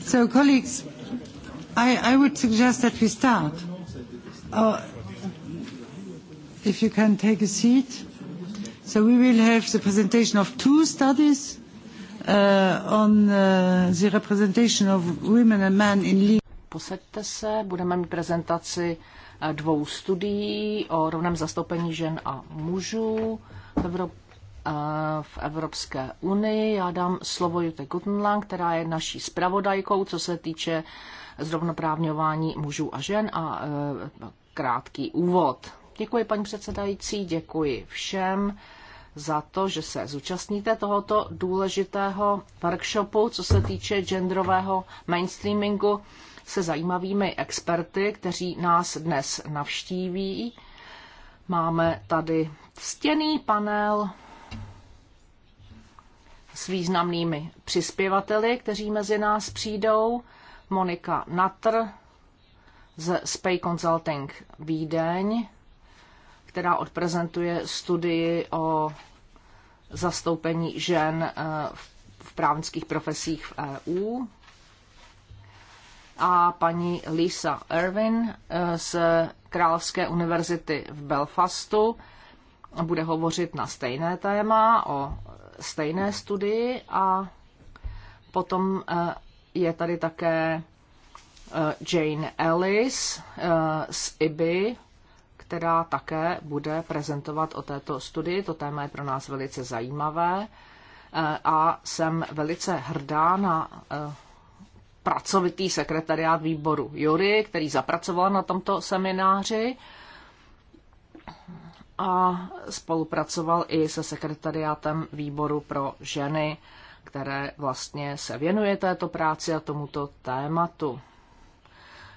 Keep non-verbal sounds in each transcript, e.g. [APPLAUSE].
So, colleagues, I, I would suggest that we start. Uh, if you can take a seat. So we will have the presentation of two studies uh, on uh, the representation of women and men in legal posaďte se. Budeme mít prezentaci eh, dvou studií o rovném zastoupení žen a mužů v, Evrop- eh, v Evropské unii. Já dám slovo Jute Gutenlang, která je naší zpravodajkou, co se týče zrovnoprávňování mužů a žen a eh, krátký úvod. Děkuji, paní předsedající, děkuji všem za to, že se zúčastníte tohoto důležitého workshopu, co se týče genderového mainstreamingu se zajímavými experty, kteří nás dnes navštíví. Máme tady stěný panel s významnými přispěvateli, kteří mezi nás přijdou. Monika Natr z Spay Consulting Vídeň, která odprezentuje studii o zastoupení žen eh, v právnických profesích v EU a paní Lisa Irvin eh, z Královské univerzity v Belfastu bude hovořit na stejné téma, o stejné studii a potom eh, je tady také eh, Jane Ellis z IBI, která také bude prezentovat o této studii. To téma je pro nás velice zajímavé a jsem velice hrdá na pracovitý sekretariát výboru Jury, který zapracoval na tomto semináři a spolupracoval i se sekretariátem výboru pro ženy, které vlastně se věnuje této práci a tomuto tématu.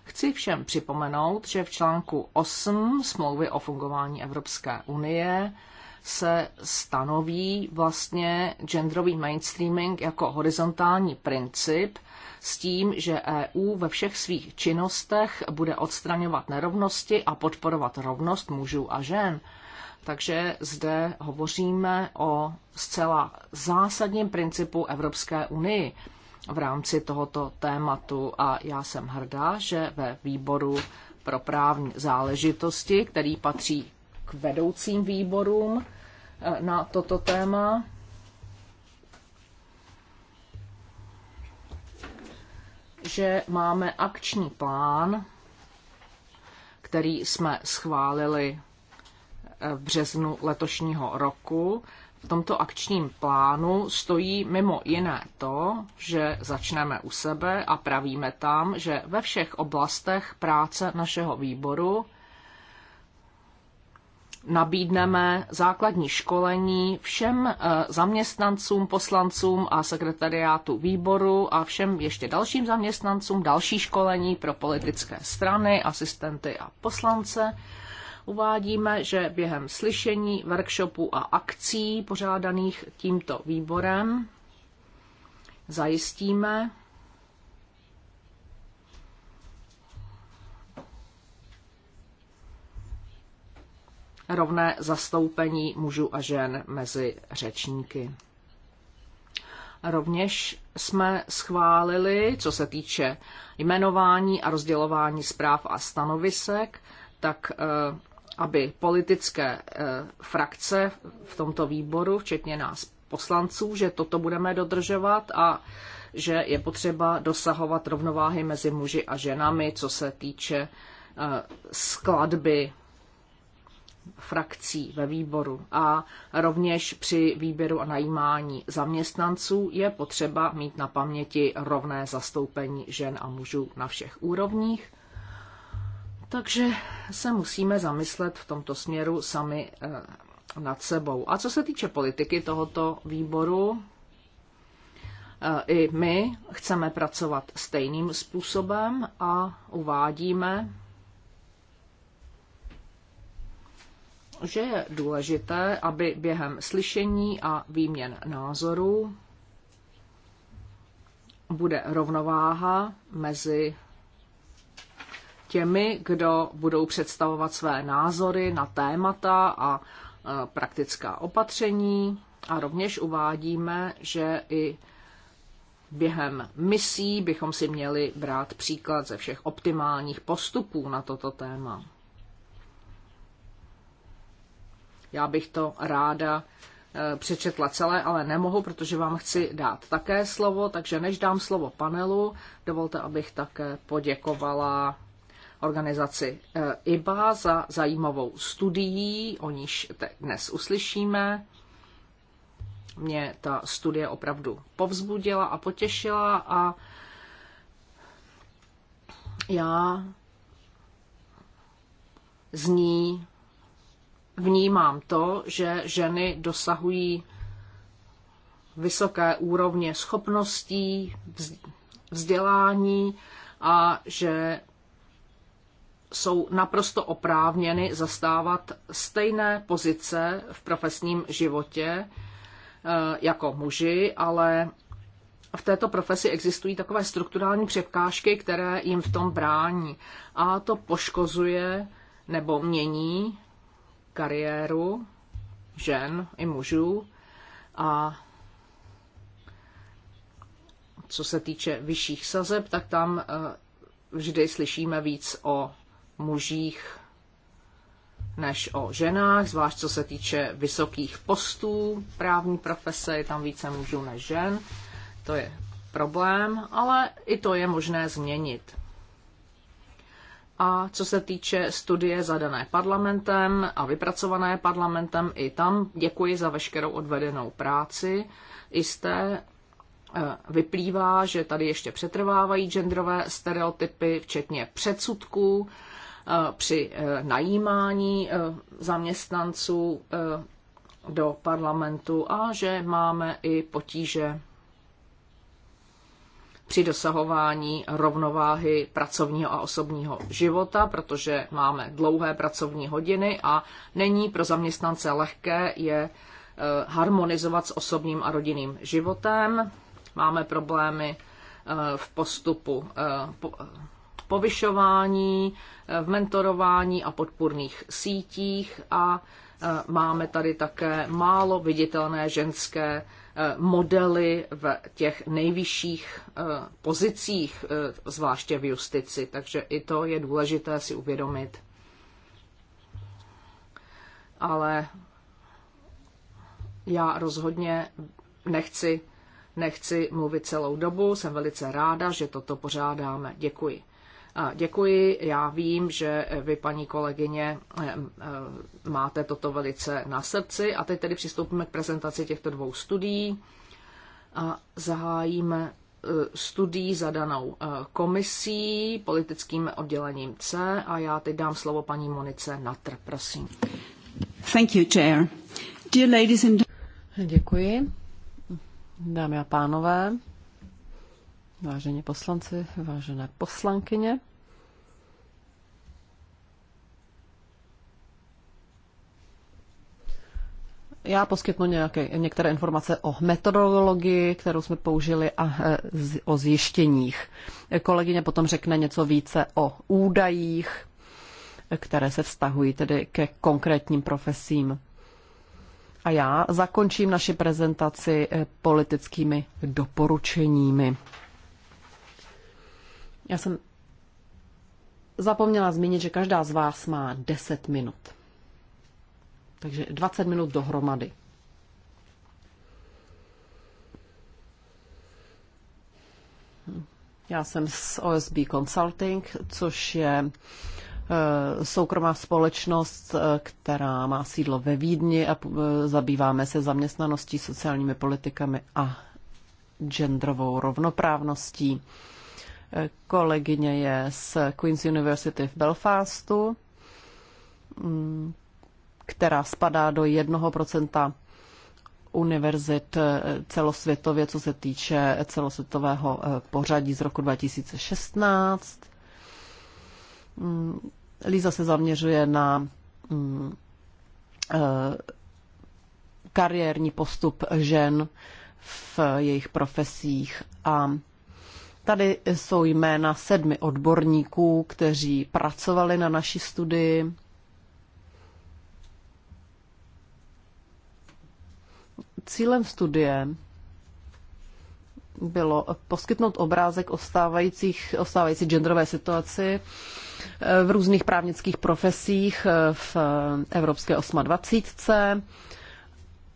Chci všem připomenout, že v článku 8 smlouvy o fungování Evropské unie se stanoví vlastně genderový mainstreaming jako horizontální princip, s tím, že EU ve všech svých činnostech bude odstraňovat nerovnosti a podporovat rovnost mužů a žen. Takže zde hovoříme o zcela zásadním principu Evropské unii v rámci tohoto tématu a já jsem hrdá, že ve výboru pro právní záležitosti, který patří k vedoucím výborům e, na toto téma, že máme akční plán, který jsme schválili eh, v březnu letošního roku. V tomto akčním plánu stojí mimo jiné to, že začneme u sebe a pravíme tam, že ve všech oblastech práce našeho výboru nabídneme základní školení všem eh, zaměstnancům, poslancům a sekretariátu výboru a všem ještě dalším zaměstnancům další školení pro politické strany, asistenty a poslance. Uvádíme, že během slyšení, workshopů a akcí pořádaných tímto výborem zajistíme, rovné zastoupení mužů a žen mezi řečníky. Rovněž jsme schválili, co se týče jmenování a rozdělování zpráv a stanovisek, tak eh, aby politické eh, frakce v tomto výboru, včetně nás poslanců, že toto budeme dodržovat a že je potřeba dosahovat rovnováhy mezi muži a ženami, co se týče eh, skladby frakcí ve výboru a rovněž při výběru a najímání zaměstnanců je potřeba mít na paměti rovné zastoupení žen a mužů na všech úrovních. Takže se musíme zamyslet v tomto směru sami eh, nad sebou. A co se týče politiky tohoto výboru, eh, i my chceme pracovat stejným způsobem a uvádíme že je důležité, aby během slyšení a výměn názorů bude rovnováha mezi těmi, kdo budou představovat své názory na témata a e, praktická opatření. A rovněž uvádíme, že i během misí bychom si měli brát příklad ze všech optimálních postupů na toto téma. Já bych to ráda e, přečetla celé, ale nemohu, protože vám chci dát také slovo, takže než dám slovo panelu, dovolte, abych také poděkovala organizaci e, IBA za zajímavou studií, o níž dnes uslyšíme. Mě ta studie opravdu povzbudila a potěšila a já z ní vnímám to, že ženy dosahují vysoké úrovně schopností, vzdělání a že jsou naprosto oprávněny zastávat stejné pozice v profesním životě eh, jako muži, ale v této profesi existují takové strukturální překážky, které jim v tom brání. A to poškozuje nebo mění kariéru žen i mužů a co se týče vyšších sazeb, tak tam eh, vždy slyšíme víc o mužích než o ženách, zvlášť co se týče vysokých postů právní profese, je tam více mužů než žen. To je problém, ale i to je možné změnit. A co se týče studie zadané parlamentem a vypracované parlamentem, i tam děkuji za veškerou odvedenou práci. I z té e, vyplývá, že tady ještě přetrvávají genderové stereotypy, včetně předsudků e, při e, najímání zaměstnanců do parlamentu a že máme i potíže při dosahování rovnováhy pracovního a osobního života, protože máme dlouhé pracovní hodiny a není pro zaměstnance lehké je eh, harmonizovat s osobním a rodinným životem. Máme problémy eh, v postupu eh, povyšování, v mentorování a podpůrných sítích a máme tady také málo viditelné ženské Eh, modely v těch nejvyšších eh, pozicích, eh, zvláště v justici. Takže i to je důležité si uvědomit. Ale já rozhodně nechci, nechci mluvit celou dobu. Jsem velice ráda, že toto pořádáme. Děkuji. A děkuji, já vím, že vy, paní kolegyně, máte toto velice na srdci a teď tedy přistoupíme k prezentaci těchto dvou studií a zahájíme e, studií zadanou e, komisí, politickým oddělením C a já teď dám slovo paní Monice Natr, prosím. Thank you, Chair. Dear ladies and... Děkuji. Dámy a pánové, vážení poslanci, vážené poslankyně. Já poskytnu nějaké, některé informace o metodologii, kterou jsme použili a e, z, o zjištěních. Kolegyně potom řekne něco více o údajích, které se vztahují tedy ke konkrétním profesím. A já zakončím naši prezentaci e, politickými doporučeními. Já jsem zapomněla zmínit, že každá z vás má 10 minut. Takže 20 minut dohromady. Já jsem z OSB Consulting, což je eh, soukromá společnost, eh, která má sídlo ve Vídni a eh, zabýváme se zaměstnaností, sociálními politikami a genderovou rovnoprávností. Kolegyně je z Queen's University v Belfastu, která spadá do 1% univerzit celosvětově, co se týče celosvětového eh, pořadí z roku 2016. Mm, Líza se zaměřuje na mm, eh, kariérní postup žen v jejich profesích a Tady jsou jména sedmi odborníků, kteří pracovali na naší studii. Cílem studie bylo poskytnout obrázek o, stávajících, o stávající genderové situaci eh, v různých právnických profesích eh, v Evropské 28.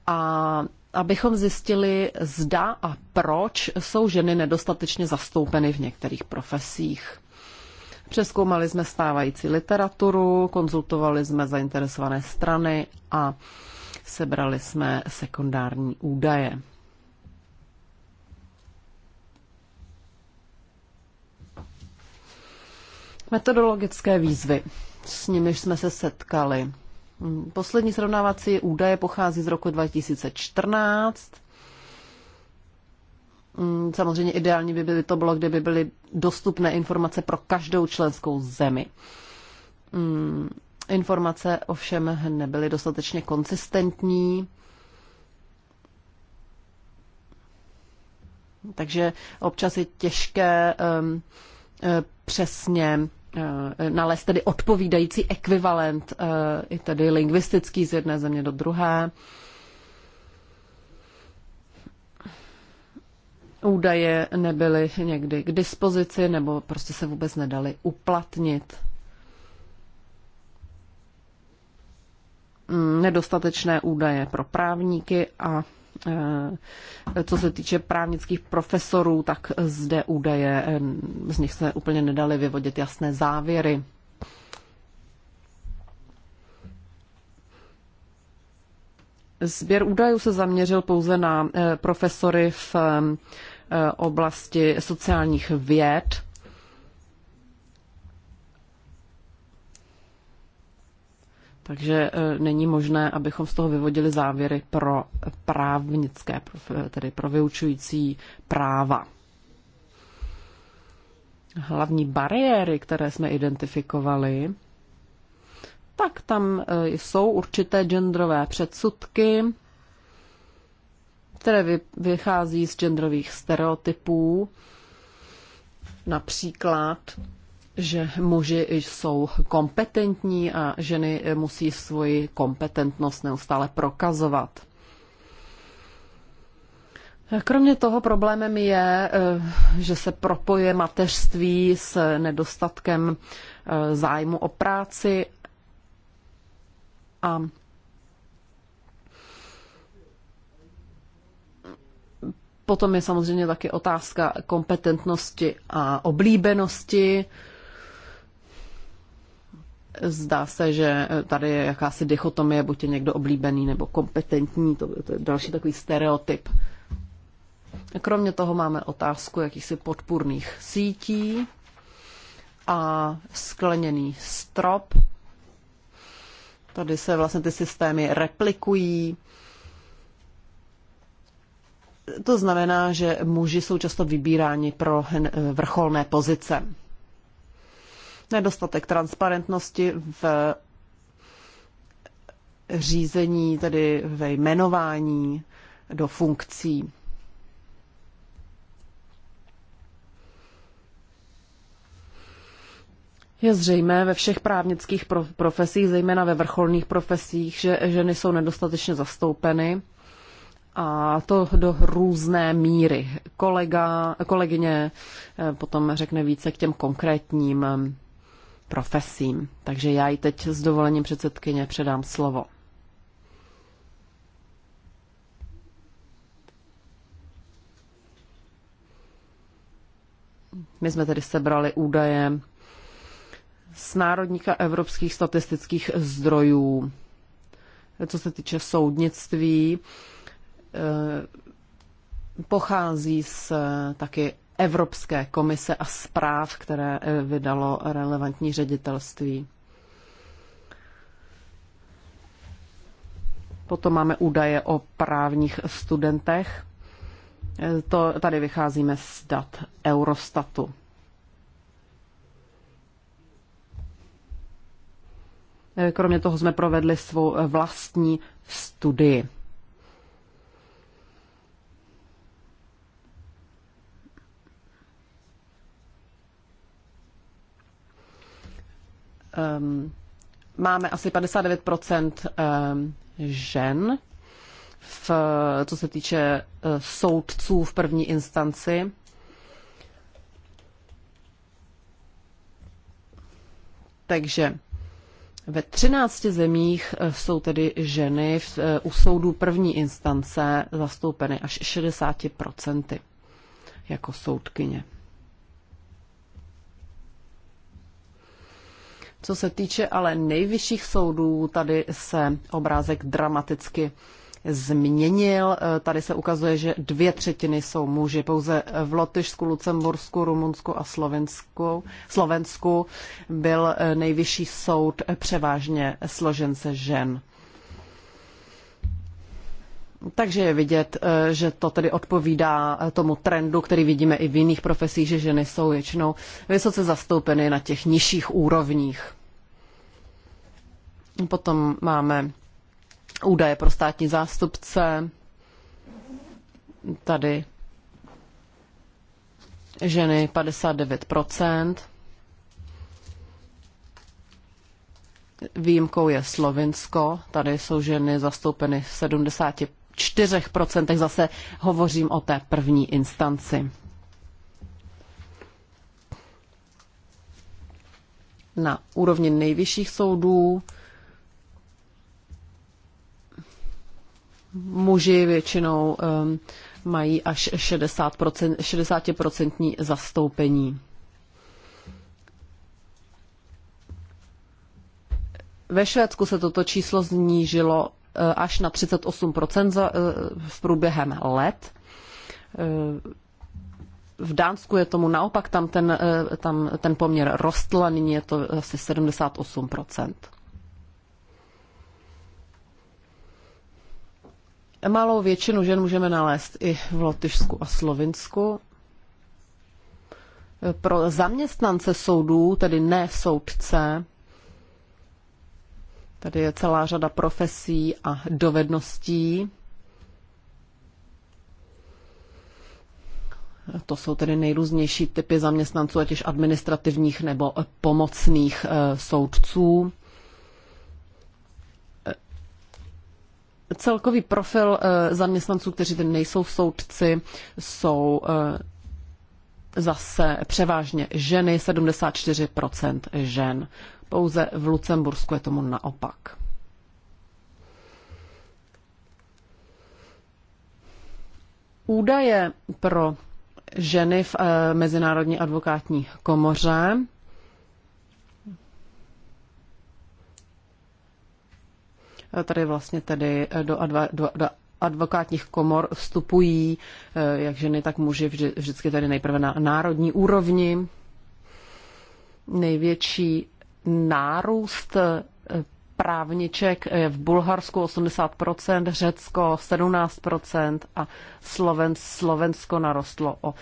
A abychom zjistili, zda a proč jsou ženy nedostatečně zastoupeny v některých profesích. Přeskoumali jsme stávající literaturu, konzultovali jsme zainteresované strany a sebrali jsme sekundární údaje. Metodologické výzvy, s nimiž jsme se setkali Poslední srovnávací údaje pochází z roku 2014. Mm, samozřejmě ideální by, by to bylo, kdyby byly dostupné informace pro každou členskou zemi. Mm, informace ovšem nebyly dostatečně konsistentní, takže občas je těžké e, přesně Eh, nalézt tedy odpovídající ekvivalent, eh, i tedy lingvistický z jedné země do druhé. Údaje nebyly někdy k dispozici nebo prostě se vůbec nedali uplatnit. Mm, nedostatečné údaje pro právníky a Eh, co se týče právnických profesorů, tak zde údaje, eh, z nich se úplně nedali vyvodit jasné závěry. Sběr údajů se zaměřil pouze na eh, profesory v oblasti sociálních věd Takže e, není možné, abychom z toho vyvodili závěry pro právnické, tedy pro vyučující práva. Hlavní bariéry, které jsme identifikovali, tak tam e, jsou určité genderové předsudky, které vychází z genderových stereotypů. Například že muži jsou kompetentní a ženy musí svoji kompetentnost neustále prokazovat. Kromě toho problémem je, eh, že se propoje mateřství s nedostatkem eh, zájmu o práci a Potom je samozřejmě taky otázka kompetentnosti a oblíbenosti. Zdá se, že eh, tady je jakási dichotomie, buď je někdo oblíbený nebo kompetentní, to, to je další takový stereotyp. Kromě toho máme otázku jakýchsi podpůrných sítí a skleněný strop. Tady se vlastně ty systémy replikují. To znamená, že muži jsou často vybíráni pro vrcholné pozice nedostatek transparentnosti v řízení, tedy ve jmenování do funkcí. Je zřejmé ve všech právnických profesích, zejména ve vrcholných profesích, že ženy jsou nedostatečně zastoupeny a to do různé míry. Kolega, kolegyně eh, potom řekne více k těm konkrétním profesím. Takže já ji teď s dovolením předsedkyně předám slovo. My jsme tedy sebrali údaje z národníka evropských statistických zdrojů. Co se týče soudnictví, eh, pochází z taky Evropské komise a zpráv, které eh, vydalo relevantní ředitelství. Potom máme údaje o právních studentech. Eh, to tady vycházíme z dat Eurostatu. Eh, kromě toho jsme provedli svou vlastní studii. um, máme asi 59 um, ehm, žen, v, co se týče eh, soudců v první instanci. Takže ve 13 zemích eh, jsou tedy ženy v, eh, u soudu první instance zastoupeny až 60% jako soudkyně. Co se týče ale nejvyšších soudů, tady se obrázek dramaticky změnil. Eh, tady se ukazuje, že dvě třetiny jsou muži. Pouze v Lotyšsku, Lucembursku, Rumunsku a Slovensku, Slovensku byl eh, nejvyšší soud převážně složen ze žen. Takže je vidět, eh, že to tedy odpovídá eh, tomu trendu, který vidíme i v jiných profesích, že ženy jsou většinou vysoce zastoupeny na těch nižších úrovních. Potom máme údaje pro státní zástupce. Tady ženy 59%. Výjimkou je Slovinsko, tady jsou ženy zastoupeny v 70 4%, zase hovořím o té první instanci. Na úrovni nejvyšších soudů muži většinou um, mají až 60%, 60% zastoupení. Ve Švédsku se toto číslo znížilo Eh, až na 38 eh, v průběhem let. Eh, v Dánsku je tomu naopak, tam ten, tam ten poměr rostl a nyní je to asi 78 Malou většinu žen můžeme nalézt i v Lotyšsku a Slovinsku. Pro zaměstnance soudů, tedy ne soudce, Tady je celá řada profesí a dovedností. To jsou tedy nejrůznější typy zaměstnanců, ať už administrativních nebo pomocných eh, soudců. Eh, celkový profil eh, zaměstnanců, kteří tedy nejsou soudci, jsou zase převážně ženy, 74% žen. Pouze v Lucembursku je tomu naopak. Údaje pro ženy v eh, Mezinárodní advokátní komoře eh, tady vlastně tedy eh, do, adva, do, do advokátních komor vstupují jak ženy, tak muži vždy, vždycky tedy nejprve na národní úrovni. Největší nárůst eh, právniček v Bulharsku 80%, Řecko 17% a Sloven, Slovensko narostlo o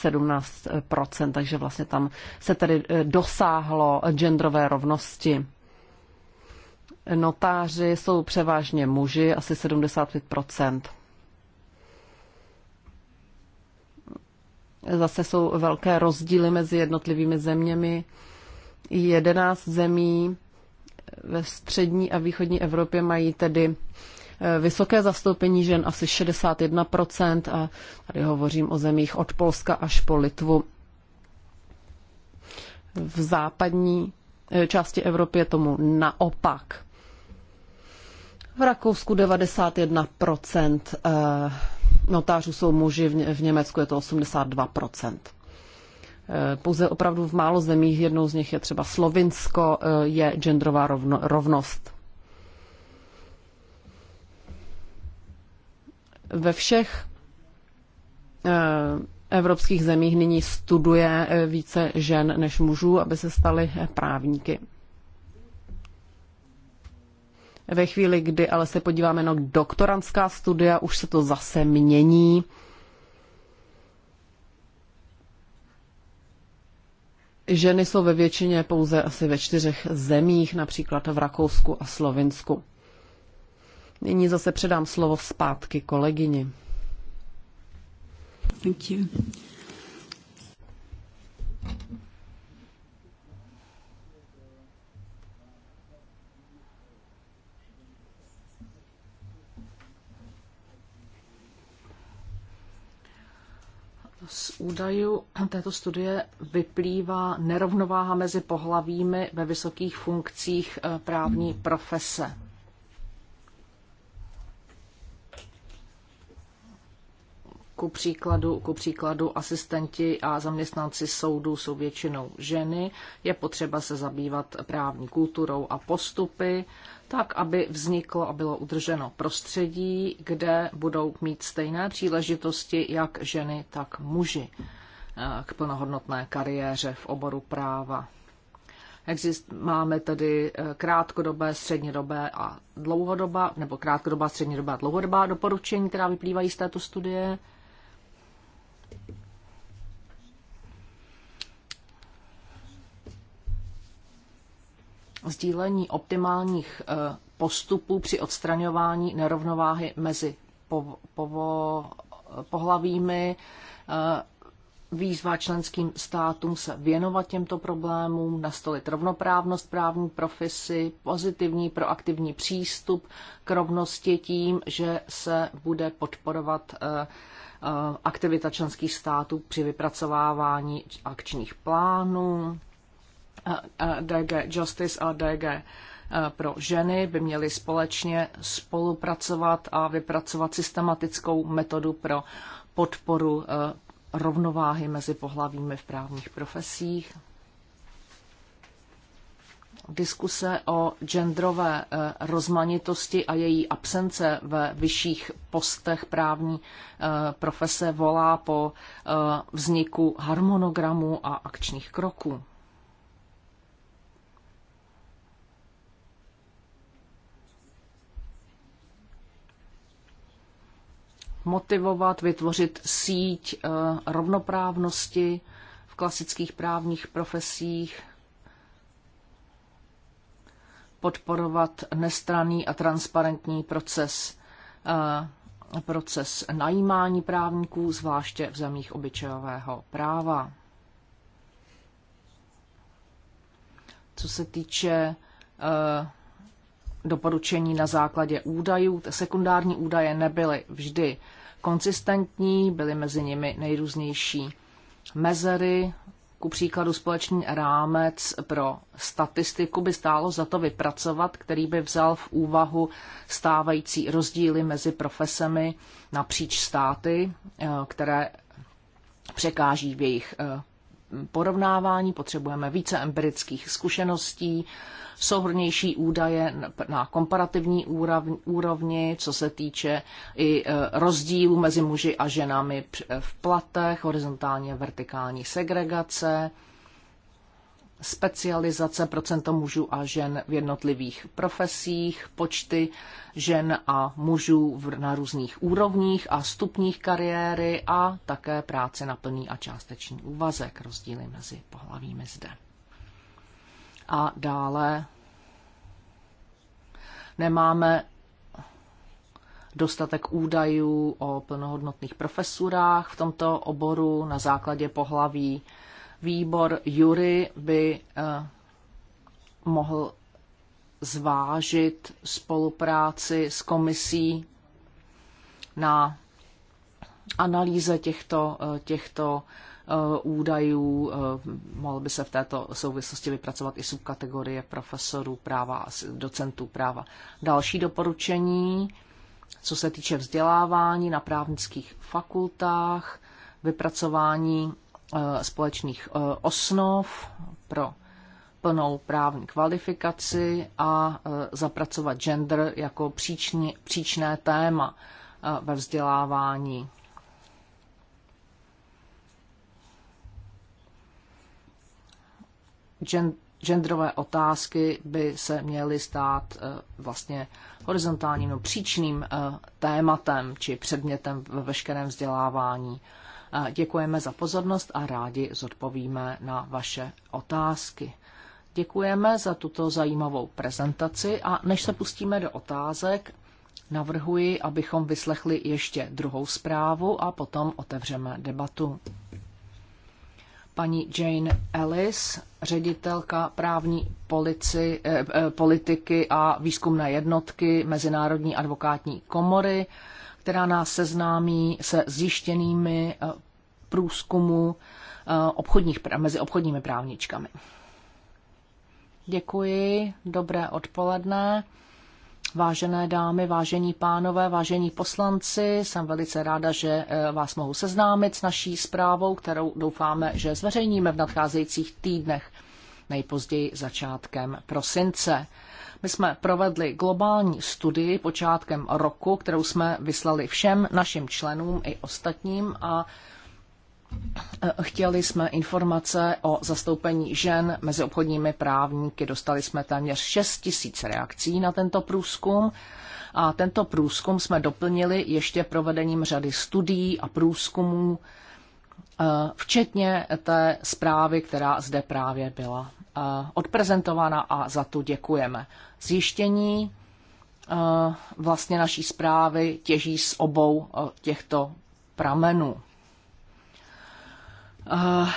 17%, takže vlastně tam se tedy eh, dosáhlo genderové rovnosti. Notáři jsou převážně muži, asi 75%. Zase jsou velké rozdíly mezi jednotlivými zeměmi. 11 zemí ve střední a východní Evropě mají tedy eh, vysoké zastoupení žen, asi 61%, a tady hovořím o zemích od Polska až po Litvu. V západní eh, části Evropy je tomu naopak. V Rakousku 91% eh, notářů jsou muži, v Německu je to 82%. Eh, pouze opravdu v málo zemích, jednou z nich je třeba Slovinsko, eh, je genderová rovno, rovnost. Ve všech eh, evropských zemích nyní studuje více žen než mužů, aby se staly právníky. Ve chvíli, kdy ale se podíváme na doktorantská studia, už se to zase mění. ženy jsou ve většině pouze asi ve čtyřech zemích, například v Rakousku a Slovinsku. Nyní zase předám slovo zpátky kolegyni. Thank you. Z údajů této studie vyplývá nerovnováha mezi pohlavími ve vysokých funkcích eh, právní profese. Ku příkladu, ku příkladu asistenti a zaměstnanci soudu jsou většinou ženy. Je potřeba se zabývat právní kulturou a postupy tak aby vzniklo a bylo udrženo prostředí, kde budou mít stejné příležitosti jak ženy, tak muži eh, k plnohodnotné kariéře v oboru práva. Exist, máme tedy eh, krátkodobé, střednědobé a dlouhodobá, nebo krátkodobá, střednědobá a dlouhodobá doporučení, která vyplývají z této studie. sdílení optimálních eh, postupů při odstraňování nerovnováhy mezi po, pohlavími, eh, výzva členským státům se věnovat těmto problémům, nastolit rovnoprávnost právní profesy, pozitivní proaktivní přístup k rovnosti tím, že se bude podporovat eh, aktivita členských států při vypracovávání akčních plánů, DG Justice a DG e, pro ženy by měly společně spolupracovat a vypracovat systematickou metodu pro podporu e, rovnováhy mezi pohlavími v právních profesích. Diskuse o genderové e, rozmanitosti a její absence ve vyšších postech právní profese volá po vzniku harmonogramu a akčních kroků. motivovat, vytvořit síť eh, rovnoprávnosti v klasických právních profesích, podporovat nestranný a transparentní proces, eh, proces najímání právníků, zvláště v zemích obyčejového práva. Co se týče eh, doporučení na základě údajů. Sekundární údaje nebyly vždy konzistentní, byly mezi nimi nejrůznější mezery, ku příkladu společný rámec pro statistiku by stálo za to vypracovat, který by vzal v úvahu stávající rozdíly mezi profesemi napříč státy, eh, které překáží v jejich eh, porovnávání, potřebujeme více empirických zkušeností, souhrnější údaje na komparativní úrovni, co se týče i e, rozdílů mezi muži a ženami v platech, horizontálně vertikální segregace, specializace, procento mužů a žen v jednotlivých profesích, počty žen a mužů na různých úrovních a stupních kariéry a také práce na plný a částečný úvazek, rozdíly mezi pohlavími zde. A dále nemáme dostatek údajů o plnohodnotných profesurách v tomto oboru na základě pohlaví výbor Jury by eh, mohl zvážit spolupráci s komisí na analýze těchto, eh, těchto eh, údajů. Mohl by se v této souvislosti vypracovat i subkategorie profesorů práva a docentů práva. Další doporučení, co se týče vzdělávání na právnických fakultách, vypracování Eh, společných eh, osnov pro plnou právní kvalifikaci a eh, zapracovat gender jako příčný, příčné téma ve vzdělávání. genderové otázky by se měly stát vlastně horizontálním no, příčným tématem či předmětem ve veškerém vzdělávání Děkujeme za pozornost a rádi zodpovíme na vaše otázky. Děkujeme za tuto zajímavou prezentaci a než se pustíme do otázek, navrhuji, abychom vyslechli ještě druhou zprávu a potom otevřeme debatu. Paní Jane Ellis, ředitelka právní polici, eh, eh politiky a výzkumné jednotky Mezinárodní advokátní komory, která nás seznámí se zjištěnými eh, průzkumu eh, obchodních, mezi obchodními právničkami. Děkuji, dobré odpoledne. Vážené dámy, vážení pánové, vážení poslanci, jsem velice ráda, že eh, vás mohu seznámit s naší zprávou, kterou doufáme, že zveřejníme v nadcházejících týdnech, nejpozději začátkem prosince. My jsme provedli globální studii počátkem roku, kterou jsme vyslali všem našim členům i ostatním a Eh, chtěli jsme informace o zastoupení žen mezi obchodními právníky. Dostali jsme téměř 6 tisíc reakcí na tento průzkum a tento průzkum jsme doplnili ještě provedením řady studií a průzkumů, eh, včetně té zprávy, která zde právě byla eh, odprezentována a za to děkujeme. Zjištění vlastně naší zprávy těží z obou těchto pramenů. Eh,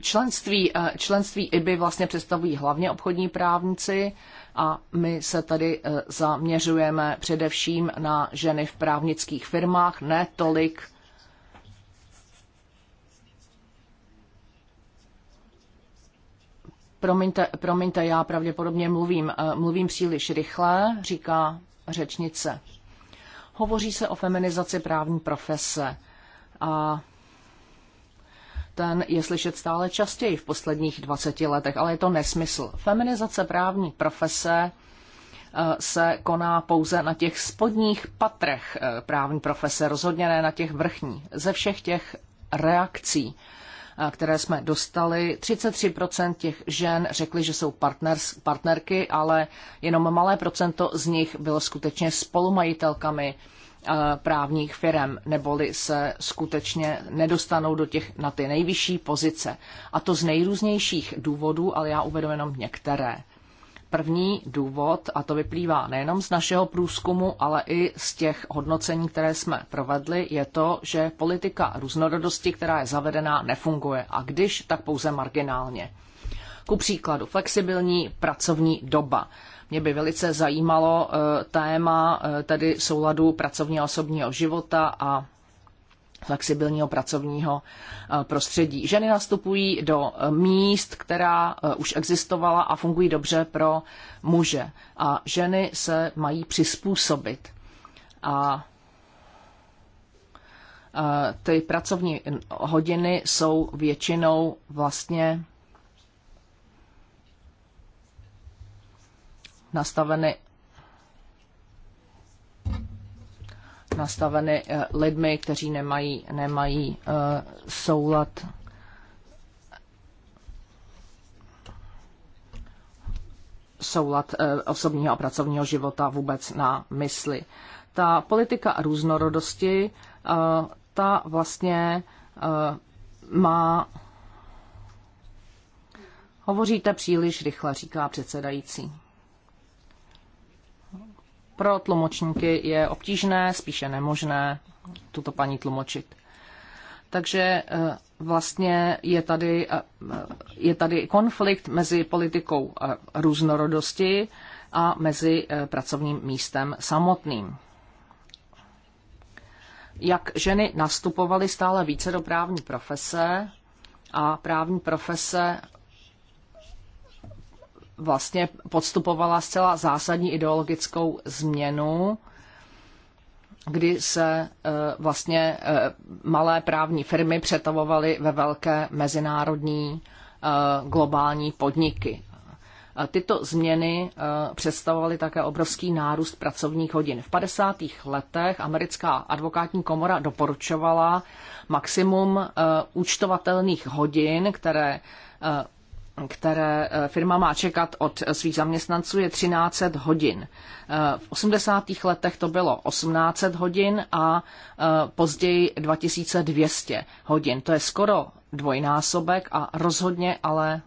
členství, eh, členství IBY vlastně představují hlavně obchodní právníci a my se tady eh, zaměřujeme především na ženy v právnických firmách, ne tolik Promiňte, promiňte, já pravděpodobně mluvím, mluvím příliš rychle, říká řečnice. Hovoří se o feminizaci právní profese a ten je slyšet stále častěji v posledních 20 letech, ale je to nesmysl. Feminizace právní profese eh, se koná pouze na těch spodních patrech eh, právní profese, rozhodně ne na těch vrchní. Ze všech těch reakcí, eh, které jsme dostali, 33% těch žen řekly, že jsou partners, partnerky, ale jenom malé procento z nich bylo skutečně spolumajitelkami Eh, právních firm, neboli se skutečně nedostanou do těch, na ty nejvyšší pozice. A to z nejrůznějších důvodů, ale já uvedu jenom některé. První důvod, a to vyplývá nejenom z našeho průzkumu, ale i z těch hodnocení, které jsme provedli, je to, že politika různorodosti, která je zavedená, nefunguje. A když, tak pouze marginálně. Ku příkladu flexibilní pracovní doba mě by velice zajímalo eh, téma eh, tedy souladu pracovního a osobního života a flexibilního pracovního eh, prostředí. Ženy nastupují do míst, která už existovala a fungují dobře pro muže. A ženy se mají přizpůsobit. A ty pracovní hodiny jsou většinou vlastně nastaveny nastaveny eh, lidmi, kteří nemají, nemají eh, soulad soulad eh, osobního a pracovního života vůbec na mysli. Ta politika různorodosti, ta vlastně má. Hovoříte příliš rychle, říká předsedající. Pro tlumočníky je obtížné, spíše nemožné tuto paní tlumočit. Takže eh, vlastně je tady, eh, je tady konflikt mezi politikou eh, různorodosti a mezi pracovním místem samotným. Jak ženy nastupovaly stále více do právní profese a právní profese vlastně podstupovala zcela zásadní ideologickou změnu, kdy se e, vlastně e, malé právní firmy přetavovaly ve velké mezinárodní e, globální podniky. Tyto změny představovaly také obrovský nárůst pracovních hodin. V 50. letech americká advokátní komora doporučovala maximum účtovatelných hodin, které které eh, firma má čekat od svých zaměstnanců, je 13 hodin. Eh, v 80. letech to bylo 18 hodin a eh, později 2200 hodin. To je skoro dvojnásobek a rozhodně ale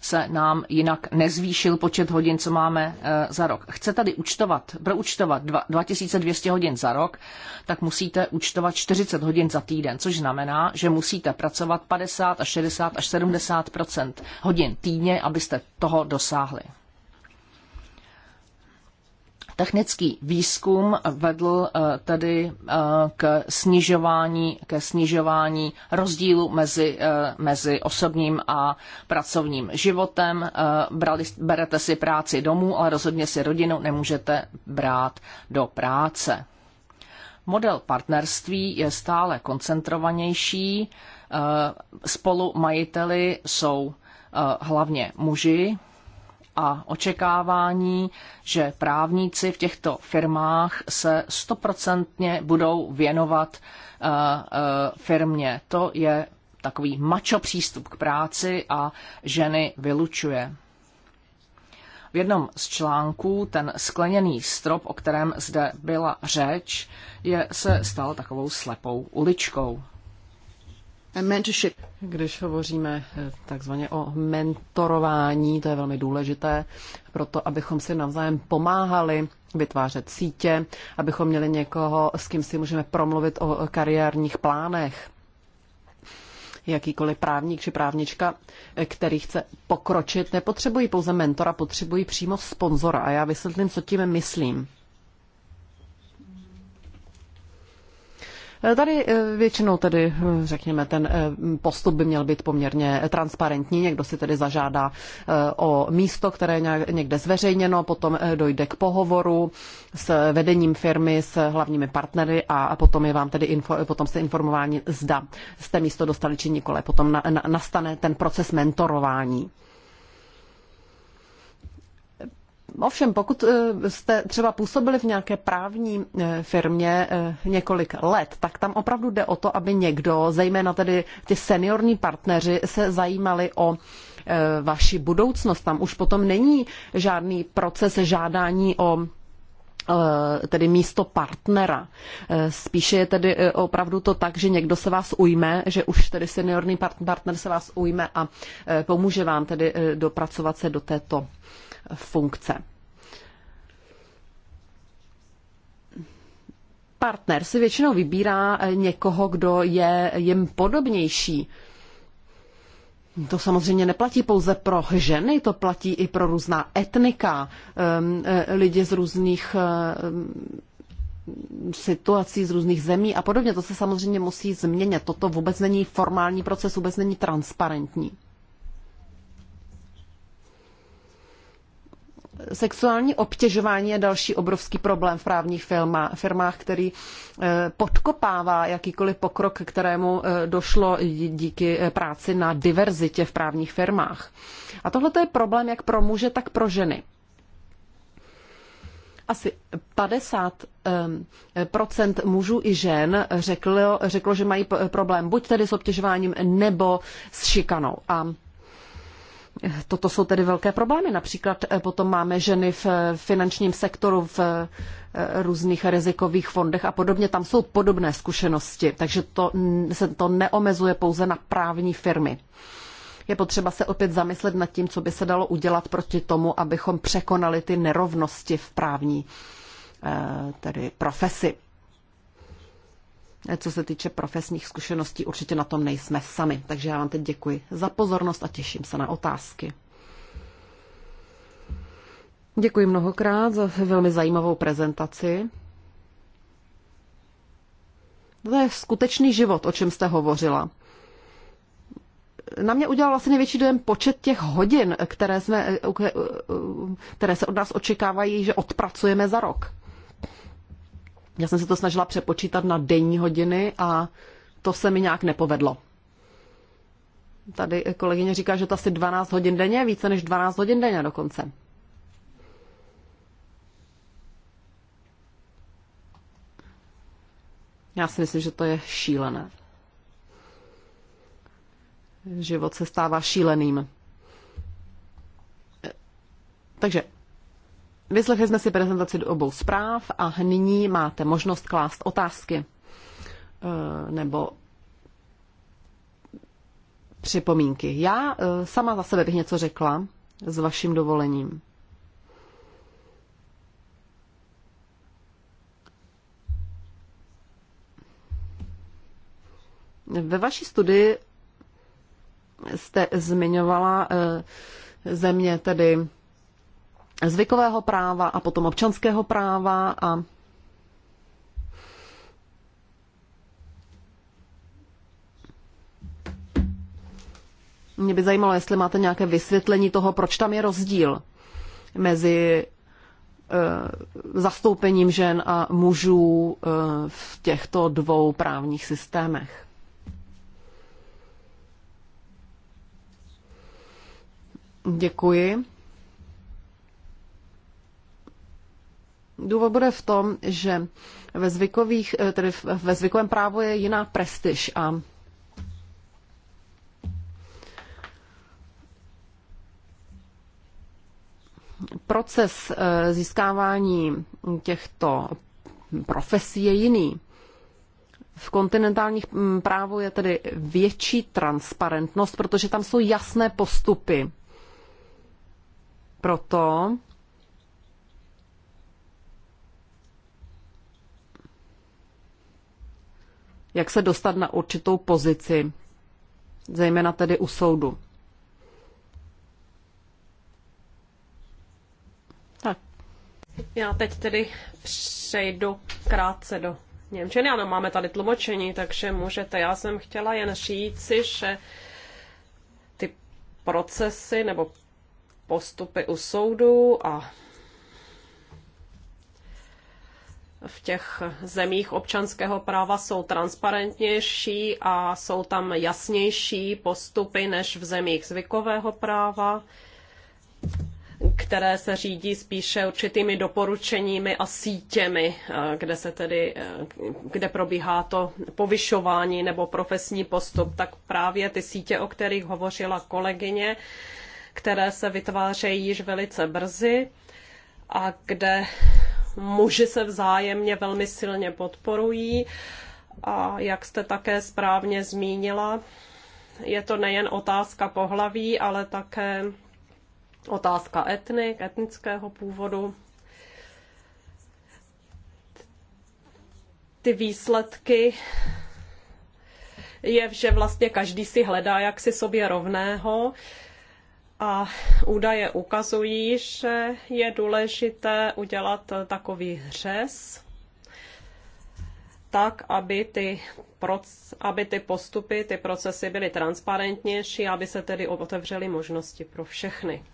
se nám jinak nezvýšil počet hodin, co máme eh, za rok. Chcete tady účtovat, proučtovat 2200 hodin za rok, tak musíte účtovat 40 hodin za týden, což znamená, že musíte pracovat 50 až 60 až 70 hodin týdně, abyste toho dosáhli. Technický výzkum vedl eh, tedy eh, k snižování, ke snižování rozdílu mezi, eh, mezi osobním a pracovním životem. Brali, berete si práci domů, ale rozhodně si rodinu nemůžete brát do práce. Model partnerství je stále koncentrovanější. Spolu majiteli jsou hlavně muži, a očekávání, že právníci v těchto firmách se stoprocentně budou věnovat eh, eh, firmě. To je takový mačo přístup k práci a ženy vylučuje. V jednom z článků ten skleněný strop, o kterém zde byla řeč, je, se stal takovou slepou uličkou. Když hovoříme eh, takzvaně o mentorování, to je velmi důležité, proto abychom si navzájem pomáhali vytvářet sítě, abychom měli někoho, s kým si můžeme promluvit o kariérních plánech. Jakýkoliv právník či právnička, eh, který chce pokročit, nepotřebují pouze mentora, potřebují přímo sponzora. A já vysvětlím, co tím myslím. Eh, tady eh, většinou tedy, eh, řekněme, ten postup by měl být poměrně transparentní. Někdo si tedy zažádá o místo, které je někde zveřejněno, potom dojde k pohovoru s vedením firmy, s hlavními partnery a potom, je vám tedy info, potom se informování zda jste místo dostali či nikole. Potom na, na, nastane ten proces mentorování. Ovšem, pokud eh, jste třeba působili v nějaké právní eh, firmě eh, několik let, tak tam opravdu jde o to, aby někdo, zejména tedy ti seniorní partneři, se zajímali o vaši budoucnost. Tam už potom není žádný proces žádání o tedy místo partnera. Spíše je tedy opravdu to tak, že někdo se vás ujme, že už tedy seniorní partner se vás ujme a pomůže vám tedy dopracovat se do této funkce. Partner si většinou vybírá eh, někoho, kdo je jim podobnější. To samozřejmě neplatí pouze pro ženy, to platí i pro různá etnika, ehm, eh, lidi z různých ehm, situací z různých zemí a podobně. To se samozřejmě musí změnit. Toto vůbec není formální proces, vůbec není transparentní. Sexuální obtěžování je další obrovský problém v právních firmách, který eh, podkopává jakýkoliv pokrok, kterému eh, došlo díky eh, práci na diverzitě v právních firmách. A tohle je problém jak pro muže, tak pro ženy asi 50 ehm, procent mužů i žen řeklo, řeklo, že mají problém buď tedy s obtěžováním nebo s šikanou. A Toto jsou tedy velké problémy. Například eh, potom máme ženy v eh, finančním sektoru, v eh, různých rizikových fondech a podobně. Tam jsou podobné zkušenosti, takže to, se to neomezuje pouze na právní firmy. Je potřeba se opět zamyslet nad tím, co by se dalo udělat proti tomu, abychom překonali ty nerovnosti v právní tedy profesi co se týče profesních zkušeností, určitě na tom nejsme sami. Takže já vám teď děkuji za pozornost a těším se na otázky. Děkuji mnohokrát za velmi zajímavou prezentaci. To je skutečný život, o čem jste hovořila. Na mě udělal asi vlastně největší dojem počet těch hodin, které, jsme, které se od nás očekávají, že odpracujeme za rok. Já jsem se to snažila přepočítat na denní hodiny a to se mi nějak nepovedlo. Tady kolegyně říká, že to asi 12 hodin denně, více než 12 hodin denně dokonce. Já si myslím, že to je šílené. Život se stává šíleným. Takže Vyslechli jsme si prezentaci obou zpráv a nyní máte možnost klást otázky eh, nebo připomínky. Já eh, sama za sebe bych něco řekla s vaším dovolením. Ve vaší studii jste zmiňovala eh, země tedy zvykového práva a potom občanského práva a Mě by zajímalo, jestli máte nějaké vysvětlení toho, proč tam je rozdíl mezi eh, zastoupením žen a mužů eh, v těchto dvou právních systémech. Děkuji. Důvod bude v tom, že ve, zvykových, eh, tedy ve zvykovém právu je jiná prestiž a proces eh, získávání těchto profesí je jiný. V kontinentálních mm, právu je tedy větší transparentnost, protože tam jsou jasné postupy. Proto jak se dostat na určitou pozici, zejména tedy u soudu. Tak. Já teď tedy přejdu krátce do Němčiny. Ano, máme tady tlumočení, takže můžete. Já jsem chtěla jen říci, že ty procesy nebo postupy u soudu a v těch zemích občanského práva jsou transparentnější a jsou tam jasnější postupy než v zemích zvykového práva, které se řídí spíše určitými doporučeními a sítěmi, eh, kde se tedy, eh, kde probíhá to povyšování nebo profesní postup, tak právě ty sítě, o kterých hovořila kolegyně, které se vytvářejí již velice brzy a kde muži se vzájemně velmi silně podporují a jak jste také správně zmínila, je to nejen otázka pohlaví, ale také otázka etnik, etnického původu. Ty výsledky je, že vlastně každý si hledá jaksi sobě rovného. A údaje ukazují, že je důležité udělat takový řez, tak, aby ty, aby ty postupy, ty procesy byly transparentnější, aby se tedy otevřely možnosti pro všechny.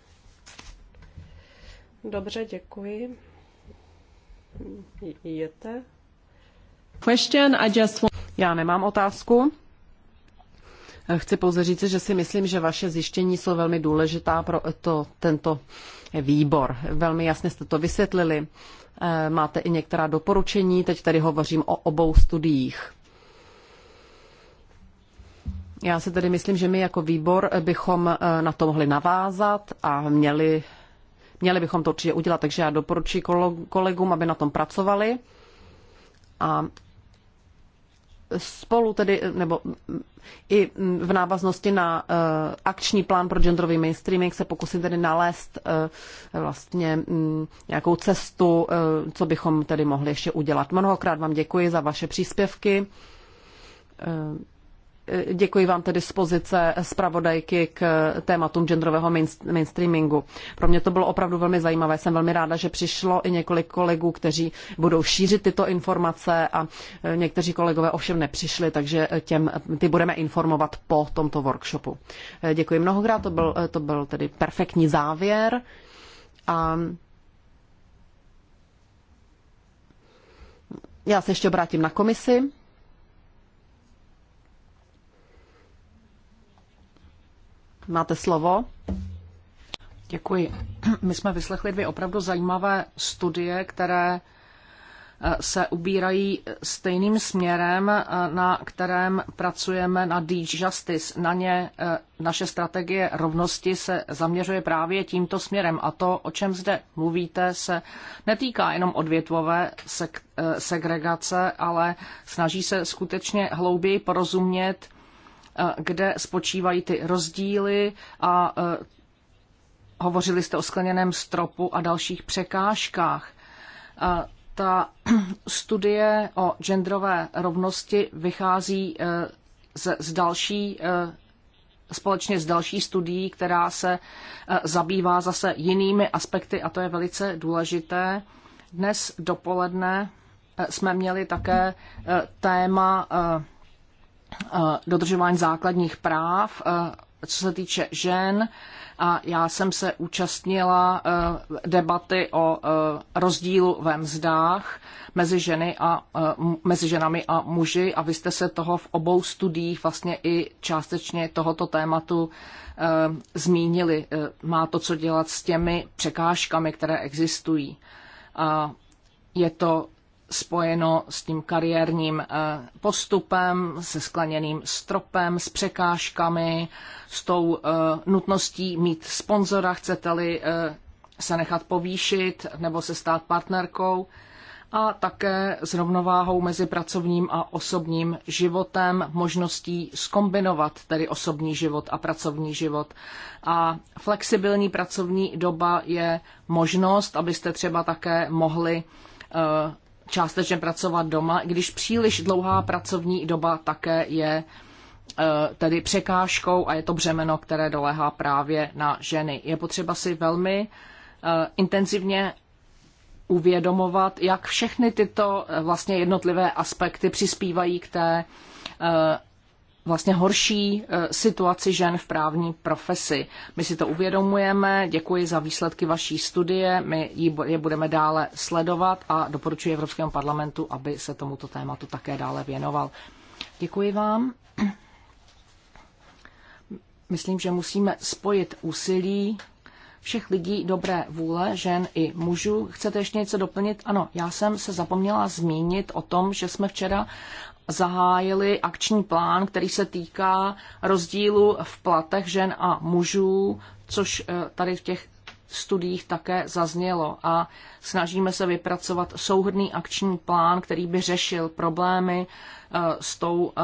Dobře, děkuji. Jete? Question, I just want... Já nemám otázku. Chci pouze říct, že si myslím, že vaše zjištění jsou velmi důležitá pro to, tento výbor. Velmi jasně jste to vysvětlili. Eh, máte i některá doporučení, teď tady hovořím o obou studiích. Já si tedy myslím, že my jako výbor bychom eh, na to mohli navázat a měli, měli bychom to určitě udělat, takže já doporučuji kolegům, aby na tom pracovali. A spolu tedy, nebo i v návaznosti na eh, akční plán pro genderový mainstreaming se pokusím tedy nalézt eh, vlastně mm, nějakou cestu, eh, co bychom tedy mohli ještě udělat. Mnohokrát vám děkuji za vaše příspěvky. Děkuji vám tedy z pozice zpravodajky k tématům genderového mainstreamingu. Pro mě to bylo opravdu velmi zajímavé. Jsem velmi ráda, že přišlo i několik kolegů, kteří budou šířit tyto informace a e, někteří kolegové ovšem nepřišli, takže těm, ty budeme informovat po tomto workshopu. E, děkuji mnohokrát, to byl, e, to byl tedy perfektní závěr. A já se ještě obrátím na komisi. Máte slovo. Děkuji. My jsme vyslechli dvě opravdu zajímavé studie, které eh, se ubírají stejným směrem, eh, na kterém pracujeme na DG Justice. Na ně eh, naše strategie rovnosti se zaměřuje právě tímto směrem a to, o čem zde mluvíte, se netýká jenom odvětvové segregace, ale snaží se skutečně hlouběji porozumět kde spočívají ty rozdíly a e, hovořili jste o skleněném stropu a dalších překážkách. Ta [CLEARS THROAT] studie o genderové rovnosti vychází e, z, z další e, společně s další studií, která se zabývá zase jinými aspekty a to je velice důležité. Dnes dopoledne jsme měli také téma Eh, dodržování základních práv, eh, co se týče žen. A já jsem se účastnila eh, debaty o rozdílu ve mzdách mezi, ženy a, mezi ženami a muži a vy jste se toho v obou studiích vlastně i částečně tohoto tématu zmínili. Má to co dělat s těmi překážkami, které existují. A je to spojeno s tím kariérním eh, postupem, se skleněným stropem, s překážkami, s tou eh, nutností mít sponzora, chcete-li eh, se nechat povýšit nebo se stát partnerkou a také s rovnováhou mezi pracovním a osobním životem, možností skombinovat tedy osobní život a pracovní život. A flexibilní pracovní doba je možnost, abyste třeba také mohli částečně pracovat doma, když příliš dlouhá pracovní doba také je eh, tedy překážkou a je to břemeno, které dolehá právě na ženy. Je potřeba si velmi eh, intenzivně uvědomovat, jak všechny tyto eh, vlastně jednotlivé aspekty přispívají k té vlastně horší eh, situaci žen v právní profesi. My si to uvědomujeme, děkuji za výsledky vaší studie, my je budeme dále sledovat a doporučuji Evropskému parlamentu, aby se tomuto tématu také dále věnoval. Děkuji vám. Myslím, že musíme spojit úsilí všech lidí dobré vůle, žen i mužů. Chcete ještě něco doplnit? Ano, já jsem se zapomněla zmínit o tom, že jsme včera zahájili akční plán, který se týká rozdílu v platech žen a mužů, což eh, tady v těch studiích také zaznělo. A snažíme se vypracovat souhrný akční plán, který by řešil problémy eh, s tou eh,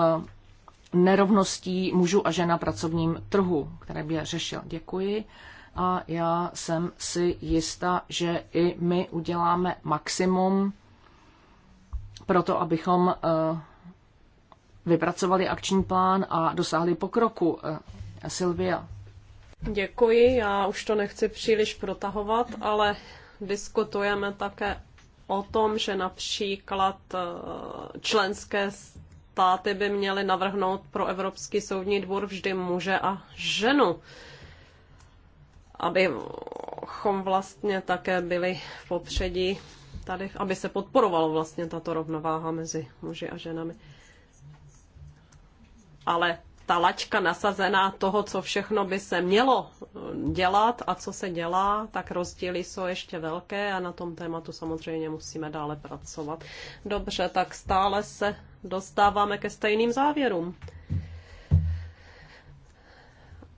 nerovností mužů a žen na pracovním trhu, které by je řešil. Děkuji. A já jsem si jista, že i my uděláme maximum pro to, abychom vypracovali akční plán a dosáhli pokroku. Eh, Silvia. Děkuji, já už to nechci příliš protahovat, ale diskutujeme také o tom, že například eh, členské státy by měly navrhnout pro Evropský soudní dvůr vždy muže a ženu, abychom vlastně také byli v popředí tady, aby se podporovalo vlastně tato rovnováha mezi muži a ženami ale ta lačka nasazená toho, co všechno by se mělo eh, dělat a co se dělá, tak rozdíly jsou ještě velké a na tom tématu samozřejmě musíme dále pracovat. Dobře, tak stále se dostáváme ke stejným závěrům.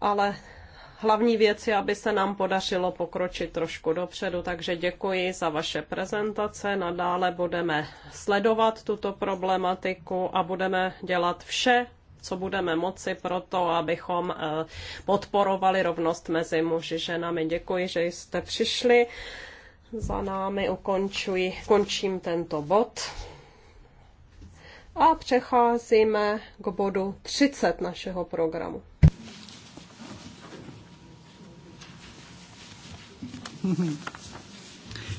Ale hlavní věc je, aby se nám podařilo pokročit trošku dopředu, takže děkuji za vaše prezentace. Nadále budeme sledovat tuto problematiku a budeme dělat vše, co budeme moci pro to, abychom eh, podporovali rovnost mezi muži a ženami. Děkuji, že jste přišli. Za námi ukončuji, končím tento bod. A přecházíme k bodu 30 našeho programu. [LAUGHS]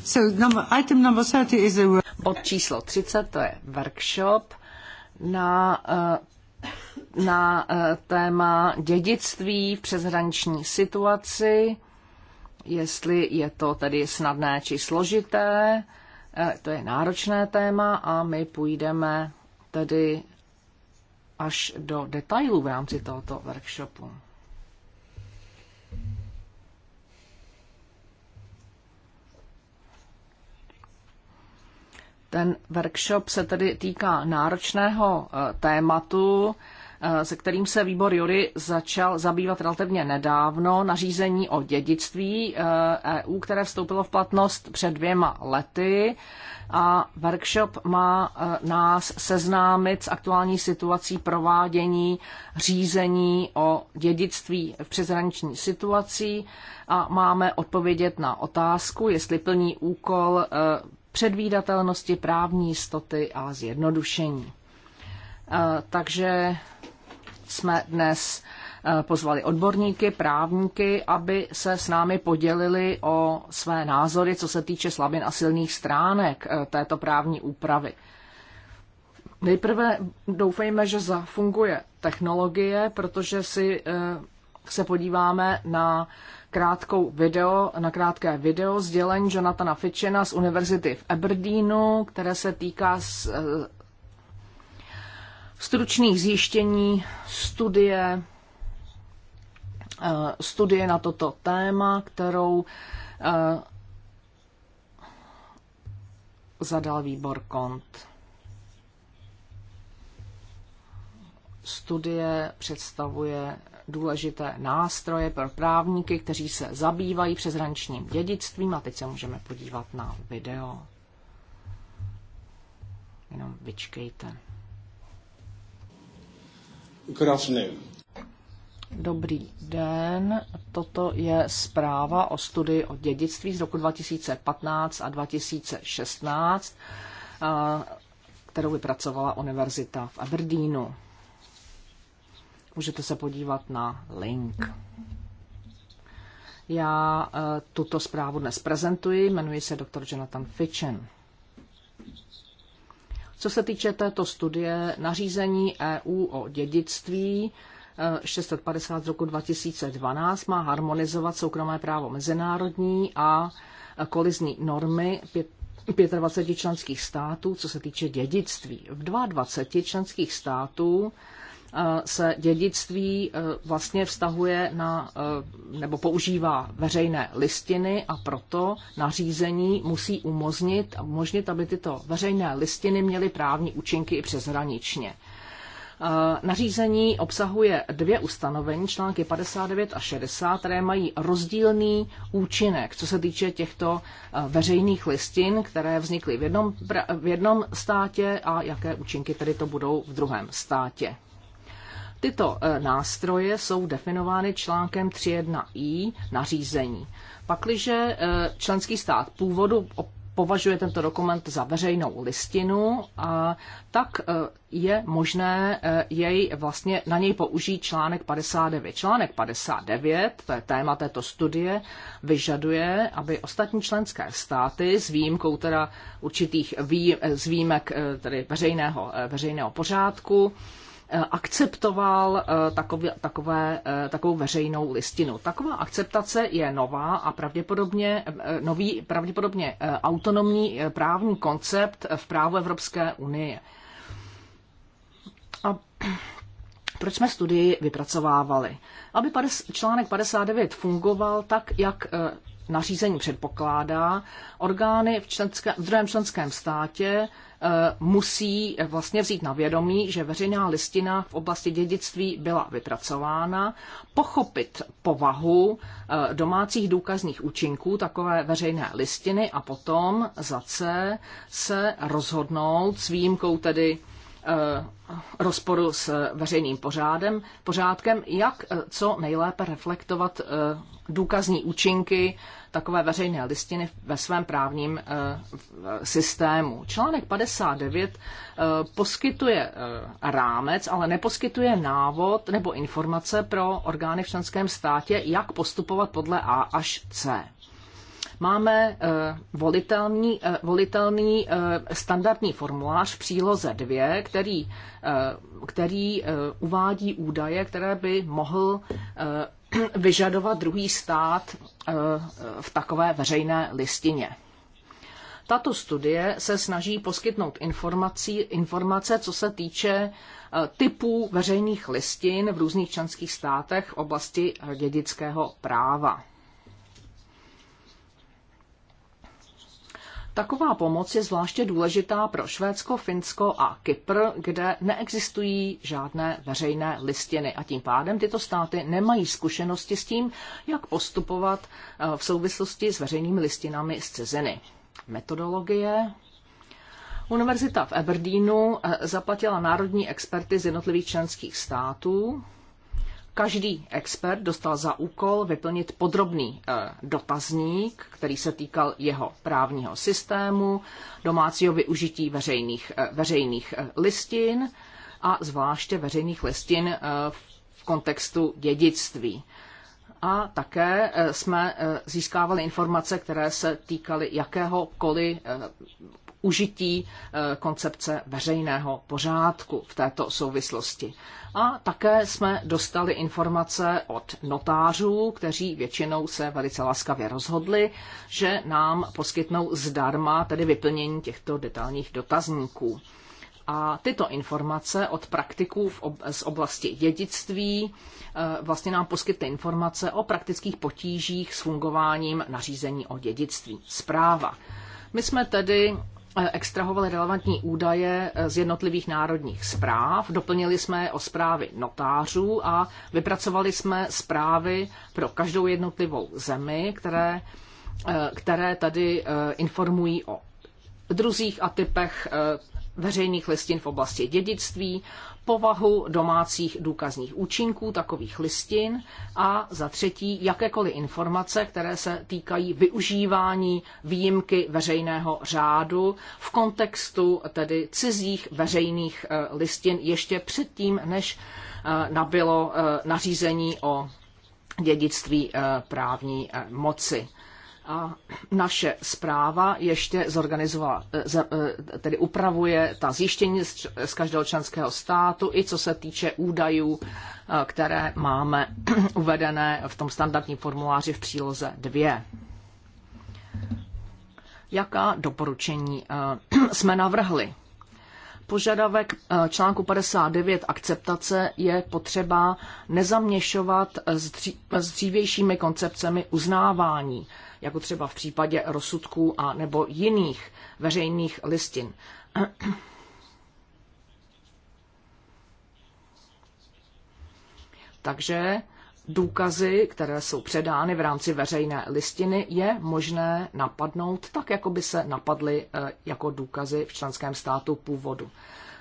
So number, item number 30 is a... Bod číslo 30 to je workshop na uh, na eh, téma dědictví v přeshraniční situaci, jestli je to tedy snadné či složité. Eh, to je náročné téma a my půjdeme tedy až do detailů v rámci tohoto workshopu. Ten workshop se tedy týká náročného eh, tématu, eh, se kterým se výbor Jury začal zabývat relativně nedávno, nařízení o dědictví EU, eh, e které vstoupilo v platnost před dvěma lety. A workshop má nás seznámit s aktuální situací provádění řízení o dědictví v přeshraniční situaci a máme odpovědět na otázku, jestli plní úkol předvídatelnosti, právní jistoty a zjednodušení. E, takže jsme dnes e, pozvali odborníky, právníky, aby se s námi podělili o své názory, co se týče slabin a silných stránek e, této právní úpravy. Nejprve doufejme, že zafunguje technologie, protože si se podíváme na krátkou video, na krátké video sdělení Jonathana Fitchena z univerzity v Aberdeenu, které se týká z, eh, stručných zjištění studie, eh, studie na toto téma, kterou eh, zadal výbor KONT. Studie představuje důležité nástroje pro právníky, kteří se zabývají přeshraničním dědictvím a teď se můžeme podívat na video. Jenom vyčkejte. Krásný. Dobrý den, toto je zpráva o studii o dědictví z roku 2015 a 2016, kterou vypracovala univerzita v Aberdeenu. Můžete se podívat na link. Já eh, tuto zprávu dnes prezentuji, jmenuji se dr. Jonathan Fitchen. Co se týče této studie nařízení EU o dědictví 650 eh, z roku 2012 má harmonizovat soukromé právo mezinárodní a kolizní normy 25 členských států, co se týče dědictví. V 22 členských států se dědictví e, vlastně vztahuje na, e, nebo používá veřejné listiny a proto nařízení musí umožnit, umožnit aby tyto veřejné listiny měly právní účinky i přeshraničně. E, nařízení obsahuje dvě ustanovení, články 59 a 60, které mají rozdílný účinek, co se týče těchto veřejných listin, které vznikly v jednom, v jednom státě a jaké účinky tedy to budou v druhém státě. Tyto e, nástroje jsou definovány článkem 3.1i nařízení. Pakliže e, členský stát původu považuje tento dokument za veřejnou listinu, a tak e, je možné jej vlastně na něj použít článek 59. Článek 59, to je téma této studie, vyžaduje, aby ostatní členské státy s výjimkou teda určitých vý, výjimek tedy veřejného, veřejného pořádku, Eh, akceptoval eh, takové, takové, eh, takovou veřejnou listinu. Taková akceptace je nová a pravděpodobně nový, pravděpodobně autonomní právní koncept v právu Evropské unie. A [CLEARS THROAT] proč jsme studii vypracovávali? Aby článek 59 fungoval tak, jak nařízení předpokládá, orgány v, členské, v druhém členském státě eh, musí vlastně vzít na vědomí, že veřejná listina v oblasti dědictví byla vypracována, pochopit povahu eh, domácích důkazních účinků takové veřejné listiny a potom zase se rozhodnout s výjimkou tedy Eh, rozporu s veřejným pořádem, pořádkem, jak eh, co nejlépe reflektovat eh, důkazní účinky takové veřejné listiny ve svém právním systému. Článek 59 poskytuje rámec, ale neposkytuje návod nebo informace pro orgány v členském státě, jak postupovat podle A až C. Máme eh, volitelný, eh, volitelný eh, standardní formulář v příloze 2, který, který uvádí údaje, které by mohl [CLEARS THROAT] vyžadovat druhý stát v takové veřejné listině. Tato studie se snaží poskytnout informací, informace, co se týče typů veřejných listin v různých členských státech v oblasti dědického práva. Taková pomoc je zvláště důležitá pro Švédsko, Finsko a Kypr, kde neexistují žádné veřejné listiny a tím pádem tyto státy nemají zkušenosti s tím, jak postupovat eh, v souvislosti s veřejnými listinami z ciziny. Metodologie Univerzita v Aberdeenu eh, zaplatila národní experty z jednotlivých členských států Každý expert dostal za úkol vyplnit podrobný eh, dotazník, který se týkal jeho právního systému, domácího využití veřejných, eh, veřejných eh, listin a zvláště veřejných listin v kontextu dědictví. A také jsme získávali informace, které se týkaly jakéhokoliv užití eh, koncepce veřejného pořádku v této souvislosti. A také jsme dostali informace od notářů, kteří většinou se velice laskavě rozhodli, že nám poskytnou zdarma tedy vyplnění těchto detailních dotazníků. A tyto informace od praktiků z oblasti dědictví eh, vlastně nám poskytly informace o praktických potížích s fungováním nařízení o dědictví. Zpráva. My jsme tedy extrahovali relevantní údaje eh, z jednotlivých národních zpráv, doplnili jsme je o zprávy notářů a vypracovali jsme zprávy pro každou jednotlivou zemi, které, eh, které tady eh, informují o druzích a typech veřejných listin v oblasti dědictví, povahu domácích důkazních účinků takových listin a za třetí jakékoliv informace, které se týkají využívání výjimky veřejného řádu v kontextu tedy cizích veřejných eh, listin ještě předtím, než eh, nabylo eh, nařízení o dědictví právní moci. A naše zpráva ještě zorganizovala, eh, eh, tedy upravuje ta zjištění z každého členského státu, i co se týče údajů, eh, které máme [CLEARS THROAT] uvedené v tom standardním formuláři v příloze 2. Jaká doporučení [CLEARS THROAT] jsme navrhli? Požadavek eh, článku 59 akceptace je potřeba nezaměšovat s, dří, s dřívějšími koncepcemi uznávání, jako třeba v případě rozsudků a nebo jiných veřejných listin. [CLEARS THROAT] Takže důkazy, které jsou předány v rámci veřejné listiny, je možné napadnout tak, jako by se napadly eh, jako důkazy v členském státu původu.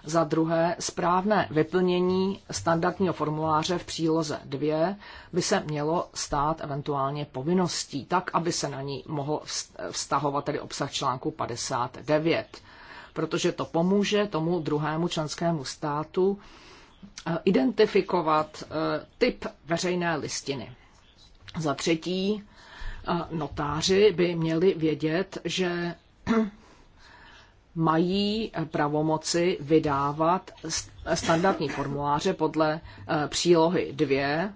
Za druhé, správné vyplnění standardního formuláře v příloze 2 by se mělo stát eventuálně povinností, tak, aby se na ní mohl vztahovat tedy obsah článku 59, protože to pomůže tomu druhému členskému státu Eh, identifikovat eh, typ veřejné listiny. Za třetí, eh, notáři by měli vědět, že [CLEARS THROAT] mají pravomoci vydávat standardní formuláře podle přílohy 2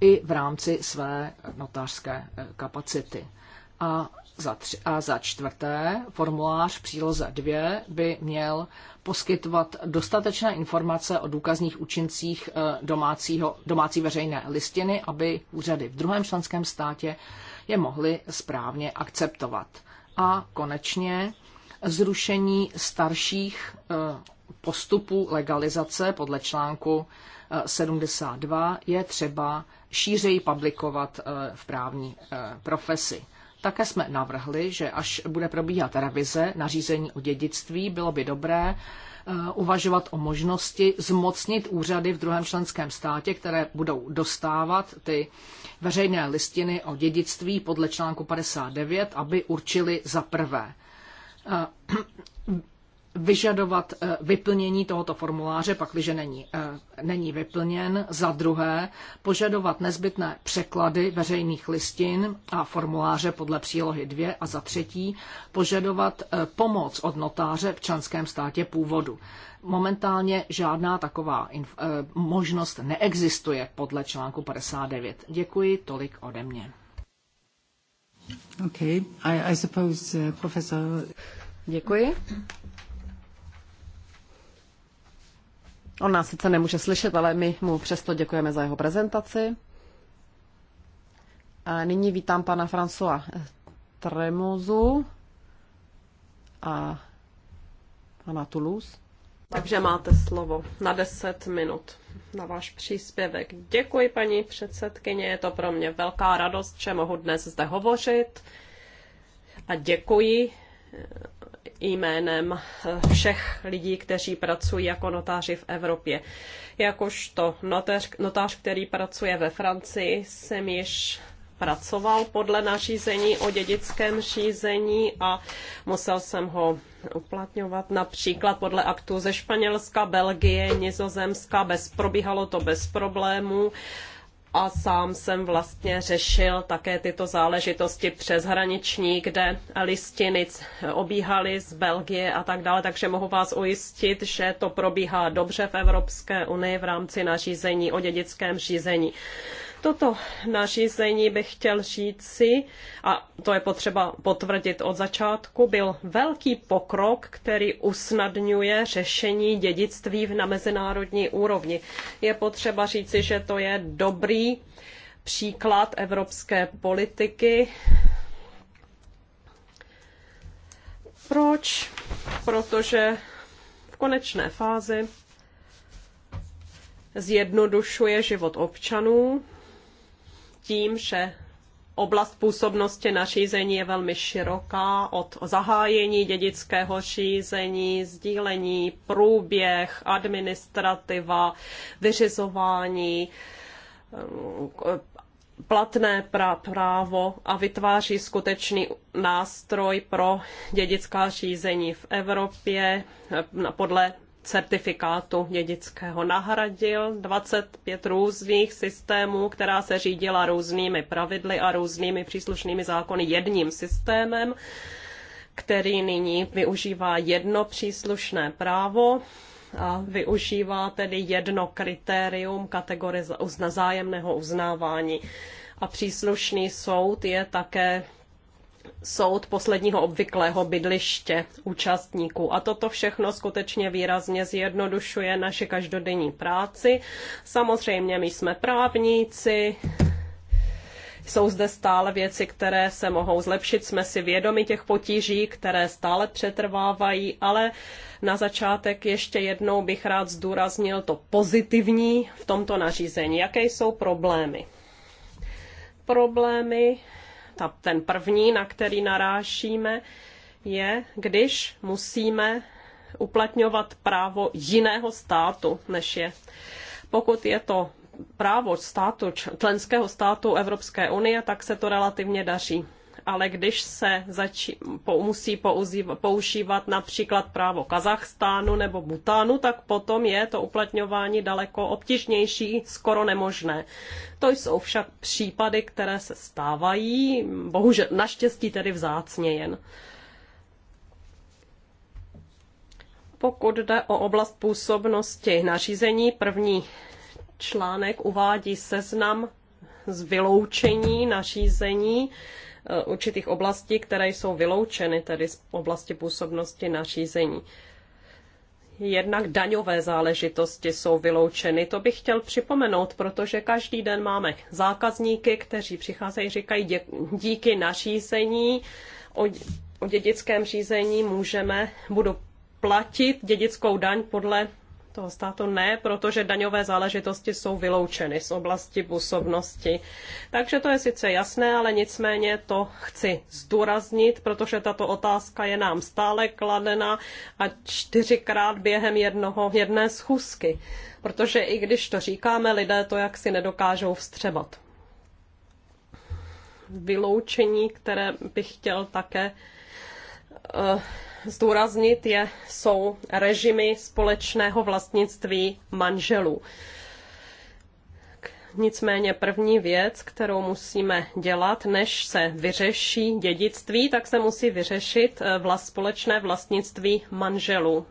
i v rámci své notářské kapacity. A za tři, a za čtvrté, formulář v příloze 2 by měl poskytovat dostatečné informace o důkazních účincích eh, domácího, domácí veřejné listiny, aby úřady v druhém členském státě je mohly správně akceptovat. A konečně zrušení starších eh, postupů legalizace podle článku 72 eh, je třeba šířeji publikovat v právní profesi. Také jsme navrhli, že až bude probíhat revize nařízení o dědictví, bylo by dobré eh, uvažovat o možnosti zmocnit úřady v druhém členském státě, které budou dostávat ty veřejné listiny o dědictví podle článku 59, aby určili za prvé eh, vyžadovat eh, vyplnění tohoto formuláře, pak není, eh, není vyplněn. Za druhé, požadovat nezbytné překlady veřejných listin a formuláře podle přílohy 2. A za třetí, požadovat eh, pomoc od notáře v členském státě původu. Momentálně žádná taková možnost neexistuje podle článku 59. Děkuji, tolik ode mě. Okay. I, I suppose, uh, professor... Děkuji. On nás sice nemůže slyšet, ale my mu přesto děkujeme za jeho prezentaci. A nyní vítám pana François Tremozu a pana Toulouse. Takže máte slovo na 10 minut na váš příspěvek. Děkuji, paní předsedkyně, je to pro mě velká radost, že mohu dnes zde hovořit. A děkuji jménem všech lidí, kteří pracují jako notáři v Evropě. Jakožto notář, notář, který pracuje ve Francii, jsem již pracoval podle nařízení o dědickém řízení a musel jsem ho uplatňovat například podle aktů ze Španělska, Belgie, Nizozemska. Bez, probíhalo to bez problémů a sám jsem vlastně řešil také tyto záležitosti přeshraniční, kde listiny obíhaly z Belgie a tak dále, takže mohu vás ujistit, že to probíhá dobře v Evropské unii v rámci nařízení o dědickém řízení toto nařízení bych chtěl říci, a to je potřeba potvrdit od začátku, byl velký pokrok, který usnadňuje řešení dědictví na mezinárodní úrovni. Je potřeba říci, že to je dobrý příklad evropské politiky. Proč? Protože v konečné fázi zjednodušuje život občanů, tím, že oblast působnosti nařízení je velmi široká od zahájení dědického řízení, sdílení, průběh, administrativa, vyřizování, eh, platné právo a vytváří skutečný nástroj pro dědická řízení v Evropě eh, podle certifikátu dědického. Nahradil 25 různých systémů, která se řídila různými pravidly a různými příslušnými zákony jedním systémem, který nyní využívá jedno příslušné právo a využívá tedy jedno kritérium kategorie zájemného uznávání. A příslušný soud je také soud posledního obvyklého bydliště účastníků. A toto všechno skutečně výrazně zjednodušuje naši každodenní práci. Samozřejmě my jsme právníci, jsou zde stále věci, které se mohou zlepšit. Jsme si vědomi těch potíží, které stále přetrvávají, ale na začátek ještě jednou bych rád zdůraznil to pozitivní v tomto nařízení. Jaké jsou problémy? Problémy ta, ten první, na který narášíme, je, když musíme uplatňovat právo jiného státu, než je. Pokud je to právo státu, členského státu Evropské unie, tak se to relativně daří ale když se začí, po, musí používat například právo Kazachstánu nebo Butánu, tak potom je to uplatňování daleko obtížnější, skoro nemožné. To jsou však případy, které se stávají, bohužel naštěstí tedy vzácně jen. Pokud jde o oblast působnosti nařízení, první článek uvádí seznam z vyloučení nařízení, Eh, určitých oblastí, které jsou vyloučeny tedy z oblasti působnosti nařízení. Jednak daňové záležitosti jsou vyloučeny. To bych chtěl připomenout, protože každý den máme zákazníky, kteří přicházejí, říkají díky nařízení o, o dědickém řízení můžeme, budu platit dědickou daň podle toho státu ne, protože daňové záležitosti jsou vyloučeny z oblasti působnosti. Takže to je sice jasné, ale nicméně to chci zdůraznit, protože tato otázka je nám stále kladena a čtyřikrát během jednoho, jedné schůzky. Protože i když to říkáme, lidé to jaksi nedokážou vstřebat. Vyloučení, které bych chtěl také eh, zdůraznit, je, jsou režimy společného vlastnictví manželů. Nicméně první věc, kterou musíme dělat, než se vyřeší dědictví, tak se musí vyřešit eh, vlast, společné vlastnictví manželů.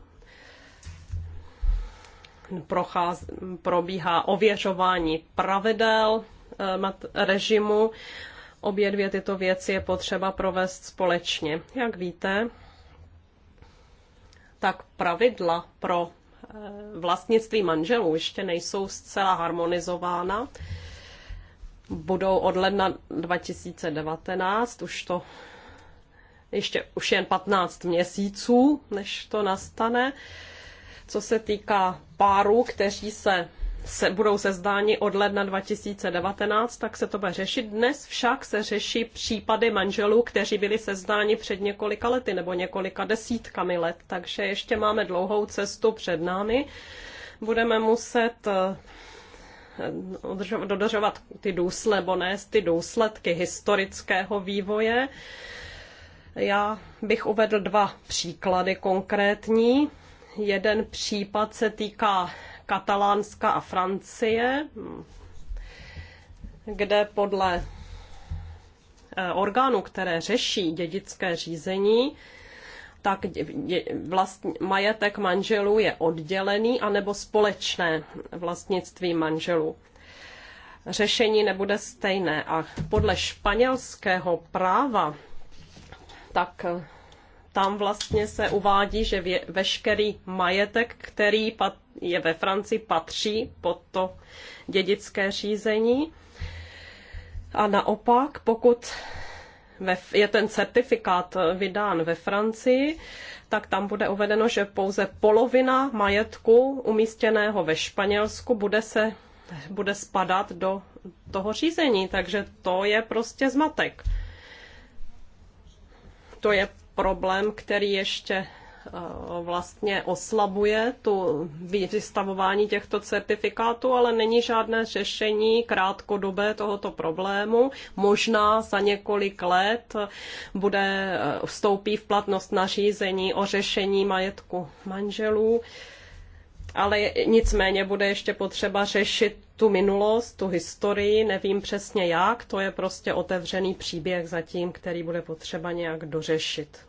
Procház, probíhá ověřování pravidel eh, režimu. Obě dvě tyto věci je potřeba provést společně. Jak víte, tak pravidla pro eh, vlastnictví manželů ještě nejsou zcela harmonizována. Budou od ledna 2019, už to ještě už jen 15 měsíců, než to nastane. Co se týká párů, kteří se se, budou sezdáni od ledna 2019, tak se to bude řešit. Dnes však se řeší případy manželů, kteří byli sezdáni před několika lety nebo několika desítkami let, takže ještě máme dlouhou cestu před námi. Budeme muset eh, dodržovat ty důsledky, nebo nést ty důsledky historického vývoje. Já bych uvedl dva příklady konkrétní. Jeden případ se týká Katalánska a Francie, kde podle eh, orgánů, které řeší dědické řízení, tak vlastní, majetek manželů je oddělený anebo společné vlastnictví manželů. Řešení nebude stejné a podle španělského práva tak eh, tam vlastně se uvádí, že vě, veškerý majetek, který pat, je ve Francii, patří pod to dědické řízení. A naopak, pokud ve, je ten certifikát eh, vydán ve Francii, tak tam bude uvedeno, že pouze polovina majetku umístěného ve Španělsku bude se bude spadat do toho řízení, takže to je prostě zmatek. To je problém, který ještě eh, vlastně oslabuje tu vystavování těchto certifikátů, ale není žádné řešení krátkodobé tohoto problému. Možná za několik let eh, bude eh, vstoupí v platnost nařízení o řešení majetku manželů ale nicméně bude ještě potřeba řešit tu minulost, tu historii, nevím přesně jak, to je prostě otevřený příběh zatím, který bude potřeba nějak dořešit.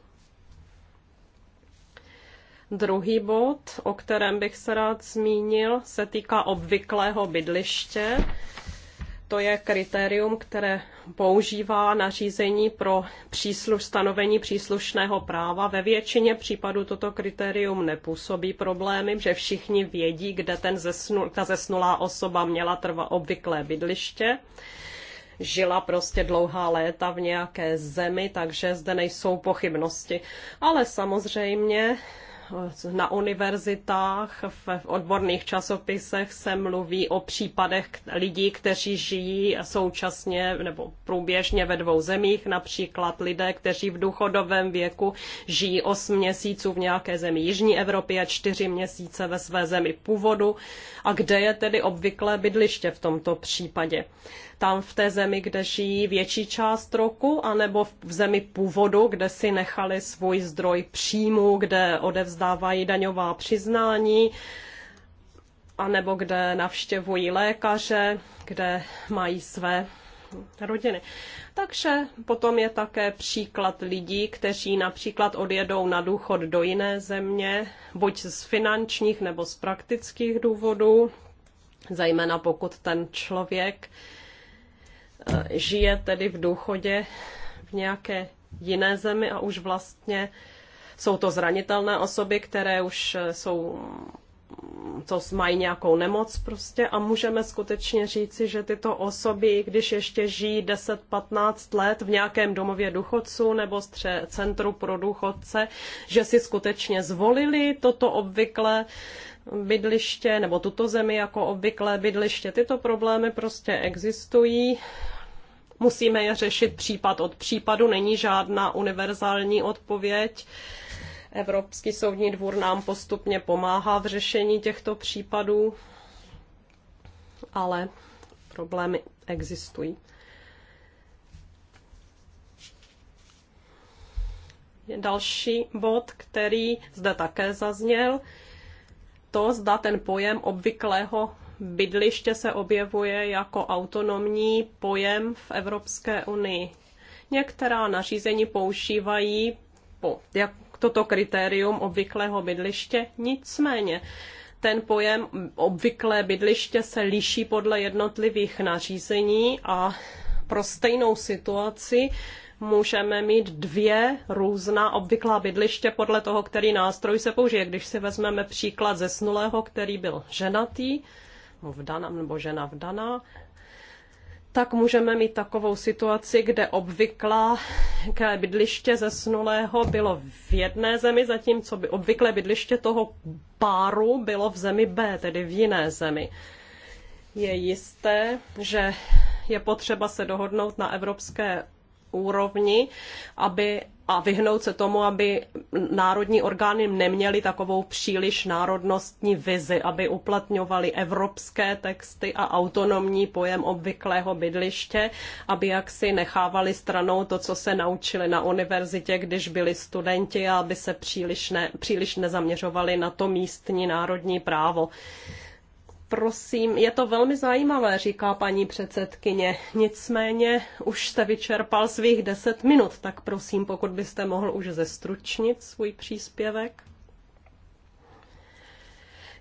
Druhý bod, o kterém bych se rád zmínil, se týká obvyklého bydliště. To je kritérium, které používá nařízení pro přísluš, stanovení příslušného práva. Ve většině případů toto kritérium nepůsobí problémy, že všichni vědí, kde ten zesnul, ta zesnulá osoba měla trva obvyklé bydliště žila prostě dlouhá léta v nějaké zemi, takže zde nejsou pochybnosti. Ale samozřejmě na univerzitách, v odborných časopisech se mluví o případech lidí, kteří žijí současně nebo průběžně ve dvou zemích, například lidé, kteří v důchodovém věku žijí 8 měsíců v nějaké zemi Jižní Evropy a 4 měsíce ve své zemi původu a kde je tedy obvyklé bydliště v tomto případě tam v té zemi, kde žijí větší část roku, anebo v zemi původu, kde si nechali svůj zdroj příjmu, kde odevzdávají daňová přiznání, anebo kde navštěvují lékaře, kde mají své rodiny. Takže potom je také příklad lidí, kteří například odjedou na důchod do jiné země, buď z finančních nebo z praktických důvodů, zejména pokud ten člověk Eh, žije tedy v důchodě v nějaké jiné zemi a už vlastně jsou to zranitelné osoby, které už eh, jsou co mají nějakou nemoc prostě a můžeme skutečně říci, že tyto osoby, když ještě žijí 10-15 let v nějakém domově důchodců nebo stře- centru pro důchodce, že si skutečně zvolili toto obvyklé bydliště nebo tuto zemi jako obvyklé bydliště. Tyto problémy prostě existují Musíme je řešit případ od případu, není žádná univerzální odpověď. Evropský soudní dvůr nám postupně pomáhá v řešení těchto případů, ale problémy existují. Je další bod, který zde také zazněl, to zda ten pojem obvyklého bydliště se objevuje jako autonomní pojem v Evropské unii. Některá nařízení používají po, jak toto kritérium obvyklého bydliště, nicméně ten pojem obvyklé bydliště se liší podle jednotlivých nařízení a pro stejnou situaci můžeme mít dvě různá obvyklá bydliště podle toho, který nástroj se použije. Když si vezmeme příklad snulého, který byl ženatý, vdaná, nebo žena vdaná, tak můžeme mít takovou situaci, kde obvyklá ke bydliště zesnulého bylo v jedné zemi, zatímco by obvyklé bydliště toho páru bylo v zemi B, tedy v jiné zemi. Je jisté, že je potřeba se dohodnout na evropské úrovni, aby a vyhnout se tomu, aby národní orgány neměly takovou příliš národnostní vizi, aby uplatňovaly evropské texty a autonomní pojem obvyklého bydliště, aby jaksi nechávali stranou to, co se naučili na univerzitě, když byli studenti a aby se příliš, ne, příliš nezaměřovali na to místní národní právo. Prosím, je to velmi zajímavé, říká paní předsedkyně. Nicméně už jste vyčerpal svých deset minut, tak prosím, pokud byste mohl už zestručnit svůj příspěvek.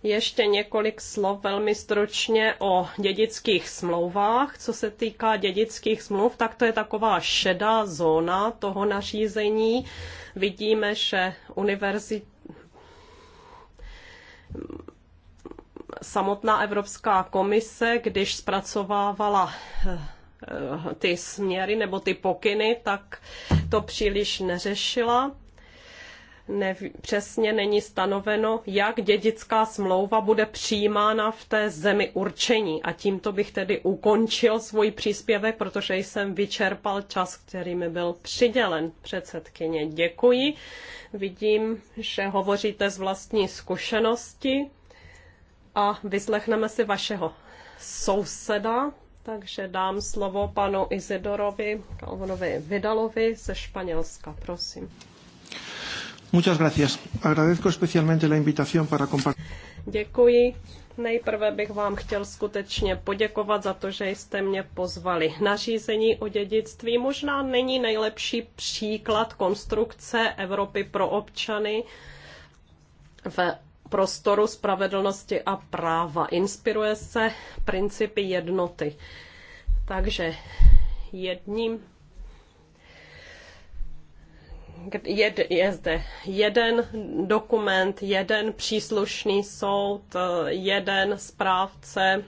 Ještě několik slov velmi stručně o dědických smlouvách. Co se týká dědických smluv, tak to je taková šedá zóna toho nařízení. Vidíme, že univerzit samotná Evropská komise, když zpracovávala eh, ty směry nebo ty pokyny, tak to příliš neřešila. Ne, přesně není stanoveno, jak dědická smlouva bude přijímána v té zemi určení. A tímto bych tedy ukončil svůj příspěvek, protože jsem vyčerpal čas, který mi byl přidělen. Předsedkyně, děkuji. Vidím, že hovoříte z vlastní zkušenosti a vyslechneme si vašeho souseda, takže dám slovo panu Izidorovi Kalvonovi Vidalovi ze Španělska, prosím. Muchas gracias. Agradezco especialmente la invitación para compartir. Děkuji. Nejprve bych vám chtěl skutečně poděkovat za to, že jste mě pozvali. Nařízení o dědictví možná není nejlepší příklad konstrukce Evropy pro občany, v prostoru spravedlnosti a práva. Inspiruje se principy jednoty. Takže jedním jed, je zde jeden dokument, jeden příslušný soud, jeden správce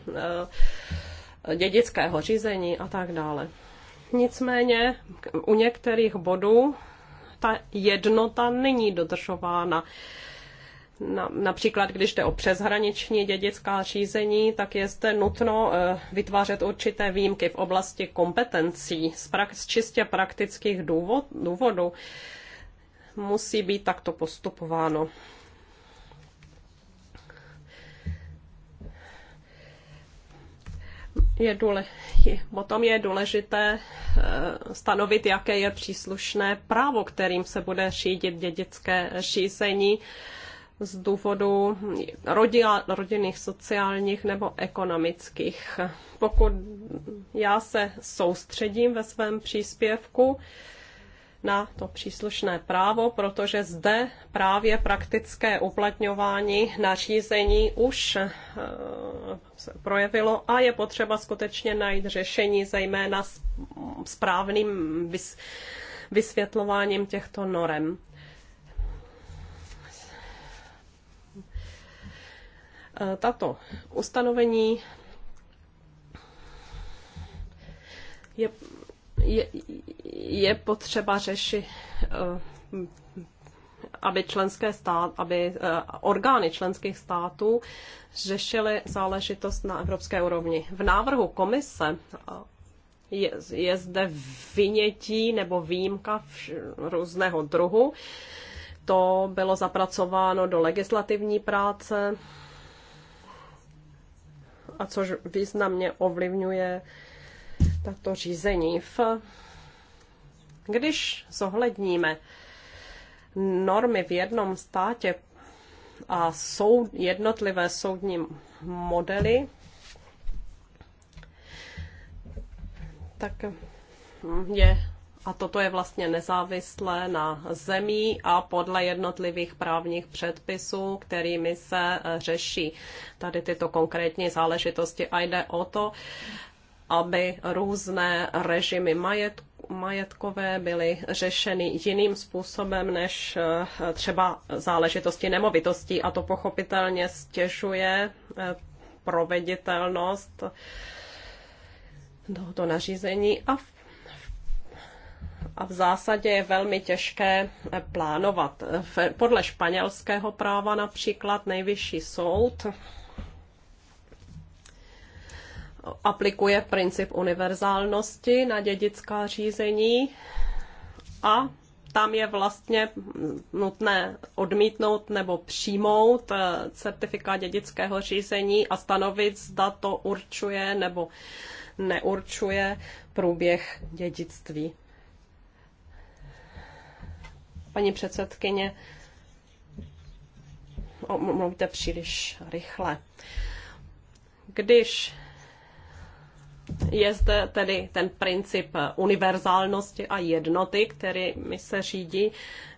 eh, dědického řízení a tak dále. Nicméně u některých bodů ta jednota není dodržována na, například když jde o přeshraniční dědická řízení, tak je zde nutno eh, vytvářet určité výjimky v oblasti kompetencí z, prak, z čistě praktických důvod, důvodů. Musí být takto postupováno. je důle, je, potom je důležité eh, stanovit, jaké je příslušné právo, kterým se bude řídit dědické řízení z důvodu rodina, rodinných, sociálních nebo ekonomických. Pokud já se soustředím ve svém příspěvku na to příslušné právo, protože zde právě praktické uplatňování nařízení už eh, se projevilo a je potřeba skutečně najít řešení, zejména správným vysvětlováním těchto norem. Eh, tato ustanovení je, je, je potřeba řešit, eh, aby členské stát, aby eh, orgány členských států řešily záležitost na evropské úrovni. V návrhu komise je, je zde vynětí nebo výjimka v, různého druhu. To bylo zapracováno do legislativní práce a což významně ovlivňuje tato řízení. V, když zohledníme normy v jednom státě a jsou jednotlivé soudní modely, tak je a toto je vlastně nezávislé na zemí a podle jednotlivých právních předpisů, kterými se eh, řeší tady tyto konkrétní záležitosti. A jde o to, aby různé režimy majetku, majetkové byly řešeny jiným způsobem než eh, třeba záležitosti nemovitostí a to pochopitelně stěžuje eh, proveditelnost tohoto nařízení a v a v zásadě je velmi těžké eh, plánovat. Podle španělského práva například nejvyšší soud aplikuje princip univerzálnosti na dědická řízení a tam je vlastně nutné odmítnout nebo přijmout eh, certifikát dědického řízení a stanovit, zda to určuje nebo neurčuje průběh dědictví paní předsedkyně. Mluvíte příliš rychle. Když je zde tedy ten princip univerzálnosti a jednoty, který mi se řídí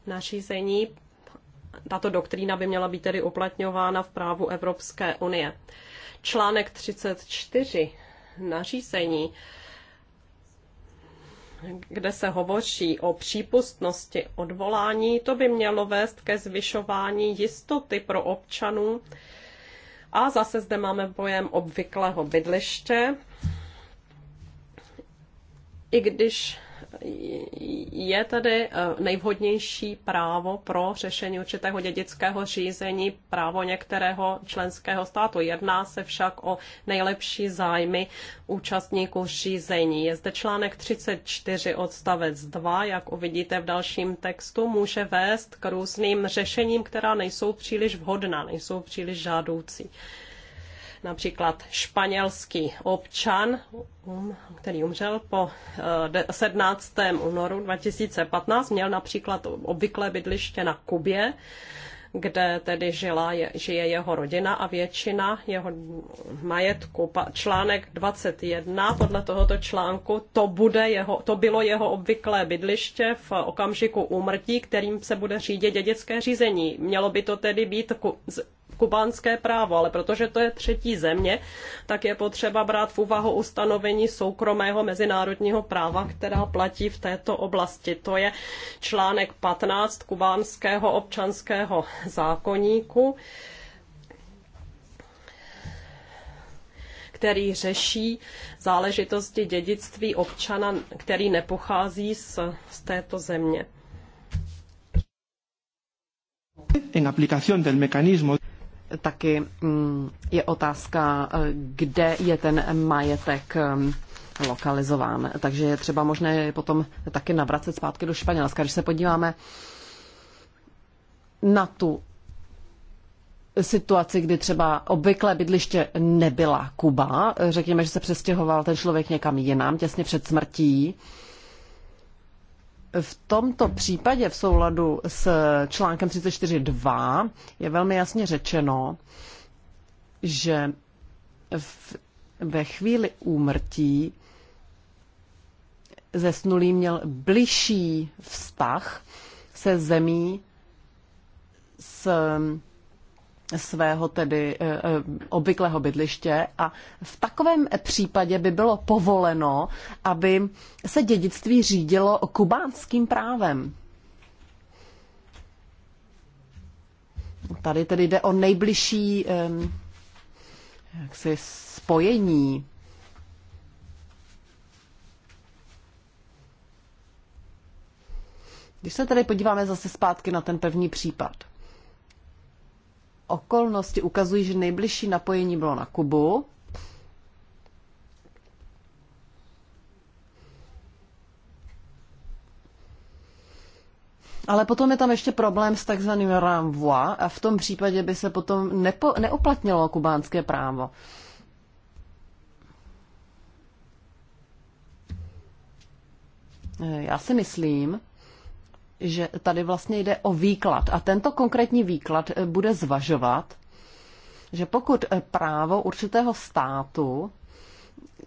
nařízení. Tato doktrína by měla být tedy uplatňována v právu Evropské unie. Článek 34 nařízení kde se hovoří o přípustnosti odvolání, to by mělo vést ke zvyšování jistoty pro občanů. A zase zde máme pojem obvyklého bydliště. I když je tady eh, nejvhodnější právo pro řešení určitého dědického řízení právo některého členského státu. Jedná se však o nejlepší zájmy účastníků řízení. Je zde článek 34 odstavec 2, jak uvidíte v dalším textu, může vést k různým řešením, která nejsou příliš vhodná, nejsou příliš žádoucí. Například španělský občan, um, který umřel po 17. Eh, únoru 2015, měl například obvyklé bydliště na Kubě, kde tedy žila, žije jeho rodina a většina jeho majetku. Článek 21, podle tohoto článku, to, bude jeho, to bylo jeho obvyklé bydliště v okamžiku úmrtí, kterým se bude řídit dědické řízení. Mělo by to tedy být kubánské právo, ale protože to je třetí země, tak je potřeba brát v úvahu ustanovení soukromého mezinárodního práva, která platí v této oblasti. To je článek 15 kubánského občanského zákoníku. který řeší záležitosti dědictví občana, který nepochází z, z této země. En aplicación del mecanismo taky mm, je otázka, eh, kde je ten majetek mm, lokalizován. Takže je třeba možné potom taky navracet zpátky do Španělska. Když se podíváme na tu situaci, kdy třeba obvyklé bydliště nebyla Kuba, eh, řekněme, že se přestěhoval ten člověk někam jinam těsně před smrtí, v tomto případě v souladu s článkem 34.2 je velmi jasně řečeno, že v, ve chvíli úmrtí zesnulý měl bližší vztah se zemí, s svého tedy eh, eh, obvyklého bydliště a v takovém případě by bylo povoleno, aby se dědictví řídilo kubánským právem. Tady tedy jde o nejbližší jaksi spojení Když se tady podíváme zase zpátky na ten první případ okolnosti ukazují, že nejbližší napojení bylo na Kubu. Ale potom je tam ještě problém s takzvaným ramvoa a v tom případě by se potom nepo, neuplatnilo kubánské právo. Já si myslím, že tady vlastně jde o výklad. A tento konkrétní výklad eh, bude zvažovat, že pokud eh, právo určitého státu,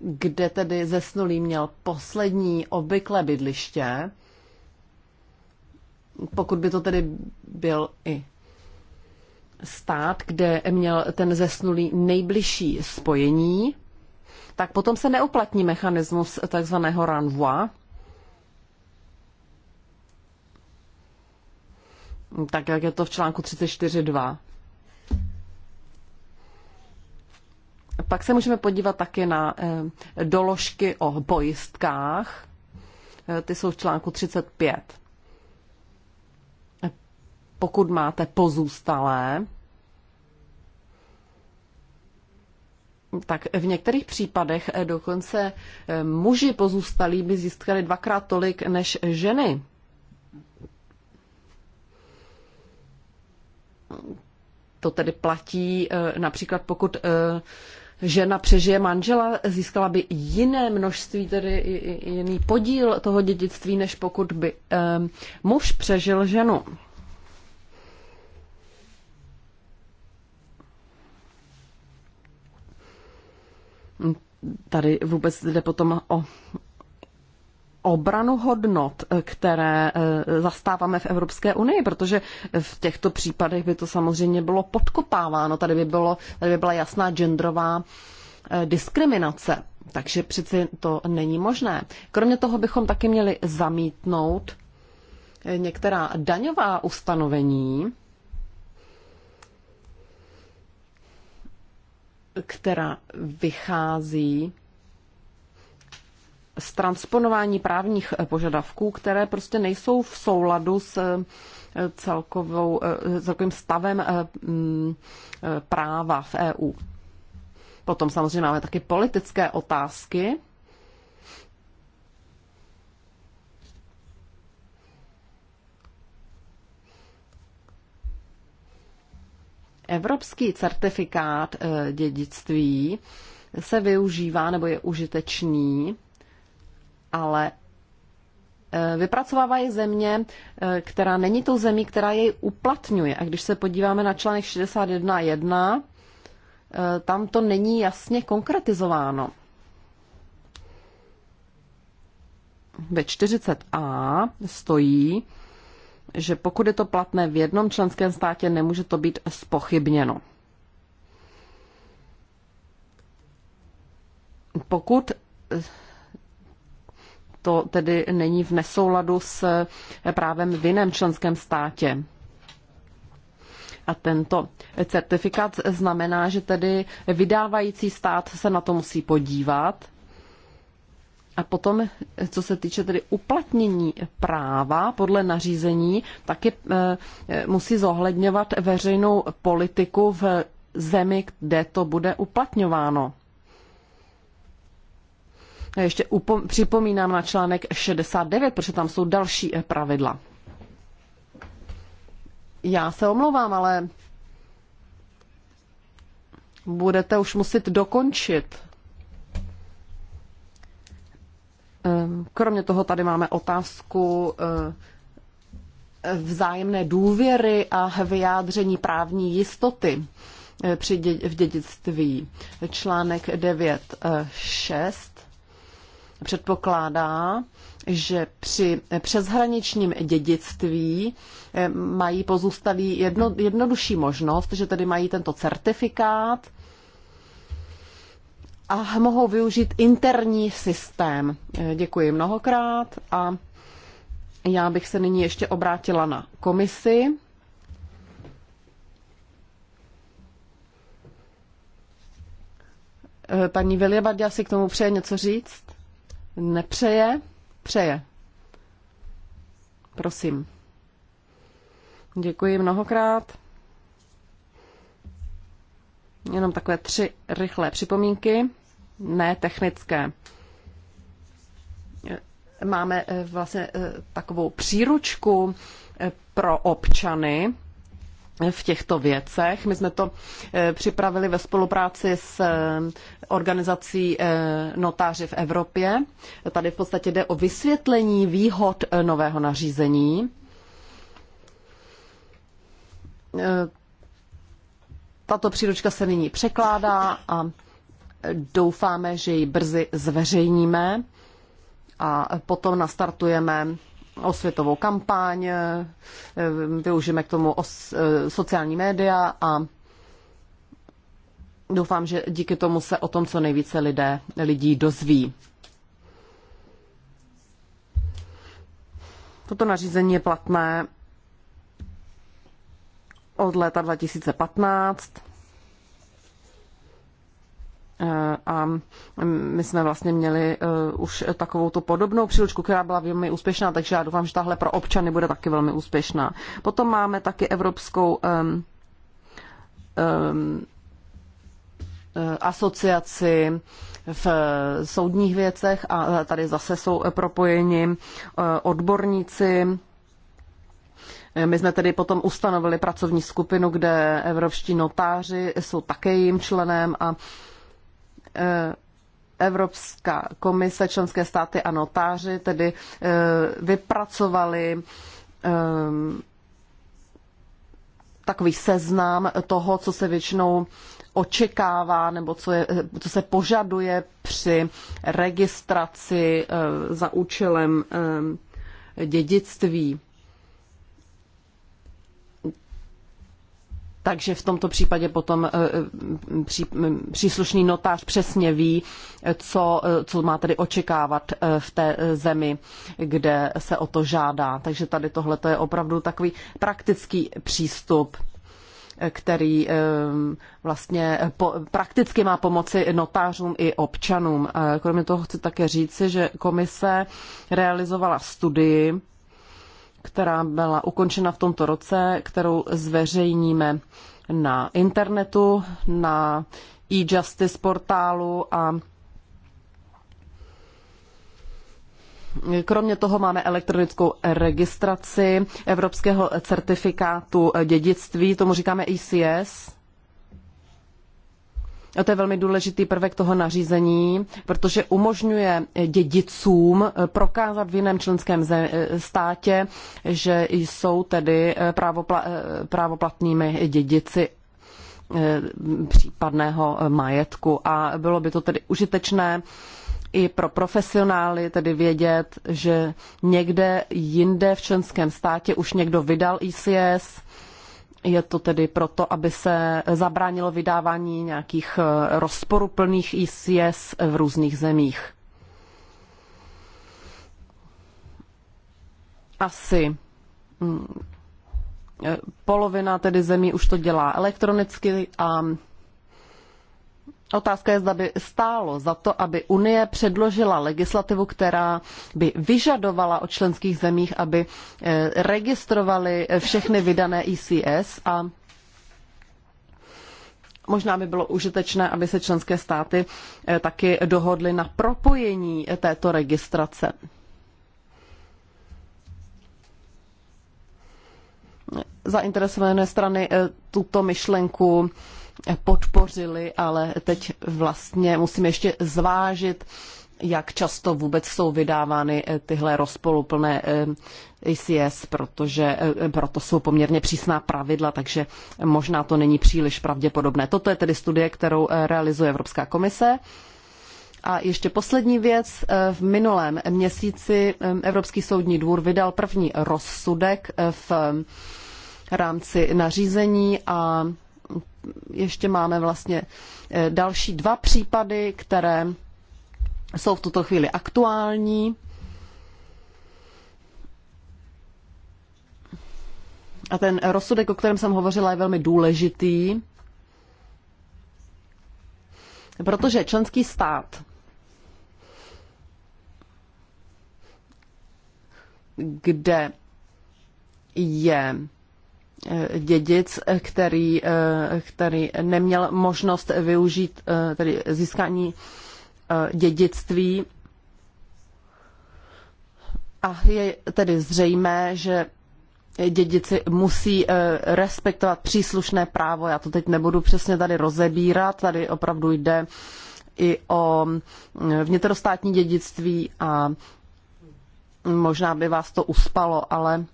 kde tedy zesnulý měl poslední obvyklé bydliště, pokud by to tedy byl i stát, kde měl ten zesnulý nejbližší spojení, tak potom se neuplatní mechanismus takzvaného ranvoi, tak jak je to v článku 34.2. Pak se můžeme podívat taky na eh, doložky o pojistkách. Eh, ty jsou v článku 35. Pokud máte pozůstalé, tak v některých případech eh, dokonce muži pozůstalí by získali dvakrát tolik než ženy. To tedy platí eh, například, pokud eh, žena přežije manžela, získala by jiné množství, tedy jiný podíl toho dědictví, než pokud by eh, muž přežil ženu. Tady vůbec jde potom o obranu hodnot, eh, které eh, zastáváme v Evropské unii, protože v těchto případech by to samozřejmě bylo podkopáváno. Tady by, bylo, tady by byla jasná genderová eh, diskriminace. Takže přeci to není možné. Kromě toho bychom taky měli zamítnout některá daňová ustanovení, která vychází transponování právních eh, požadavků, které prostě nejsou v souladu s eh, celkovou, eh, celkovým stavem mm, práva v EU. Potom samozřejmě máme taky politické otázky. Evropský certifikát dědictví se využívá nebo je užitečný ale e, vypracovává je země, e, která není tou zemí, která jej uplatňuje. A když se podíváme na článek 61.1, e, tam to není jasně konkretizováno. Ve 40a stojí, že pokud je to platné v jednom členském státě, nemůže to být spochybněno. Pokud to tedy není v nesouladu s eh, právem v jiném členském státě. A tento certifikát znamená, že tedy vydávající stát se na to musí podívat. A potom, eh, co se týče tedy uplatnění práva podle nařízení, taky eh, musí zohledňovat veřejnou politiku v zemi, kde to bude uplatňováno ještě připomínám na článek 69, protože tam jsou další eh, pravidla. Já se omlouvám, ale budete už muset dokončit. Ehm, kromě toho tady máme otázku eh, vzájemné důvěry a vyjádření právní jistoty eh, při v dědictví. Článek 9.6 předpokládá, že při přeshraničním dědictví eh, mají pozůstalí jedno, jednodušší možnost, že tedy mají tento certifikát a mohou využít interní systém. Eh, děkuji mnohokrát a já bych se nyní ještě obrátila na komisi. Eh, paní Viljebardia si k tomu přeje něco říct? nepřeje. Přeje. Prosím. Děkuji mnohokrát. Jenom takové tři rychlé připomínky, ne technické. Máme eh, vlastně eh, takovou příručku eh, pro občany, v těchto věcech. My jsme to eh, připravili ve spolupráci s eh, organizací eh, notáři v Evropě. Tady v podstatě jde o vysvětlení výhod nového nařízení. Tato příručka se nyní překládá a doufáme, že ji brzy zveřejníme a potom nastartujeme osvětovou kampaň, eh, využijeme k tomu os, eh, sociální média a doufám, že díky tomu se o tom co nejvíce lidé, lidí dozví. Toto nařízení je platné od léta 2015 Eh, a my jsme vlastně měli eh, už takovou tu podobnou příručku, která byla velmi úspěšná, takže já doufám, že tahle pro občany bude taky velmi úspěšná. Potom máme taky Evropskou um, um, asociaci v soudních věcech a tady zase jsou propojeni odborníci my jsme tedy potom ustanovili pracovní skupinu, kde evropští notáři jsou také jejím členem a Eh, Evropská komise, členské státy a notáři tedy eh, vypracovali eh, takový seznam toho, co se většinou očekává nebo co, je, co se požaduje při registraci za účelem dědictví. takže v tomto případě potom eh, eh, eh, příslušný notář přesně ví, co, co má tedy očekávat v té zemi, kde se o to žádá. Takže tady tohle je opravdu takový praktický přístup který vlastně prakticky má pomoci notářům i občanům. Kromě toho chci také říci, že komise realizovala studii která byla ukončena v tomto roce, kterou zveřejníme na internetu, na e-justice portálu a Kromě toho máme elektronickou registraci evropského certifikátu dědictví, tomu říkáme ECS to je velmi důležitý prvek toho nařízení, protože umožňuje dědicům prokázat v jiném členském státě, že jsou tedy eh, právopla, eh, právoplatnými dědici eh, případného majetku. A bylo by to tedy užitečné i pro profesionály tedy vědět, že někde jinde v členském státě už někdo vydal ICS, je to tedy proto, aby se zabránilo vydávání nějakých eh, rozporuplných ICS v různých zemích. Asi mm, eh, polovina tedy zemí už to dělá elektronicky a Otázka je, zda by stálo za to, aby Unie předložila legislativu, která by vyžadovala od členských zemích, aby eh, registrovali eh, všechny vydané ICS e a Možná by bylo užitečné, aby se členské státy eh, taky dohodly na propojení této registrace. Zainteresované strany tuto myšlenku podpořili, ale teď vlastně musím ještě zvážit, jak často vůbec jsou vydávány eh, tyhle rozpoluplné ACS, eh, protože eh, proto jsou poměrně přísná pravidla, takže možná to není příliš pravděpodobné. Toto je tedy studie, kterou realizuje Evropská komise. A ještě poslední věc. V minulém měsíci Evropský soudní dvůr vydal první rozsudek v rámci nařízení a ještě máme vlastně eh, další dva případy, které jsou v tuto chvíli aktuální. A ten rozsudek, o kterém jsem hovořila, je velmi důležitý, protože členský stát, kde je Eh, dědic, který, eh, který neměl možnost využít eh, tedy získání dědictví. A je tedy zřejmé, že dědici musí respektovat příslušné právo. Já to teď nebudu přesně tady rozebírat, tady opravdu jde i o mm, vnitrostátní dědictví a možná by vás to uspalo, ale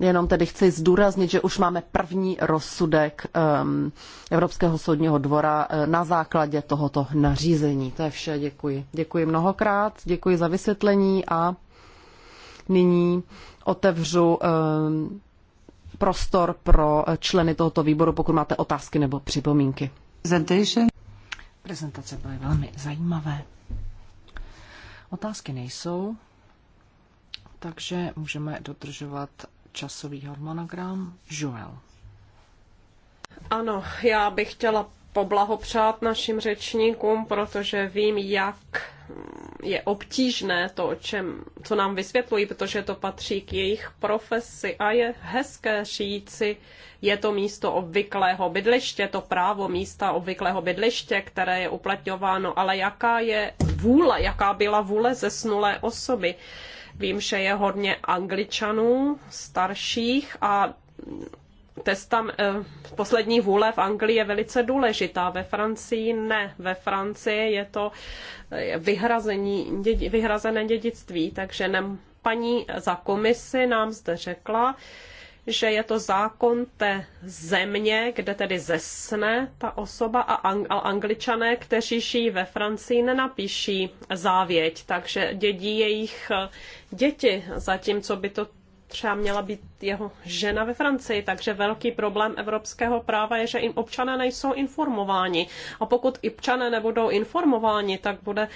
Jenom tedy chci zdůraznit, že už máme první rozsudek um, Evropského soudního dvora uh, na základě tohoto nařízení. To je vše, děkuji. Děkuji mnohokrát, děkuji za vysvětlení a nyní otevřu um, prostor pro členy tohoto výboru, pokud máte otázky nebo připomínky. Prezentace byly velmi zajímavé. Otázky nejsou, takže můžeme dodržovat časový harmonogram. Joel. Ano, já bych chtěla poblahopřát našim řečníkům, protože vím, jak je obtížné to, o čem, co nám vysvětlují, protože to patří k jejich profesi a je hezké říci, je to místo obvyklého bydliště, to právo místa obvyklého bydliště, které je uplatňováno, ale jaká je vůle, jaká byla vůle zesnulé osoby. Uh, Vím, že je hodně angličanů starších a testam, eh, poslední vůle v Anglii je velice důležitá, ve Francii ne. Ve Francii je to eh, vyhrazení, dědi, vyhrazené dědictví, takže nem, paní za komisi nám zde řekla, že je to zákon té země, kde tedy zesne ta osoba a angličané, kteří žijí ve Francii, nenapíší závěť, takže dědí jejich eh, děti, zatímco by to třeba měla být jeho žena ve Francii, takže velký problém evropského práva je, že jim občané nejsou informováni. A pokud i občané nebudou informováni, tak bude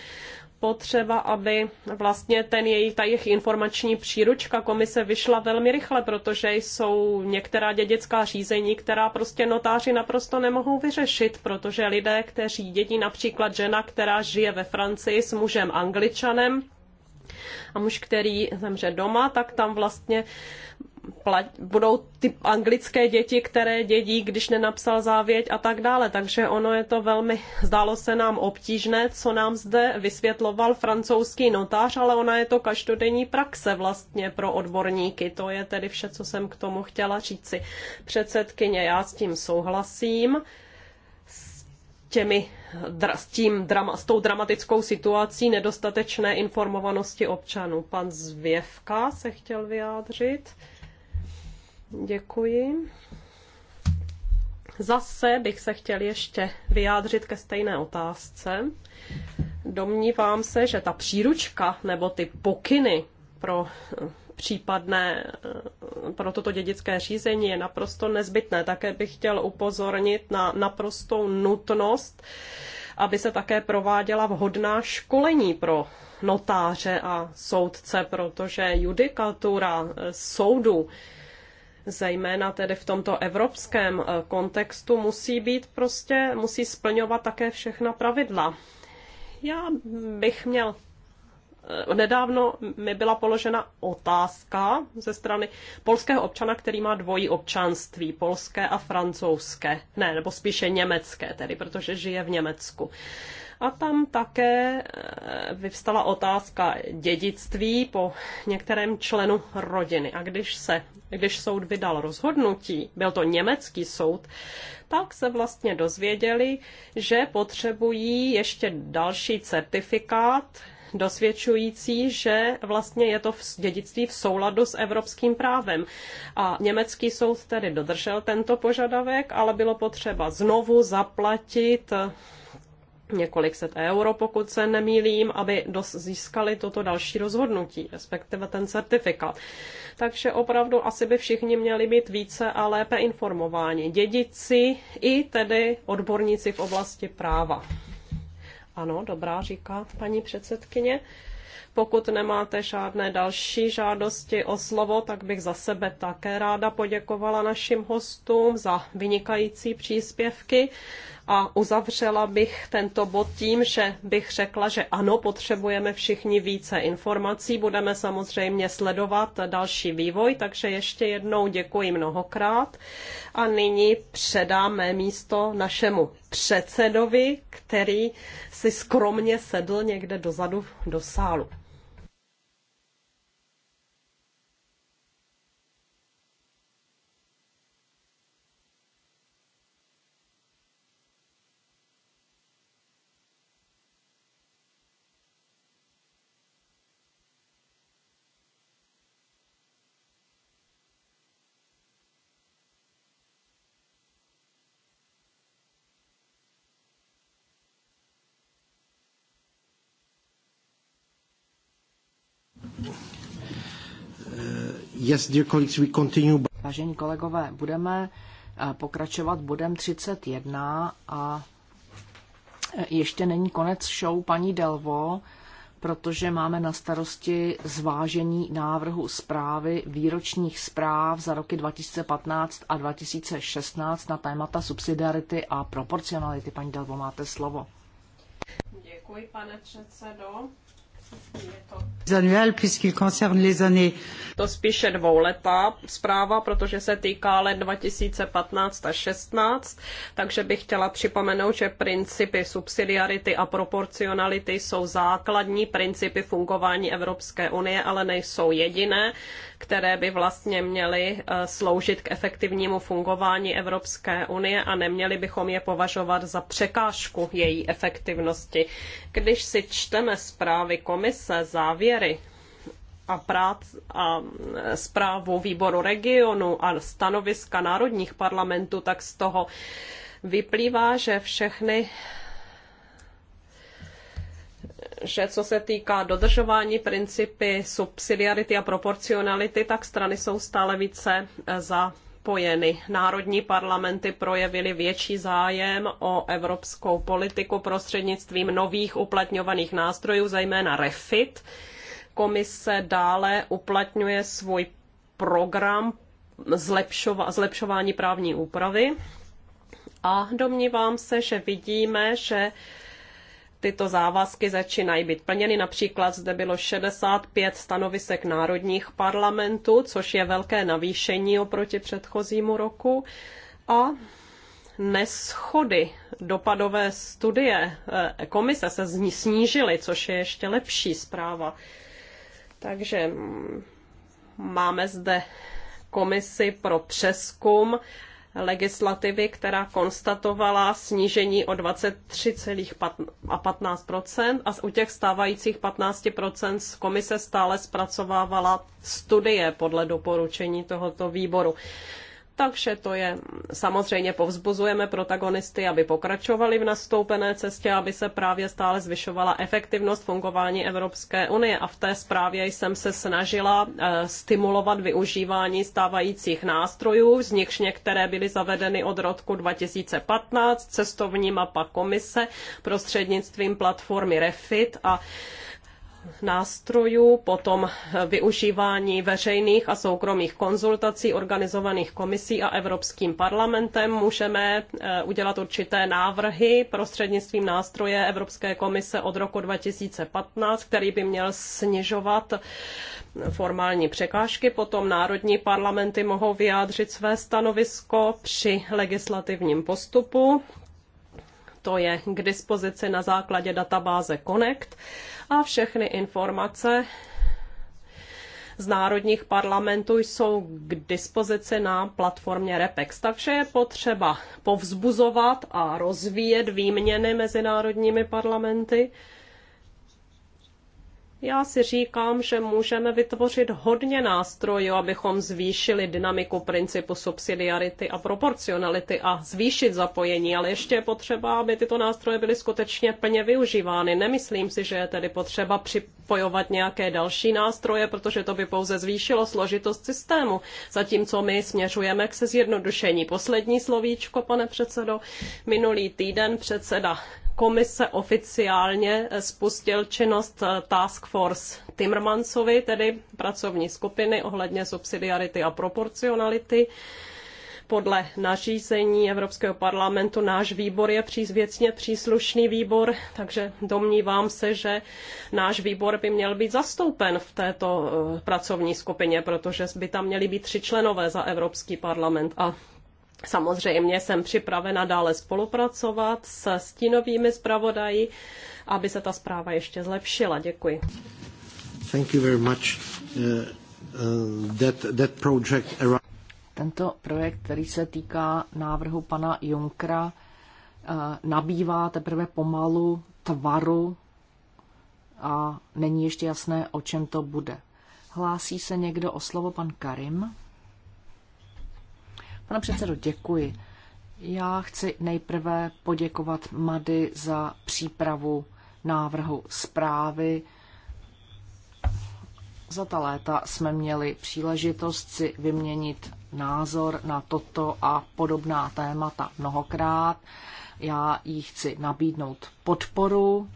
potřeba, aby vlastně ten jejich, ta jejich informační příručka komise vyšla velmi rychle, protože jsou některá dědická řízení, která prostě notáři naprosto nemohou vyřešit, protože lidé, kteří dědí například žena, která žije ve Francii s mužem angličanem, a muž, který zemře doma, tak tam vlastně budou ty anglické děti, které dědí, když nenapsal závěť a tak dále. Takže ono je to velmi, zdálo se nám obtížné, co nám zde vysvětloval francouzský notář, ale ona je to každodenní praxe vlastně pro odborníky. To je tedy vše, co jsem k tomu chtěla říci. Předsedkyně, já s tím souhlasím těmi, s, tím drama, s tou dramatickou situací nedostatečné informovanosti občanů. Pan Zvěvka se chtěl vyjádřit. Děkuji. Zase bych se chtěl ještě vyjádřit ke stejné otázce. Domnívám se, že ta příručka nebo ty pokyny pro eh, případné eh, pro toto dědické řízení je naprosto nezbytné. Také bych chtěl upozornit na naprostou nutnost, aby se také prováděla vhodná školení pro notáře a soudce, protože judikatura eh, soudu zejména tedy v tomto evropském eh, kontextu, musí být prostě, musí splňovat také všechna pravidla. Já bych měl eh, Nedávno mi byla položena otázka ze strany polského občana, který má dvojí občanství, polské a francouzské, ne, nebo spíše německé tedy, protože žije v Německu. A tam také eh, vyvstala otázka dědictví po některém členu rodiny. A když se, když soud vydal rozhodnutí, byl to německý soud, tak se vlastně dozvěděli, že potřebují ještě další certifikát, dosvědčující, že vlastně je to v dědictví v souladu s evropským právem. A německý soud tedy dodržel tento požadavek, ale bylo potřeba znovu zaplatit několik set euro, pokud se nemýlím, aby dos- získali toto další rozhodnutí, respektive ten certifikát. Takže opravdu asi by všichni měli být více a lépe informováni. Dědici i tedy odborníci v oblasti práva. Ano, dobrá, říká paní předsedkyně. Pokud nemáte žádné další žádosti o slovo, tak bych za sebe také ráda poděkovala našim hostům za vynikající příspěvky a uzavřela bych tento bod tím, že bych řekla, že ano, potřebujeme všichni více informací. Budeme samozřejmě sledovat další vývoj, takže ještě jednou děkuji mnohokrát. A nyní předáme místo našemu předsedovi, který si skromně sedl někde dozadu do sálu. Yes, dear colleagues, we continue. Vážení kolegové, budeme eh, pokračovat bodem 31 a eh, ještě není konec show paní Delvo, protože máme na starosti zvážení návrhu zprávy výročních zpráv za roky 2015 a 2016 na témata subsidiarity a proporcionality. Paní Delvo, máte slovo. Děkuji, pane předsedo. To spíše dvouletá zpráva, protože se týká let 2015 a 16, takže bych chtěla připomenout, že principy subsidiarity a proporcionality jsou základní principy fungování Evropské unie, ale nejsou jediné, které by vlastně měly eh, sloužit k efektivnímu fungování Evropské unie a neměli bychom je považovat za překážku její efektivnosti. Když si čteme zprávy komise, komise závěry a, prác, a e, zprávu výboru regionu a stanoviska národních parlamentů, tak z toho vyplývá, že všechny že co se týká dodržování principy subsidiarity a proporcionality, tak strany jsou stále více e, za Spojeny Národní parlamenty projevily větší zájem o evropskou politiku prostřednictvím nových uplatňovaných nástrojů, zejména REFIT. Komise dále uplatňuje svůj program zlepšova- zlepšování právní úpravy a domnívám se, že vidíme, že tyto závazky začínají být plněny. Například zde bylo 65 stanovisek národních parlamentů, což je velké navýšení oproti předchozímu roku. A neschody dopadové studie eh, komise se snížily, což je ještě lepší zpráva. Takže mm, máme zde komisi pro přeskum legislativy, která konstatovala snížení o 23,15 a u těch stávajících 15 komise stále zpracovávala studie podle doporučení tohoto výboru. Takže to je, samozřejmě povzbuzujeme protagonisty, aby pokračovali v nastoupené cestě, aby se právě stále zvyšovala efektivnost fungování Evropské unie. A v té zprávě jsem se snažila eh, stimulovat využívání stávajících nástrojů, z nichž některé byly zavedeny od roku 2015, cestovní mapa komise prostřednictvím platformy Refit a nástrojů, potom využívání veřejných a soukromých konzultací organizovaných komisí a Evropským parlamentem. Můžeme eh, udělat určité návrhy prostřednictvím nástroje Evropské komise od roku 2015, který by měl snižovat formální překážky. Potom národní parlamenty mohou vyjádřit své stanovisko při legislativním postupu to je k dispozici na základě databáze Connect a všechny informace z národních parlamentů jsou k dispozici na platformě REPEX. Takže je potřeba povzbuzovat a rozvíjet výměny mezi národními parlamenty. Já si říkám, že můžeme vytvořit hodně nástrojů, abychom zvýšili dynamiku principu subsidiarity a proporcionality a zvýšit zapojení, ale ještě je potřeba, aby tyto nástroje byly skutečně plně využívány. Nemyslím si, že je tedy potřeba připojovat nějaké další nástroje, protože to by pouze zvýšilo složitost systému, zatímco my směřujeme k se zjednodušení. Poslední slovíčko, pane předsedo. Minulý týden předseda komise oficiálně eh, spustil činnost eh, Task Force Timmermansovi, tedy pracovní skupiny ohledně subsidiarity a proporcionality. Podle nařízení Evropského parlamentu náš výbor je věcně příslušný výbor, takže domnívám se, že náš výbor by měl být zastoupen v této eh, pracovní skupině, protože by tam měli být tři členové za Evropský parlament a Samozřejmě jsem připravena dále spolupracovat s stínovými zpravodaji, aby se ta zpráva ještě zlepšila. Děkuji. Thank you very much. Uh, uh, that, that project Tento projekt, který se týká návrhu pana Junkra, uh, nabývá teprve pomalu tvaru a není ještě jasné, o čem to bude. Hlásí se někdo o slovo pan Karim? Pane předsedo, děkuji. Já chci nejprve poděkovat Mady za přípravu návrhu zprávy. Za ta léta jsme měli příležitost si vyměnit názor na toto a podobná témata mnohokrát. Já jí chci nabídnout podporu,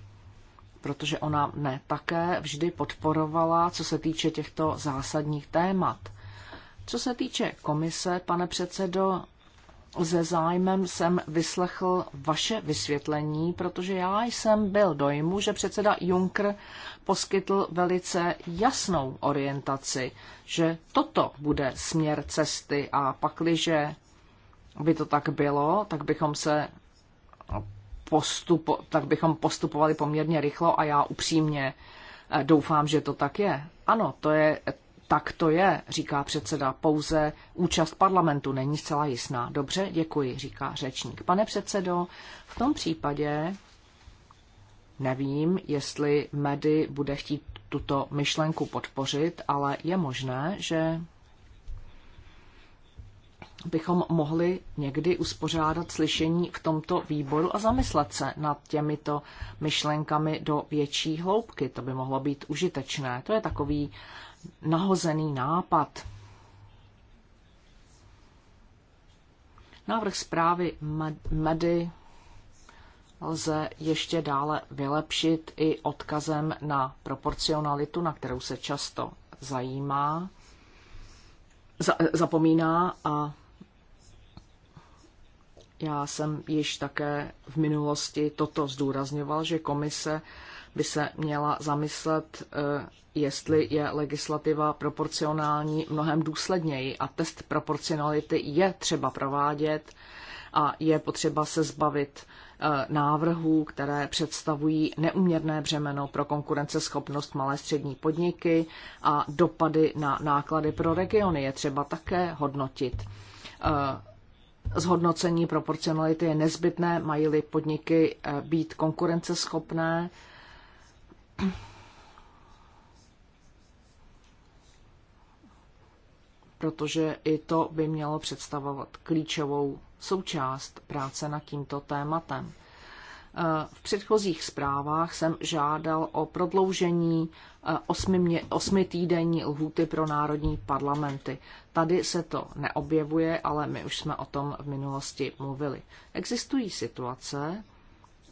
protože ona mne také vždy podporovala, co se týče těchto zásadních témat. Co se týče komise, pane předsedo, ze zájmem jsem vyslechl vaše vysvětlení, protože já jsem byl dojmu, že předseda Juncker poskytl velice jasnou orientaci, že toto bude směr cesty a pakliže by to tak bylo, tak bychom se postupo, tak bychom postupovali poměrně rychlo a já upřímně eh, doufám, že to tak je. Ano, to je tak to je, říká předseda, pouze účast parlamentu není zcela jasná. Dobře, děkuji, říká řečník. Pane předsedo, v tom případě nevím, jestli Medy bude chtít tuto myšlenku podpořit, ale je možné, že bychom mohli někdy uspořádat slyšení v tomto výboru a zamyslet se nad těmito myšlenkami do větší hloubky. To by mohlo být užitečné. To je takový nahozený nápad. Návrh zprávy Medy lze ještě dále vylepšit i odkazem na proporcionalitu, na kterou se často zajímá, za, zapomíná a já jsem již také v minulosti toto zdůrazňoval, že komise by se měla zamyslet, eh, jestli je legislativa proporcionální mnohem důsledněji a test proporcionality je třeba provádět a je potřeba se zbavit eh, návrhů, které představují neuměrné břemeno pro konkurenceschopnost malé střední podniky a dopady na náklady pro regiony je třeba také hodnotit. Eh, zhodnocení proporcionality je nezbytné, mají-li podniky být konkurenceschopné protože i to by mělo představovat klíčovou součást práce nad tímto tématem. Eh, v předchozích zprávách jsem žádal o prodloužení eh, osmi, osmi týdenní lhůty pro národní parlamenty. Tady se to neobjevuje, ale my už jsme o tom v minulosti mluvili. Existují situace,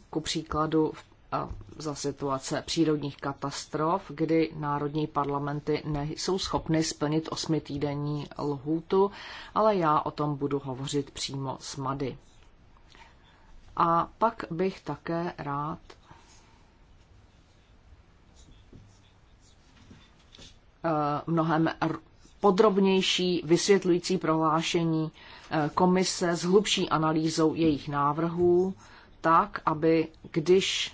ku příkladu v za situace přírodních katastrof, kdy národní parlamenty nejsou schopny splnit osmitýdenní lhůtu, ale já o tom budu hovořit přímo s Mady. A pak bych také rád eh, mnohem podrobnější vysvětlující prohlášení eh, komise s hlubší analýzou jejich návrhů, tak, aby když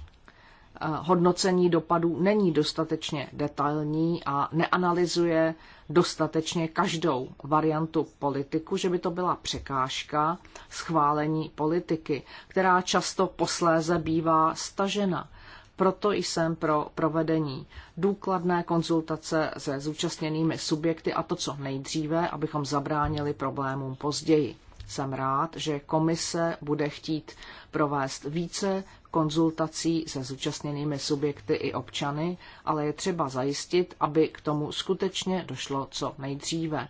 Eh, hodnocení dopadů není dostatečně detailní a neanalyzuje dostatečně každou variantu politiku, že by to byla překážka schválení politiky, která často posléze bývá stažena. Proto jsem pro provedení důkladné konzultace se zúčastněnými subjekty a to co nejdříve, abychom zabránili problémům později. Jsem rád, že komise bude chtít provést více konzultací se zúčastněnými subjekty i občany, ale je třeba zajistit, aby k tomu skutečně došlo co nejdříve.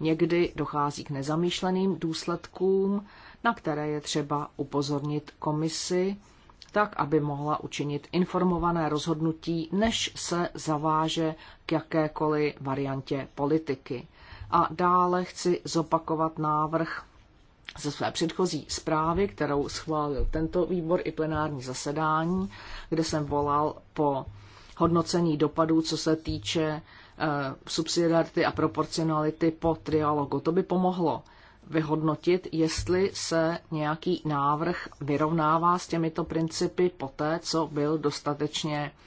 Někdy dochází k nezamýšleným důsledkům, na které je třeba upozornit komisi, tak, aby mohla učinit informované rozhodnutí, než se zaváže k jakékoliv variantě politiky. A dále chci zopakovat návrh ze své předchozí zprávy, kterou schválil tento výbor i plenární zasedání, kde jsem volal po hodnocení dopadů, co se týče eh, subsidiarity a proporcionality po trialogu. To by pomohlo vyhodnotit, jestli se nějaký návrh vyrovnává s těmito principy poté, co byl dostatečně uh,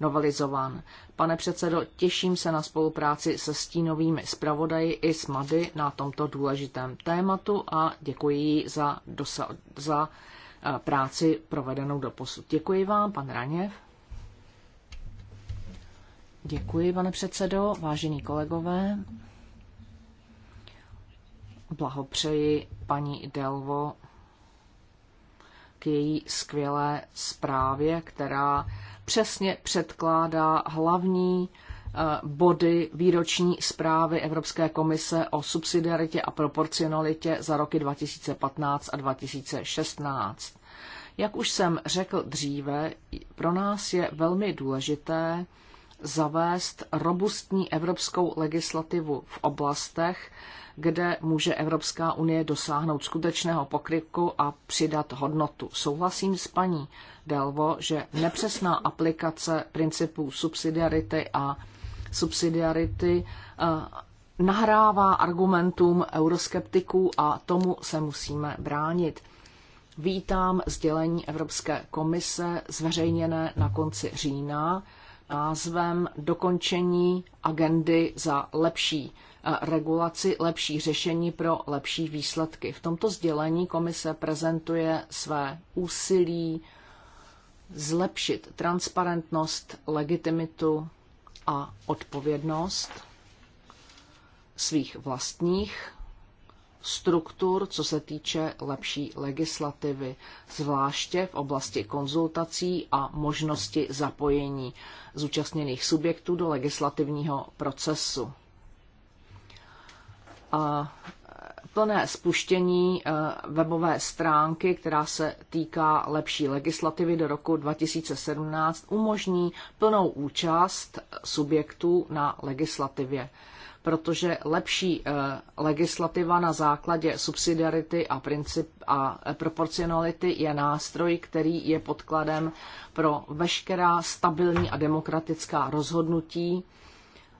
novelizován. Pane předsedo, těším se na spolupráci se stínovými zpravodaji i s MADY na tomto důležitém tématu a děkuji za, dosa- za eh, práci provedenou do posud. Děkuji vám, pan Raněv. Děkuji, pane předsedo, vážení kolegové. Blahopřeji paní Delvo k její skvělé zprávě, která přesně předkládá hlavní eh, body výroční zprávy Evropské komise o subsidiaritě a proporcionalitě za roky 2015 a 2016. Jak už jsem řekl dříve, pro nás je velmi důležité, zavést robustní evropskou legislativu v oblastech, kde může Evropská unie dosáhnout skutečného pokryku a přidat hodnotu. Souhlasím s paní Delvo, že nepřesná aplikace principů subsidiarity a subsidiarity eh, nahrává argumentům euroskeptiků a tomu se musíme bránit. Vítám sdělení Evropské komise zveřejněné na konci října, názvem Dokončení agendy za lepší eh, regulaci, lepší řešení pro lepší výsledky. V tomto sdělení komise prezentuje své úsilí zlepšit transparentnost, legitimitu a odpovědnost svých vlastních struktur, co se týče lepší legislativy, zvláště v oblasti konzultací a možnosti zapojení zúčastněných subjektů do legislativního procesu. A e, plné spuštění e, webové stránky, která se týká lepší legislativy do roku 2017, umožní plnou účast subjektů na legislativě protože lepší eh, legislativa na základě subsidiarity a, princip a proporcionality je nástroj, který je podkladem pro veškerá stabilní a demokratická rozhodnutí,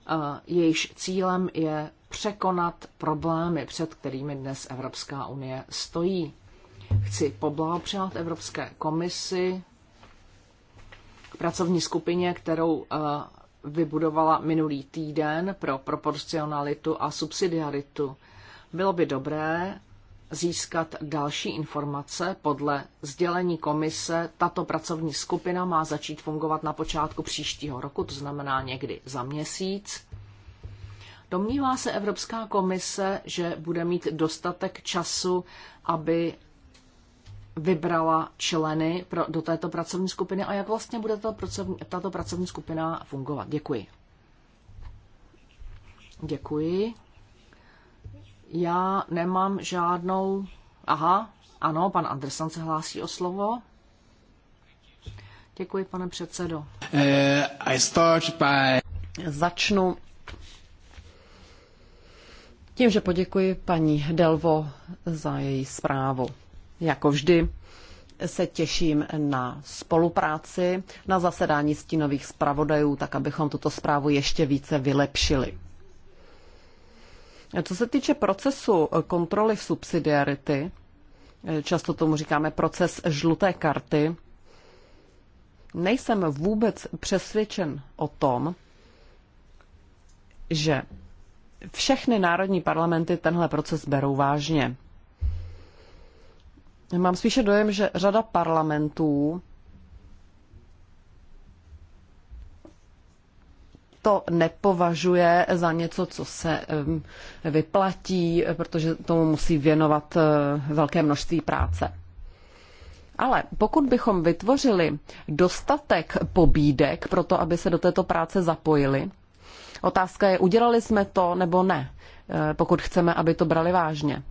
eh, jejíž cílem je překonat problémy, před kterými dnes Evropská unie stojí. Chci poblahopřát Evropské komisi, pracovní skupině, kterou eh, vybudovala minulý týden pro proporcionalitu a subsidiaritu. Bylo by dobré získat další informace. Podle sdělení komise tato pracovní skupina má začít fungovat na počátku příštího roku, to znamená někdy za měsíc. Domnívá se Evropská komise, že bude mít dostatek času, aby vybrala členy pro, do této pracovní skupiny a jak vlastně bude tato pracovní, tato pracovní skupina fungovat. Děkuji. Děkuji. Já nemám žádnou. Aha, ano, pan Anderson se hlásí o slovo. Děkuji, pane předsedo. Uh, I start by... Začnu tím, že poděkuji paní Delvo za její zprávu. Jako vždy se těším na spolupráci, na zasedání stínových zpravodajů, tak abychom tuto zprávu ještě více vylepšili. Co se týče procesu kontroly subsidiarity, často tomu říkáme proces žluté karty, nejsem vůbec přesvědčen o tom, že všechny národní parlamenty tenhle proces berou vážně mám spíše dojem, že řada parlamentů to nepovažuje za něco, co se vyplatí, protože tomu musí věnovat eh, velké množství práce. Ale pokud bychom vytvořili dostatek pobídek pro to, aby se do této práce zapojili, otázka je, udělali jsme to nebo ne, eh, pokud chceme, aby to brali vážně.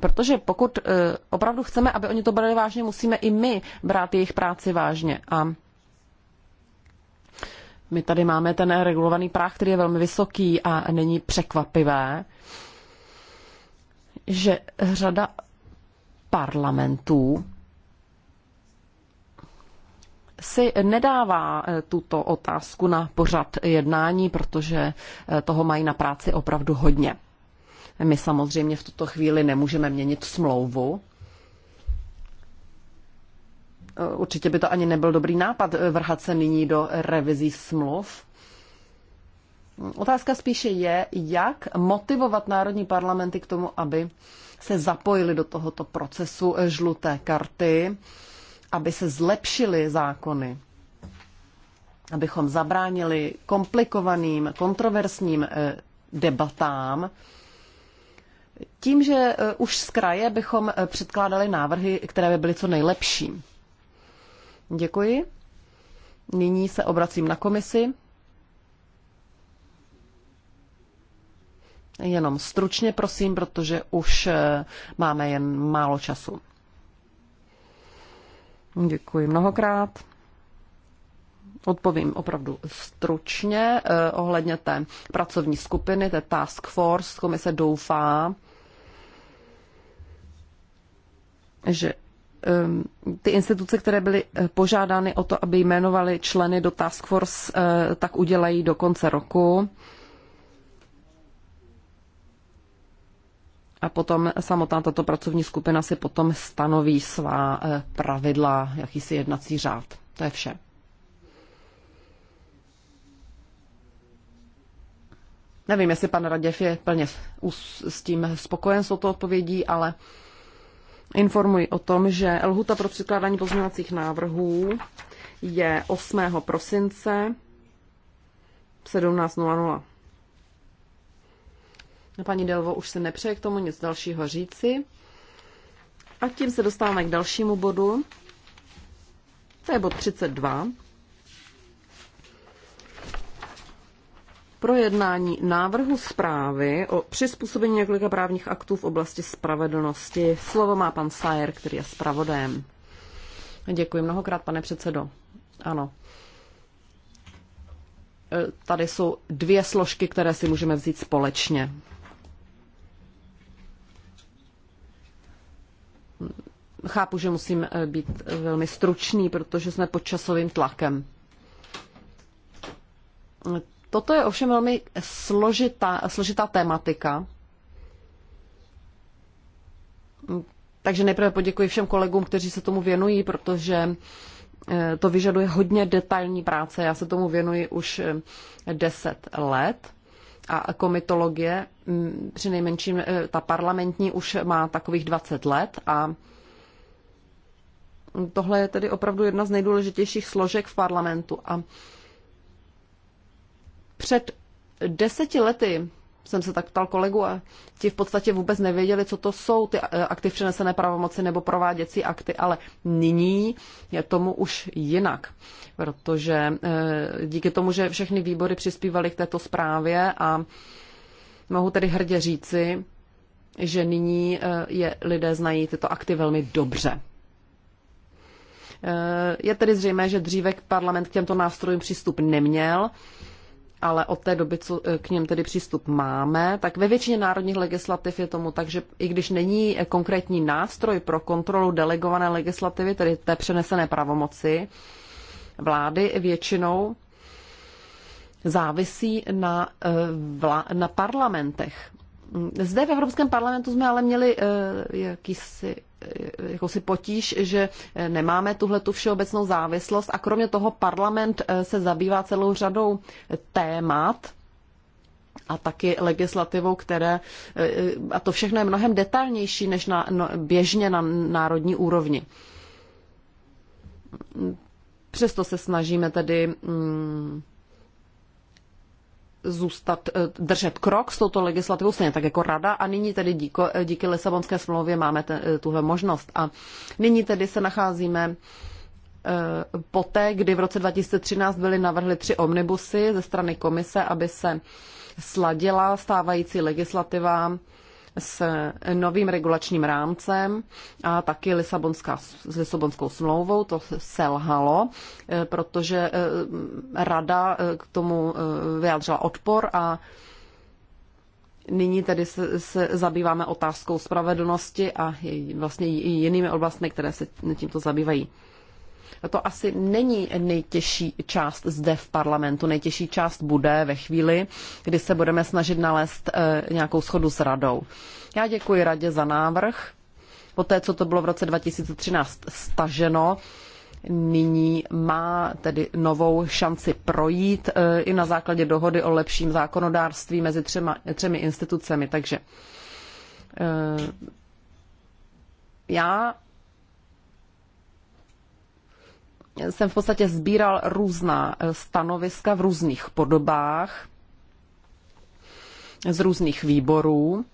Protože pokud e, opravdu chceme, aby oni to brali vážně, musíme i my brát jejich práci vážně. A my tady máme ten regulovaný práh, který je velmi vysoký a není překvapivé, že řada parlamentů si nedává e, tuto otázku na pořad jednání, protože e, toho mají na práci opravdu hodně. My samozřejmě v tuto chvíli nemůžeme měnit smlouvu. Určitě by to ani nebyl dobrý nápad eh, vrhat se nyní do revizí smluv. Otázka spíše je, jak motivovat národní parlamenty k tomu, aby se zapojili do tohoto procesu eh, žluté karty, aby se zlepšily zákony, abychom zabránili komplikovaným, kontroverzním eh, debatám, tím, že e, už z kraje bychom e, předkládali návrhy, které by byly co nejlepší. Děkuji. Nyní se obracím na komisi. Jenom stručně, prosím, protože už e, máme jen málo času. Děkuji mnohokrát. Odpovím opravdu stručně eh, ohledně té pracovní skupiny, té task force. Komise doufá, že ehm, ty instituce, které byly eh, požádány o to, aby jmenovali členy do Task Force, eh, tak udělají do konce roku. A potom samotná tato pracovní skupina si potom stanoví svá eh, pravidla, jakýsi jednací řád. To je vše. Nevím, jestli pan Raděv je plně s tím spokojen s touto odpovědí, ale informuji o tom, že lhuta pro předkládání pozměňovacích návrhů je 8. prosince 17.00. Paní Delvo už se nepřeje k tomu nic dalšího říci. A tím se dostáváme k dalšímu bodu. To je bod 32. projednání návrhu zprávy o přizpůsobení několika právních aktů v oblasti spravedlnosti. Slovo má pan Sajer, který je zpravodajem. Děkuji mnohokrát, pane předsedo. Ano. E, tady jsou dvě složky, které si můžeme vzít společně. Chápu, že musím e, být e, velmi stručný, protože jsme pod časovým tlakem Toto je ovšem velmi složitá, složitá tématika. Takže nejprve poděkuji všem kolegům, kteří se tomu věnují, protože eh, to vyžaduje hodně detailní práce. Já se tomu věnuji už 10 eh, let a komitologie, mm, při nejmenším eh, ta parlamentní už má takových 20 let a tohle je tedy opravdu jedna z nejdůležitějších složek v parlamentu. A před deseti lety jsem se tak ptal kolegu a ti v podstatě vůbec nevěděli, co to jsou ty eh, akty přenesené pravomoci nebo prováděcí akty, ale nyní je tomu už jinak, protože eh, díky tomu, že všechny výbory přispívaly k této zprávě a mohu tedy hrdě říci, že nyní eh, je lidé znají tyto akty velmi dobře. Je tedy zřejmé, že dříve parlament k těmto nástrojům přístup neměl, ale od té doby, co eh, k něm tedy přístup máme, tak ve většině národních legislativ je tomu tak, že i když není eh, konkrétní nástroj pro kontrolu delegované legislativy, tedy té přenesené pravomoci vlády, většinou závisí na, eh, na parlamentech. Zde v Evropském parlamentu jsme ale měli jakýsi si potíž, že nemáme tuhle tu všeobecnou závislost a kromě toho parlament eh, se zabývá celou řadou témat, a taky legislativou, které, eh, a to všechno je mnohem detailnější než na, no, běžně na národní úrovni. Přesto se snažíme tedy mm, zůstat, eh, držet krok s touto legislativou, stejně tak jako rada a nyní tedy díko, eh, díky Lisabonské smlouvě máme te, eh, tuhle možnost. A nyní tedy se nacházíme poté, kdy v roce 2013 byly navrhly tři omnibusy ze strany komise, aby se sladila stávající legislativa s novým regulačním rámcem a taky Lisabonská, s Lisabonskou smlouvou. To selhalo, eh, protože eh, rada eh, k tomu vyjádřila odpor a Nyní tedy se, se zabýváme otázkou spravedlnosti a vlastně i jinými oblastmi, které se tímto zabývají to asi není nejtěžší část zde v parlamentu. Nejtěžší část bude ve chvíli, kdy se budeme snažit nalézt eh, nějakou schodu s radou. Já děkuji radě za návrh. Poté, co to bylo v roce 2013 staženo, nyní má tedy novou šanci projít eh, i na základě dohody o lepším zákonodárství mezi třema, třemi institucemi. Takže eh, já jsem v podstatě sbíral různá eh, stanoviska v různých podobách z různých výborů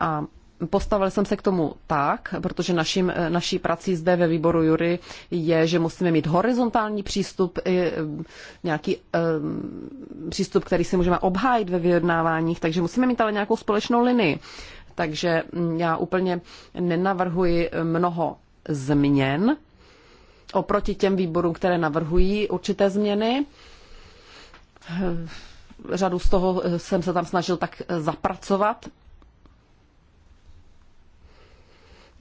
a postavil jsem se k tomu tak, protože naším, eh, naší prací zde ve výboru Jury je, že musíme mít horizontální přístup, eh, nějaký um, přístup, který si můžeme obhájit ve vyjednáváních, takže musíme mít ale nějakou společnou linii. Takže mm, já úplně nenavrhuji mnoho změn, oproti těm výborům, které navrhují určité změny. Řadu z toho eh, jsem se tam snažil tak eh, zapracovat.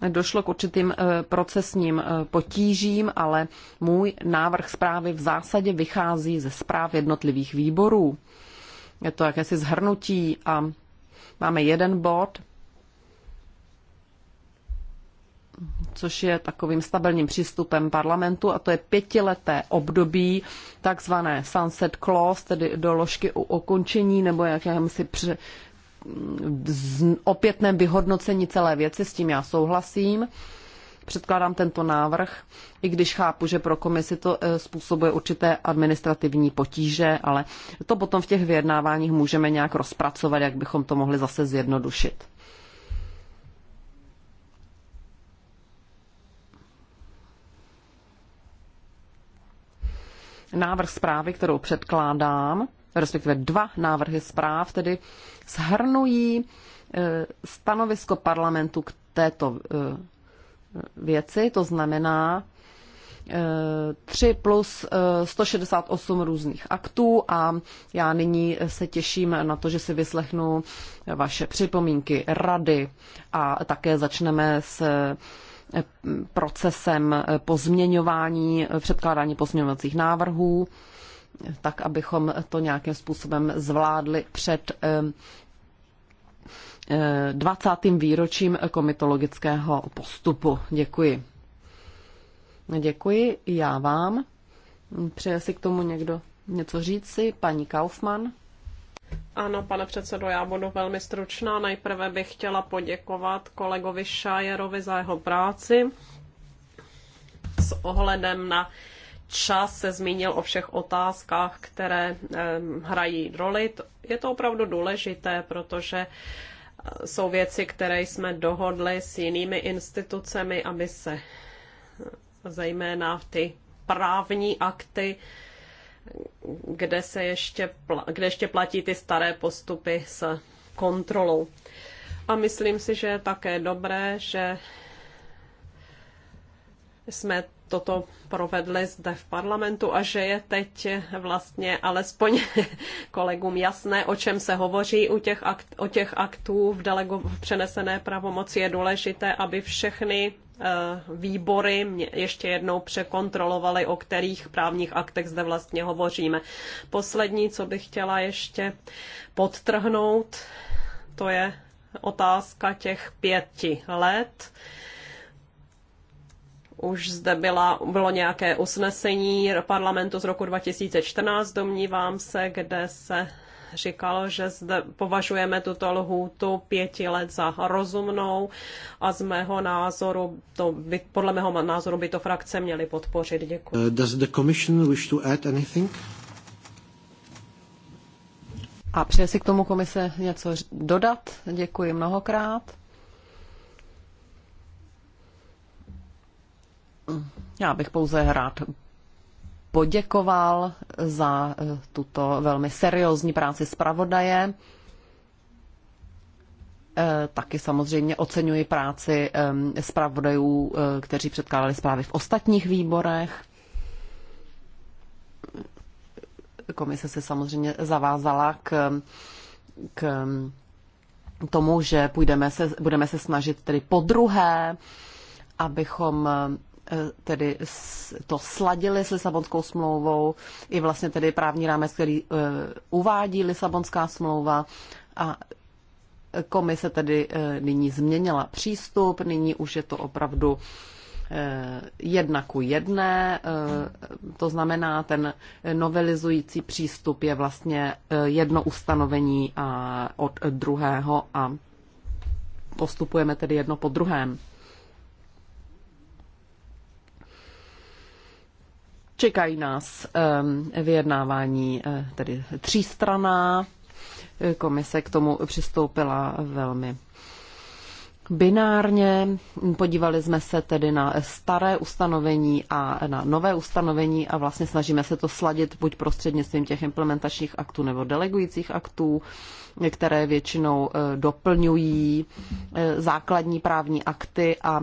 Došlo k určitým eh, procesním potížím, ale můj návrh zprávy v zásadě vychází ze zpráv jednotlivých výborů. Je to jakési zhrnutí a máme jeden bod, což je takovým stabilním přístupem parlamentu, a to je pětileté období takzvané sunset clause, tedy doložky u ukončení nebo jakémsi pře- opětném vyhodnocení celé věci, s tím já souhlasím. Předkládám tento návrh, i když chápu, že pro komisi to eh, způsobuje určité administrativní potíže, ale to potom v těch vyjednáváních můžeme nějak rozpracovat, jak bychom to mohli zase zjednodušit. návrh zprávy, kterou předkládám, respektive dva návrhy zpráv, tedy shrnují e, stanovisko parlamentu k této e, věci, to znamená 3 e, plus 168 různých aktů a já nyní se těším na to, že si vyslechnu vaše připomínky, rady a také začneme s procesem pozměňování, předkládání pozměňovacích návrhů, tak abychom to nějakým způsobem zvládli před 20. Eh, eh, výročím komitologického postupu. Děkuji. Děkuji, já vám. Přeje si k tomu někdo něco říci? Paní Kaufmann. Ano, pane předsedo, já budu velmi stručná. Nejprve bych chtěla poděkovat kolegovi Šájerovi za jeho práci. S ohledem na čas se zmínil o všech otázkách, které hrají roli. Je to opravdu důležité, protože eh, jsou věci, které jsme dohodli s jinými institucemi, aby se eh, zejména ty právní akty kde, se ještě, kde ještě platí ty staré postupy s kontrolou. A myslím si, že je také dobré, že jsme toto provedli zde v parlamentu a že je teď vlastně alespoň [LAUGHS] kolegům jasné, o čem se hovoří u těch akt, o těch aktů v, delego, v přenesené pravomoci. Je důležité, aby všechny Eh, výbory ještě jednou překontrolovaly, o kterých právních aktech zde vlastně hovoříme. Poslední, co bych chtěla ještě podtrhnout, to je otázka těch pěti let. Už zde byla, bylo nějaké usnesení parlamentu z roku 2014, domnívám se, kde se říkal, že zde považujeme tuto lhůtu pěti let za rozumnou a z mého názoru, to by, podle mého názoru by to frakce měly podpořit. Děkuji. Uh, does the commission wish to add anything? A přeje si k tomu komise něco dodat? Děkuji mnohokrát. Já bych pouze rád poděkoval za eh, tuto velmi seriózní práci zpravodaje. Eh, taky samozřejmě oceňuji práci zpravodajů, eh, kteří předkládali zprávy v ostatních výborech. Komise se samozřejmě zavázala k, k tomu, že půjdeme se, budeme se snažit tedy po druhé abychom Eh, tedy to sladili s Lisabonskou smlouvou, i vlastně tedy právní rámec, který eh, uvádí Lisabonská smlouva a komise tedy eh, nyní změnila přístup, nyní už je to opravdu jedna ku jedné, to znamená, ten novelizující přístup je vlastně jedno ustanovení a od druhého a postupujeme tedy jedno po druhém. Čekají nás ehm, vyjednávání eh, tedy třístraná. Komise k tomu přistoupila velmi binárně. Podívali jsme se tedy na staré ustanovení a na nové ustanovení a vlastně snažíme se to sladit buď prostřednictvím těch implementačních aktů nebo delegujících aktů, které většinou eh, doplňují eh, základní právní akty a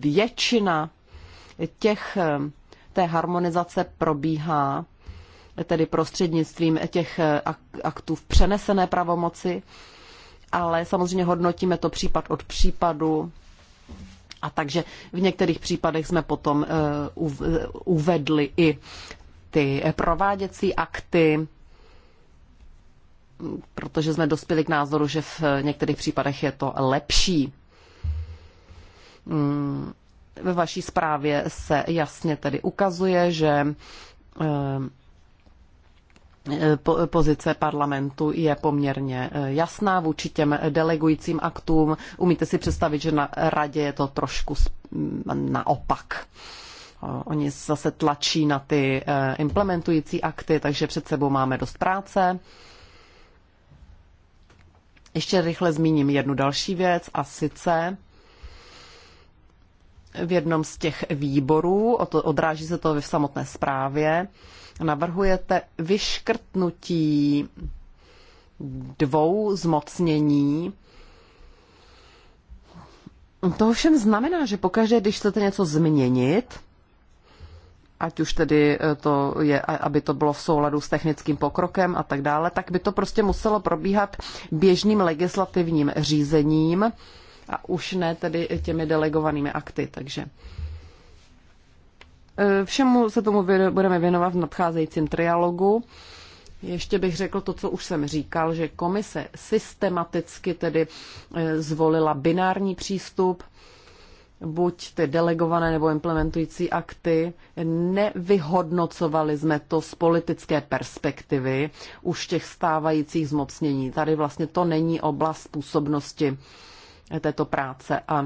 většina těch ehm, té harmonizace probíhá tedy prostřednictvím těch aktů v přenesené pravomoci, ale samozřejmě hodnotíme to případ od případu. A takže v některých případech jsme potom eh, uvedli i ty prováděcí akty, protože jsme dospěli k názoru, že v některých případech je to lepší. Hmm. Ve vaší zprávě se jasně tedy ukazuje, že eh, eh, pozice parlamentu je poměrně eh, jasná vůči těm delegujícím aktům. Umíte si představit, že na radě je to trošku naopak. Oni zase tlačí na ty implementující akty, takže před sebou máme dost práce. Ještě rychle zmíním jednu další věc a sice v jednom z těch výborů, odráží se to v samotné zprávě, navrhujete vyškrtnutí dvou zmocnění. To ovšem znamená, že pokaždé, když chcete něco změnit, ať už tedy e, to je, aby to bylo v souladu s technickým pokrokem a tak dále, tak by to prostě muselo probíhat běžným legislativním řízením a už ne tedy těmi delegovanými akty. Takže e, všemu se tomu budeme věnovat v nadcházejícím trialogu. Ještě bych řekl to, co už jsem říkal, že komise systematicky tedy e, zvolila binární přístup, buď ty delegované nebo implementující akty. Nevyhodnocovali jsme to z politické perspektivy už těch stávajících zmocnění. Tady vlastně to není oblast působnosti této práce. A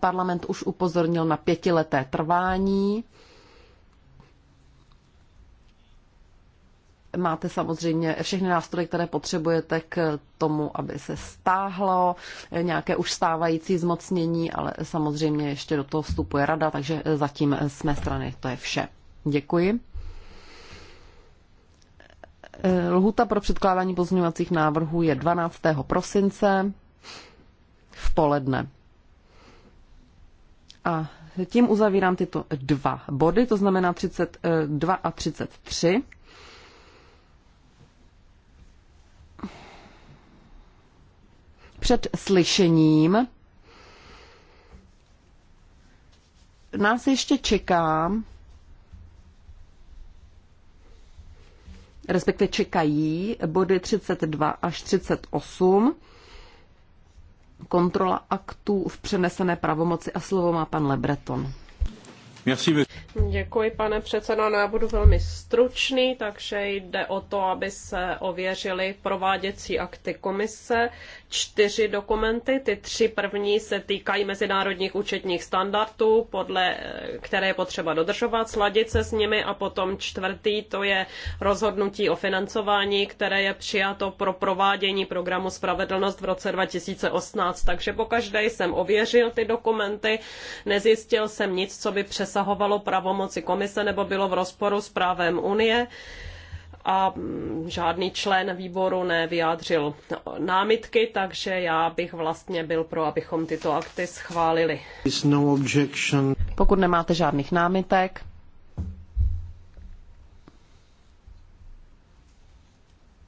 parlament už upozornil na pětileté trvání. Máte samozřejmě všechny nástroje, které potřebujete k tomu, aby se stáhlo nějaké už stávající zmocnění, ale samozřejmě ještě do toho vstupuje rada, takže zatím z mé strany to je vše. Děkuji. Lhuta pro předkládání pozměňovacích návrhů je 12. prosince v poledne. A tím uzavírám tyto dva body, to znamená 32 eh, a 33. Před slyšením nás ještě čeká, respektive čekají body 32 až 38 kontrola aktů v přenesené pravomoci a slovo má pan Lebreton. Děkuji, pane předsedo. No, já budu velmi stručný, takže jde o to, aby se ověřily prováděcí akty komise. Čtyři dokumenty, ty tři první se týkají mezinárodních účetních standardů, podle eh, které je potřeba dodržovat, sladit se s nimi a potom čtvrtý, to je rozhodnutí o financování, které je přijato pro provádění programu Spravedlnost v roce 2018. Takže pokaždé jsem ověřil ty dokumenty, nezjistil jsem nic, co by přes nepřesahovalo pravomoci komise nebo bylo v rozporu s právem Unie a mm, žádný člen výboru nevyjádřil námitky, takže já bych vlastně byl pro, abychom tyto akty schválili. No Pokud nemáte žádných námitek,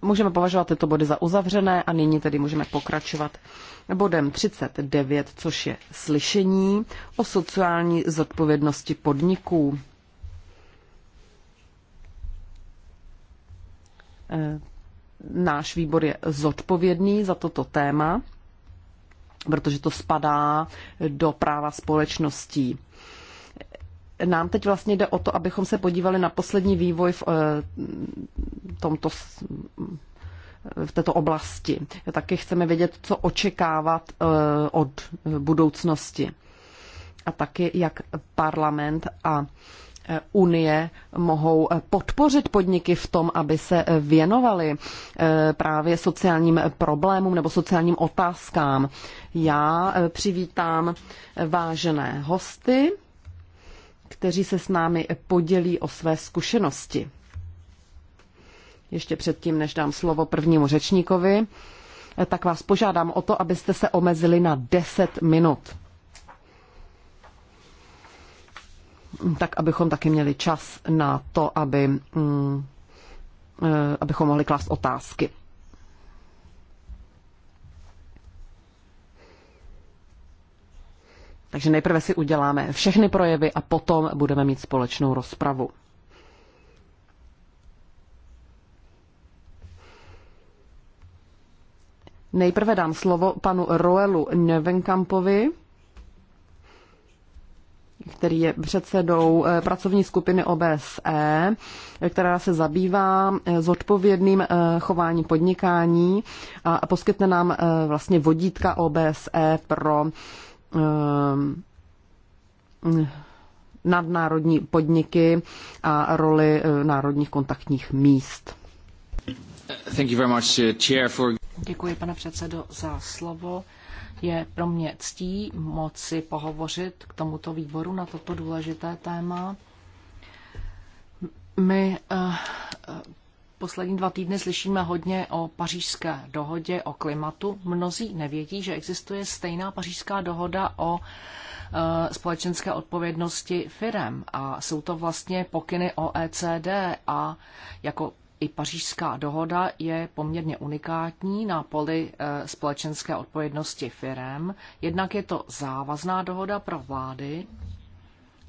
Můžeme považovat tyto body za uzavřené a nyní tedy můžeme pokračovat bodem 39, což je slyšení o sociální zodpovědnosti podniků. Eh, náš výbor je zodpovědný za toto téma, protože to spadá do práva společností nám teď vlastně jde o to, abychom se podívali na poslední vývoj v eh, tomto v této oblasti. Taky chceme vědět, co očekávat eh, od budoucnosti. A taky, jak parlament a eh, Unie mohou podpořit podniky v tom, aby se věnovali právě sociálním problémům nebo sociálním otázkám. Já přivítám vážené hosty kteří se s námi podělí o své zkušenosti. Ještě předtím, než dám slovo prvnímu řečníkovi, tak vás požádám o to, abyste se omezili na 10 minut. Tak, abychom taky měli čas na to, aby, mm, eh, abychom mohli klást otázky. Takže nejprve si uděláme všechny projevy a potom budeme mít společnou rozpravu. Nejprve dám slovo panu Roelu Nevenkampovi, který je předsedou eh, pracovní skupiny OBSE, která se zabývá eh, zodpovědným eh, chováním podnikání a poskytne nám vlastně vodítka OBSE pro Ehm, nadnárodní podniky a roli eh, národních kontaktních míst. Thank you very much, eh, chair, for... Děkuji, pane předsedo, za slovo. Je pro mě ctí moci pohovořit k tomuto výboru na toto důležité téma. My uh, Poslední dva týdny slyšíme hodně o pařížské dohodě o klimatu. Mnozí nevědí, že existuje stejná pařížská dohoda o e, společenské odpovědnosti firem a jsou to vlastně pokyny OECD a jako i pařížská dohoda je poměrně unikátní na poli e, společenské odpovědnosti firem. Jednak je to závazná dohoda pro vlády,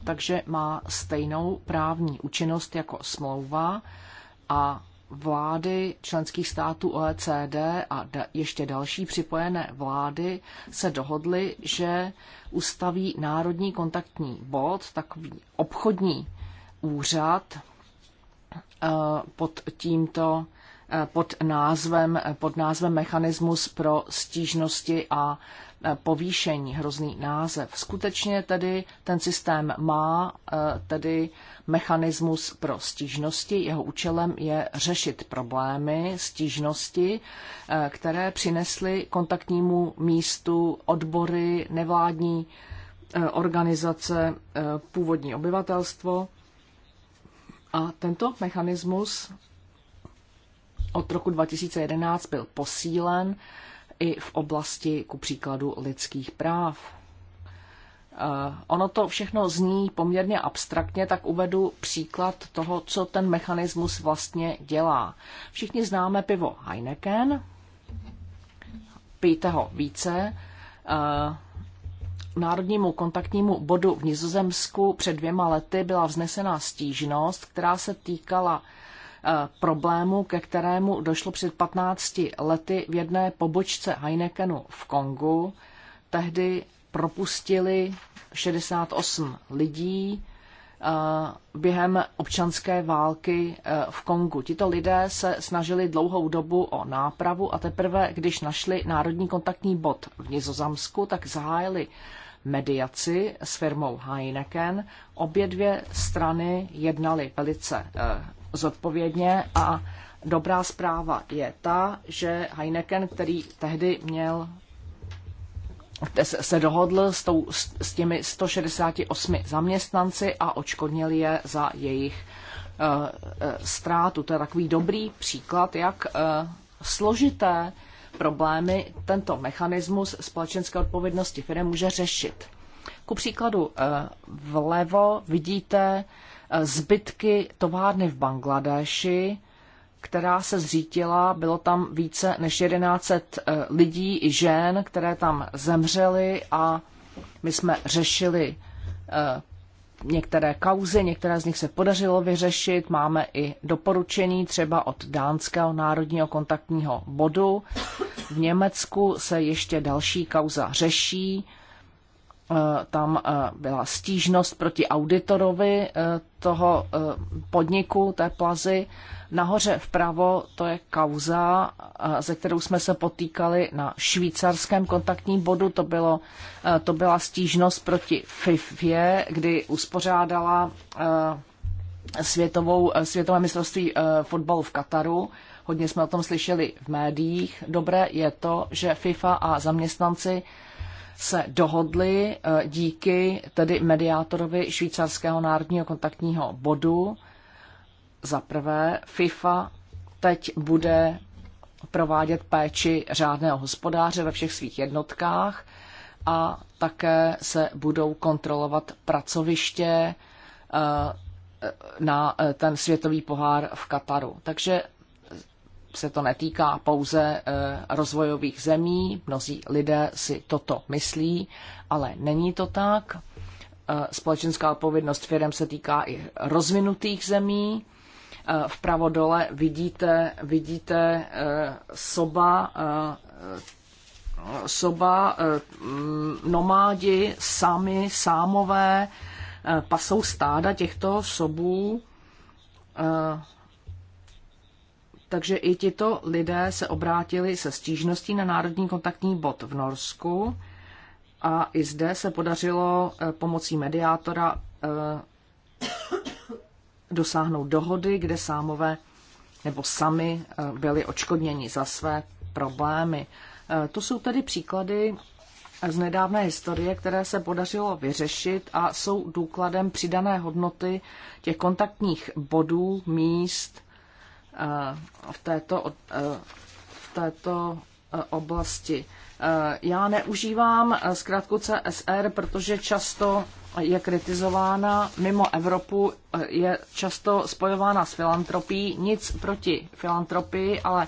takže má stejnou právní účinnost jako smlouva a vlády členských států OECD a da, ještě další připojené vlády se dohodly, že ustaví národní kontaktní bod, takový obchodní úřad eh, pod tímto eh, pod názvem, eh, pod názvem Mechanismus pro stížnosti a Eh, povýšení, hrozný název. Skutečně tedy ten systém má eh, tedy mechanismus pro stížnosti. Jeho účelem je řešit problémy, stížnosti, eh, které přinesly kontaktnímu místu odbory, nevládní organizace, původní obyvatelstvo. A tento mechanismus od roku 2011 byl posílen i v oblasti, ku příkladu, lidských práv. Eh, ono to všechno zní poměrně abstraktně, tak uvedu příklad toho, co ten mechanismus vlastně dělá. Všichni známe pivo Heineken, pijte ho více. Eh, národnímu kontaktnímu bodu v Nizozemsku před dvěma lety byla vznesena stížnost, která se týkala Eh, problému, ke kterému došlo před 15 lety v jedné pobočce Heinekenu v Kongu. Tehdy propustili 68 lidí eh, během občanské války eh, v Kongu. Tito lidé se snažili dlouhou dobu o nápravu a teprve, když našli národní kontaktní bod v Nizozemsku, tak zahájili mediaci s firmou Heineken. Obě dvě strany jednaly velice zodpovědně a dobrá zpráva je ta, že Heineken, který tehdy měl se dohodl s, tou, s těmi 168 zaměstnanci a očkodnil je za jejich eh, eh, ztrátu. To je takový dobrý příklad, jak eh, složité problémy tento mechanismus společenské odpovědnosti firmy může řešit. Ku příkladu vlevo vidíte Eh, zbytky továrny v Bangladeši, která se zřítila, bylo tam více než 1100 eh, lidí i žen, které tam zemřely a my jsme řešili eh, některé kauzy, některé z nich se podařilo vyřešit. Máme i doporučení třeba od Dánského národního kontaktního bodu. V Německu se ještě další kauza řeší. Eh, tam eh, byla stížnost proti auditorovi eh, toho podniku, té plazy. Nahoře vpravo to je kauza, ze kterou jsme se potýkali na švýcarském kontaktním bodu. To, bylo, to byla stížnost proti FIFA, kdy uspořádala světovou, světové mistrovství fotbalu v Kataru. Hodně jsme o tom slyšeli v médiích. Dobré je to, že FIFA a zaměstnanci se dohodli eh, díky tedy mediátorovi švýcarského národního kontaktního bodu. Za prvé, FIFA teď bude provádět péči řádného hospodáře ve všech svých jednotkách a také se budou kontrolovat pracoviště eh, na eh, ten světový pohár v Kataru. Takže se to netýká pouze eh, rozvojových zemí, mnozí lidé si toto myslí, ale není to tak. Eh, společenská odpovědnost firm se týká i rozvinutých zemí. Eh, vpravo dole vidíte, vidíte soba, soba nomádi, sami, sámové, pasou stáda těchto sobů takže i tito lidé se obrátili se stížností na Národní kontaktní bod v Norsku a i zde se podařilo eh, pomocí mediátora eh, dosáhnout dohody, kde sámové nebo sami eh, byli očkodněni za své problémy. To jsou tedy příklady z nedávné historie, které se podařilo vyřešit a jsou důkladem přidané hodnoty těch kontaktních bodů, míst, Eh, v této, eh, v této eh, oblasti. Já neužívám zkrátku CSR, protože často je kritizována mimo Evropu, je často spojována s filantropií. Nic proti filantropii, ale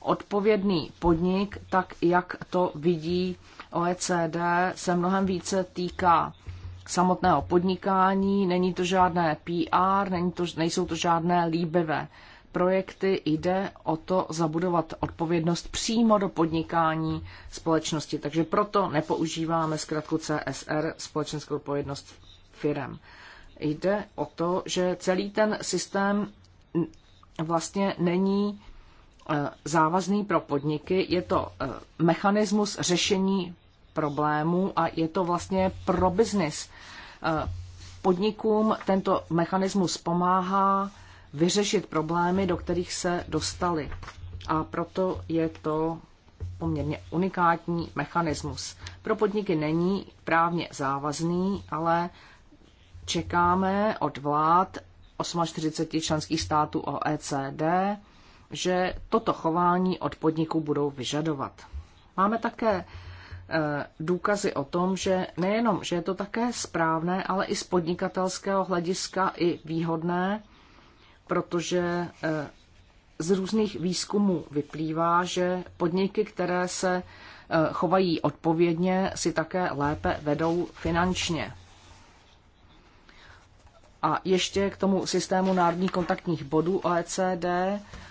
odpovědný podnik, tak jak to vidí OECD, se mnohem více týká samotného podnikání, není to žádné PR, není to, nejsou to žádné líbivé projekty jde o to zabudovat odpovědnost přímo do podnikání společnosti. Takže proto nepoužíváme zkrátku CSR, společenskou odpovědnost firem. Jde o to, že celý ten systém vlastně není e, závazný pro podniky, je to e, mechanismus řešení problémů a je to vlastně pro biznis. E, podnikům tento mechanismus pomáhá vyřešit problémy, do kterých se dostali. A proto je to poměrně unikátní mechanismus. Pro podniky není právně závazný, ale čekáme od vlád 48 členských států OECD, že toto chování od podniků budou vyžadovat. Máme také e, důkazy o tom, že nejenom, že je to také správné, ale i z podnikatelského hlediska i výhodné, protože eh, z různých výzkumů vyplývá, že podniky, které se eh, chovají odpovědně, si také lépe vedou finančně. A ještě k tomu systému národních kontaktních bodů OECD,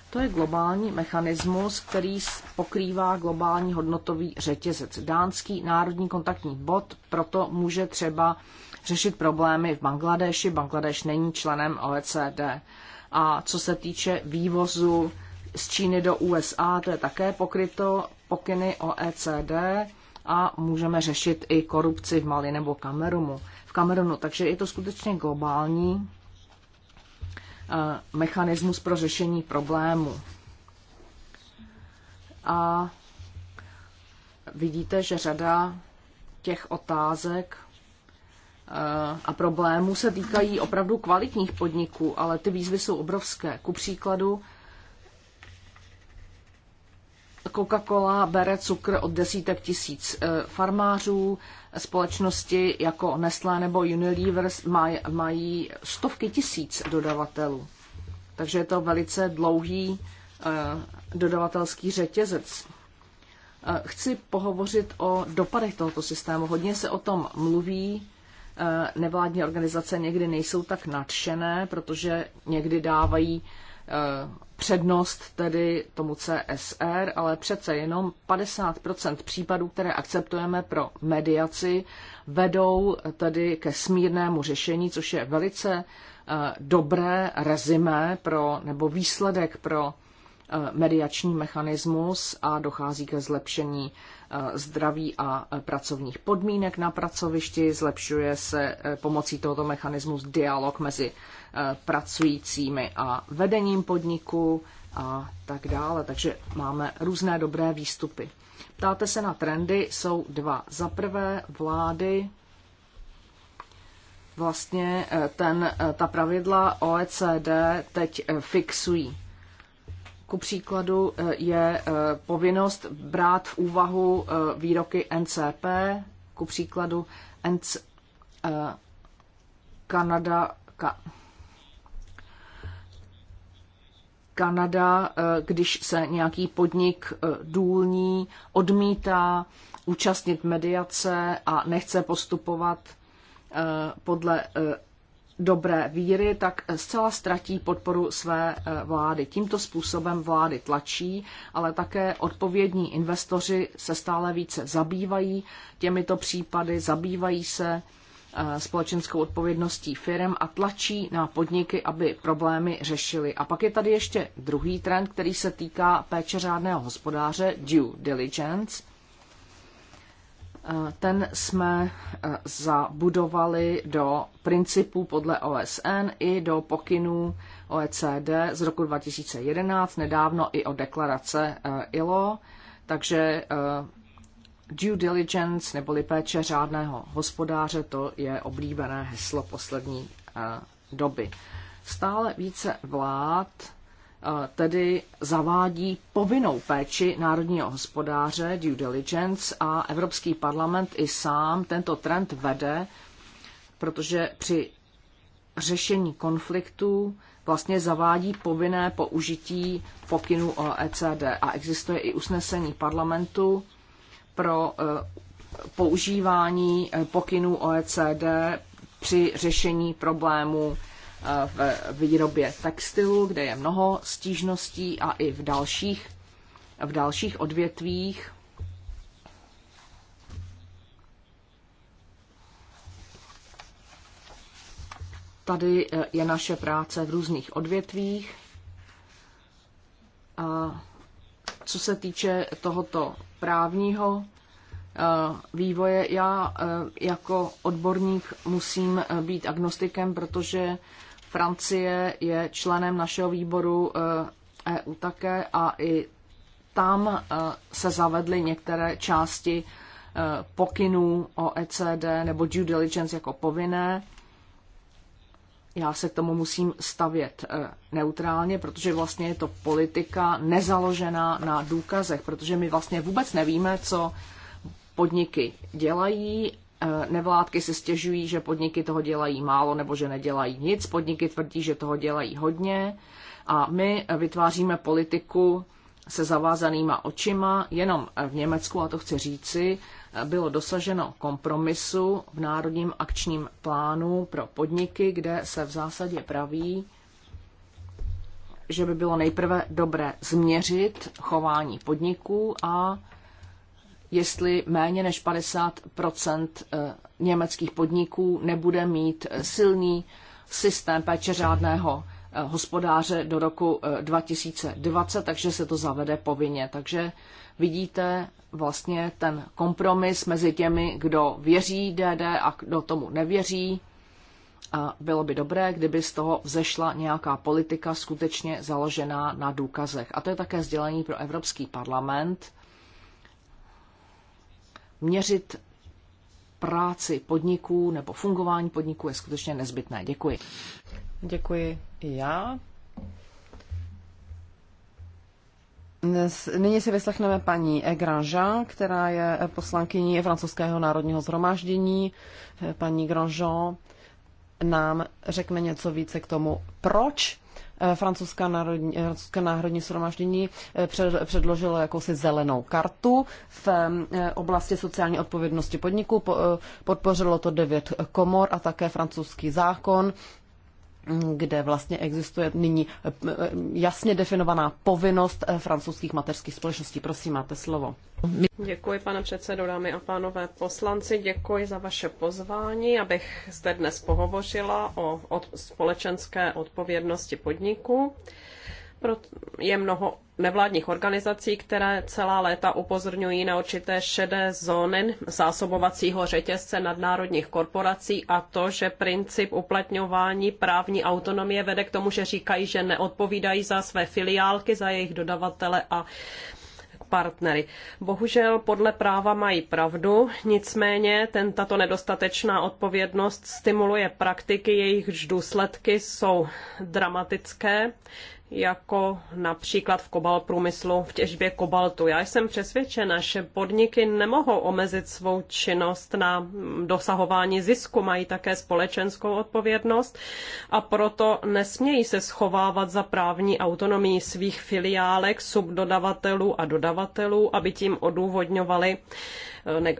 to je globální mechanismus, který pokrývá globální hodnotový řetězec. Dánský národní kontaktní bod proto může třeba řešit problémy v Bangladeši. Bangladeš není členem OECD. A co se týče vývozu z Číny do USA, to je také pokryto pokyny OECD a můžeme řešit i korupci v Mali nebo Kamerunu. V Kamerunu. Takže je to skutečně globální eh, mechanismus pro řešení problému. A vidíte, že řada těch otázek a problémů se týkají opravdu kvalitních podniků, ale ty výzvy jsou obrovské. Ku příkladu Coca-Cola bere cukr od desítek tisíc eh, farmářů, společnosti jako Nestlé nebo Unilever maj, mají stovky tisíc dodavatelů. Takže je to velice dlouhý eh, dodavatelský řetězec. Eh, chci pohovořit o dopadech tohoto systému. Hodně se o tom mluví, Eh, nevládní organizace někdy nejsou tak nadšené, protože někdy dávají eh, přednost tedy tomu CSR, ale přece jenom 50 případů, které akceptujeme pro mediaci, vedou eh, tedy ke smírnému řešení, což je velice dobré rezimé pro, nebo výsledek pro mediační mechanismus a dochází ke zlepšení zdraví a pracovních podmínek na pracovišti. Zlepšuje se eh, pomocí tohoto mechanismu dialog mezi eh, pracujícími a vedením podniku a tak dále. Takže máme různé dobré výstupy. Ptáte se na trendy, jsou dva. Za prvé vlády vlastně eh, ten, ta pravidla OECD teď fixují ku příkladu eh, je eh, povinnost brát v úvahu eh, výroky NCP, ku příkladu NC, Kanada, ka, Kanada, když se nějaký podnik důlní odmítá účastnit mediace a nechce postupovat podle dobré víry, tak zcela ztratí podporu své eh, vlády. Tímto způsobem vlády tlačí, ale také odpovědní investoři se stále více zabývají těmito případy, zabývají se eh, společenskou odpovědností firm a tlačí na podniky, aby problémy řešili. A pak je tady ještě druhý trend, který se týká péče řádného hospodáře, due diligence – ten jsme e, zabudovali do principů podle OSN i do pokynů OECD z roku 2011, nedávno i o deklarace e, ILO, takže e, due diligence neboli péče řádného hospodáře, to je oblíbené heslo poslední doby. Stále více vlád tedy zavádí povinnou péči národního hospodáře, due diligence, a Evropský parlament i sám tento trend vede, protože při řešení konfliktů vlastně zavádí povinné použití pokynů OECD a existuje i usnesení parlamentu pro eh, používání eh, pokynů OECD při řešení problémů v výrobě textilu, kde je mnoho stížností a i v dalších, v dalších odvětvích. Tady eh, je naše práce v různých odvětvích. A co se týče tohoto právního eh, vývoje, já eh, jako odborník musím být agnostikem, protože Francie je členem našeho výboru EU eh, e také a i tam eh, se zavedly některé části eh, pokynů o ECD nebo due diligence jako povinné. Já se k tomu musím stavět neutrálně, protože vlastně je to politika nezaložená na důkazech, protože my vlastně vůbec nevíme, co podniky dělají Eh, nevládky se stěžují, že podniky toho dělají málo nebo že nedělají nic. Podniky tvrdí, že toho dělají hodně. A my eh, vytváříme politiku se zavázanýma očima. Jenom eh, v Německu, a to chci říci, bylo dosaženo kompromisu v Národním akčním plánu pro podniky, kde se v zásadě praví, že by bylo nejprve dobré změřit chování podniků a jestli méně než 50 eh, německých podniků nebude mít eh, silný systém péče řádného eh, hospodáře do roku 2020, takže se to zavede povinně. Takže vidíte vlastně ten kompromis mezi těmi, kdo věří DD a kdo tomu nevěří. A bylo by dobré, kdyby z toho vzešla nějaká politika skutečně založená na důkazech. A to je také sdělení pro Evropský parlament, měřit práci podniků nebo fungování podniků je skutečně nezbytné. Děkuji. Děkuji i já. Nyní si vyslechneme paní Grandjean, která je poslankyní francouzského národního zhromáždění. Paní Grandjean nám řekne něco více k tomu, proč Eh, Francouzská národní, eh, Francouzské národní shromáždění eh, předložilo jakousi zelenou kartu v oblasti sociální odpovědnosti podniků. Podpořilo to devět komor a také francouzský zákon kde vlastně existuje nyní eh, eh, jasně definovaná povinnost eh, francouzských mateřských společností. Prosím, máte slovo. Děkuji, pane předsedo, dámy a pánové poslanci. Děkuji za vaše pozvání, abych zde dnes pohovořila o společenské odpovědnosti podniku je mnoho nevládních organizací, které celá léta upozorňují na určité šedé zóny zásobovacího řetězce nadnárodních korporací a to, že princip uplatňování právní autonomie vede k tomu, že říkají, že neodpovídají za své filiálky, za jejich dodavatele a partnery. Bohužel podle práva mají pravdu, nicméně ten, tato nedostatečná odpovědnost stimuluje praktiky, jejichž důsledky jsou dramatické jako například v kobal průmyslu, v těžbě kobaltu. Já jsem přesvědčena, že podniky nemohou omezit svou činnost na dosahování zisku, mají také společenskou odpovědnost a proto nesmějí se schovávat za právní autonomii svých filiálek, subdodavatelů a dodavatelů, aby tím odůvodňovali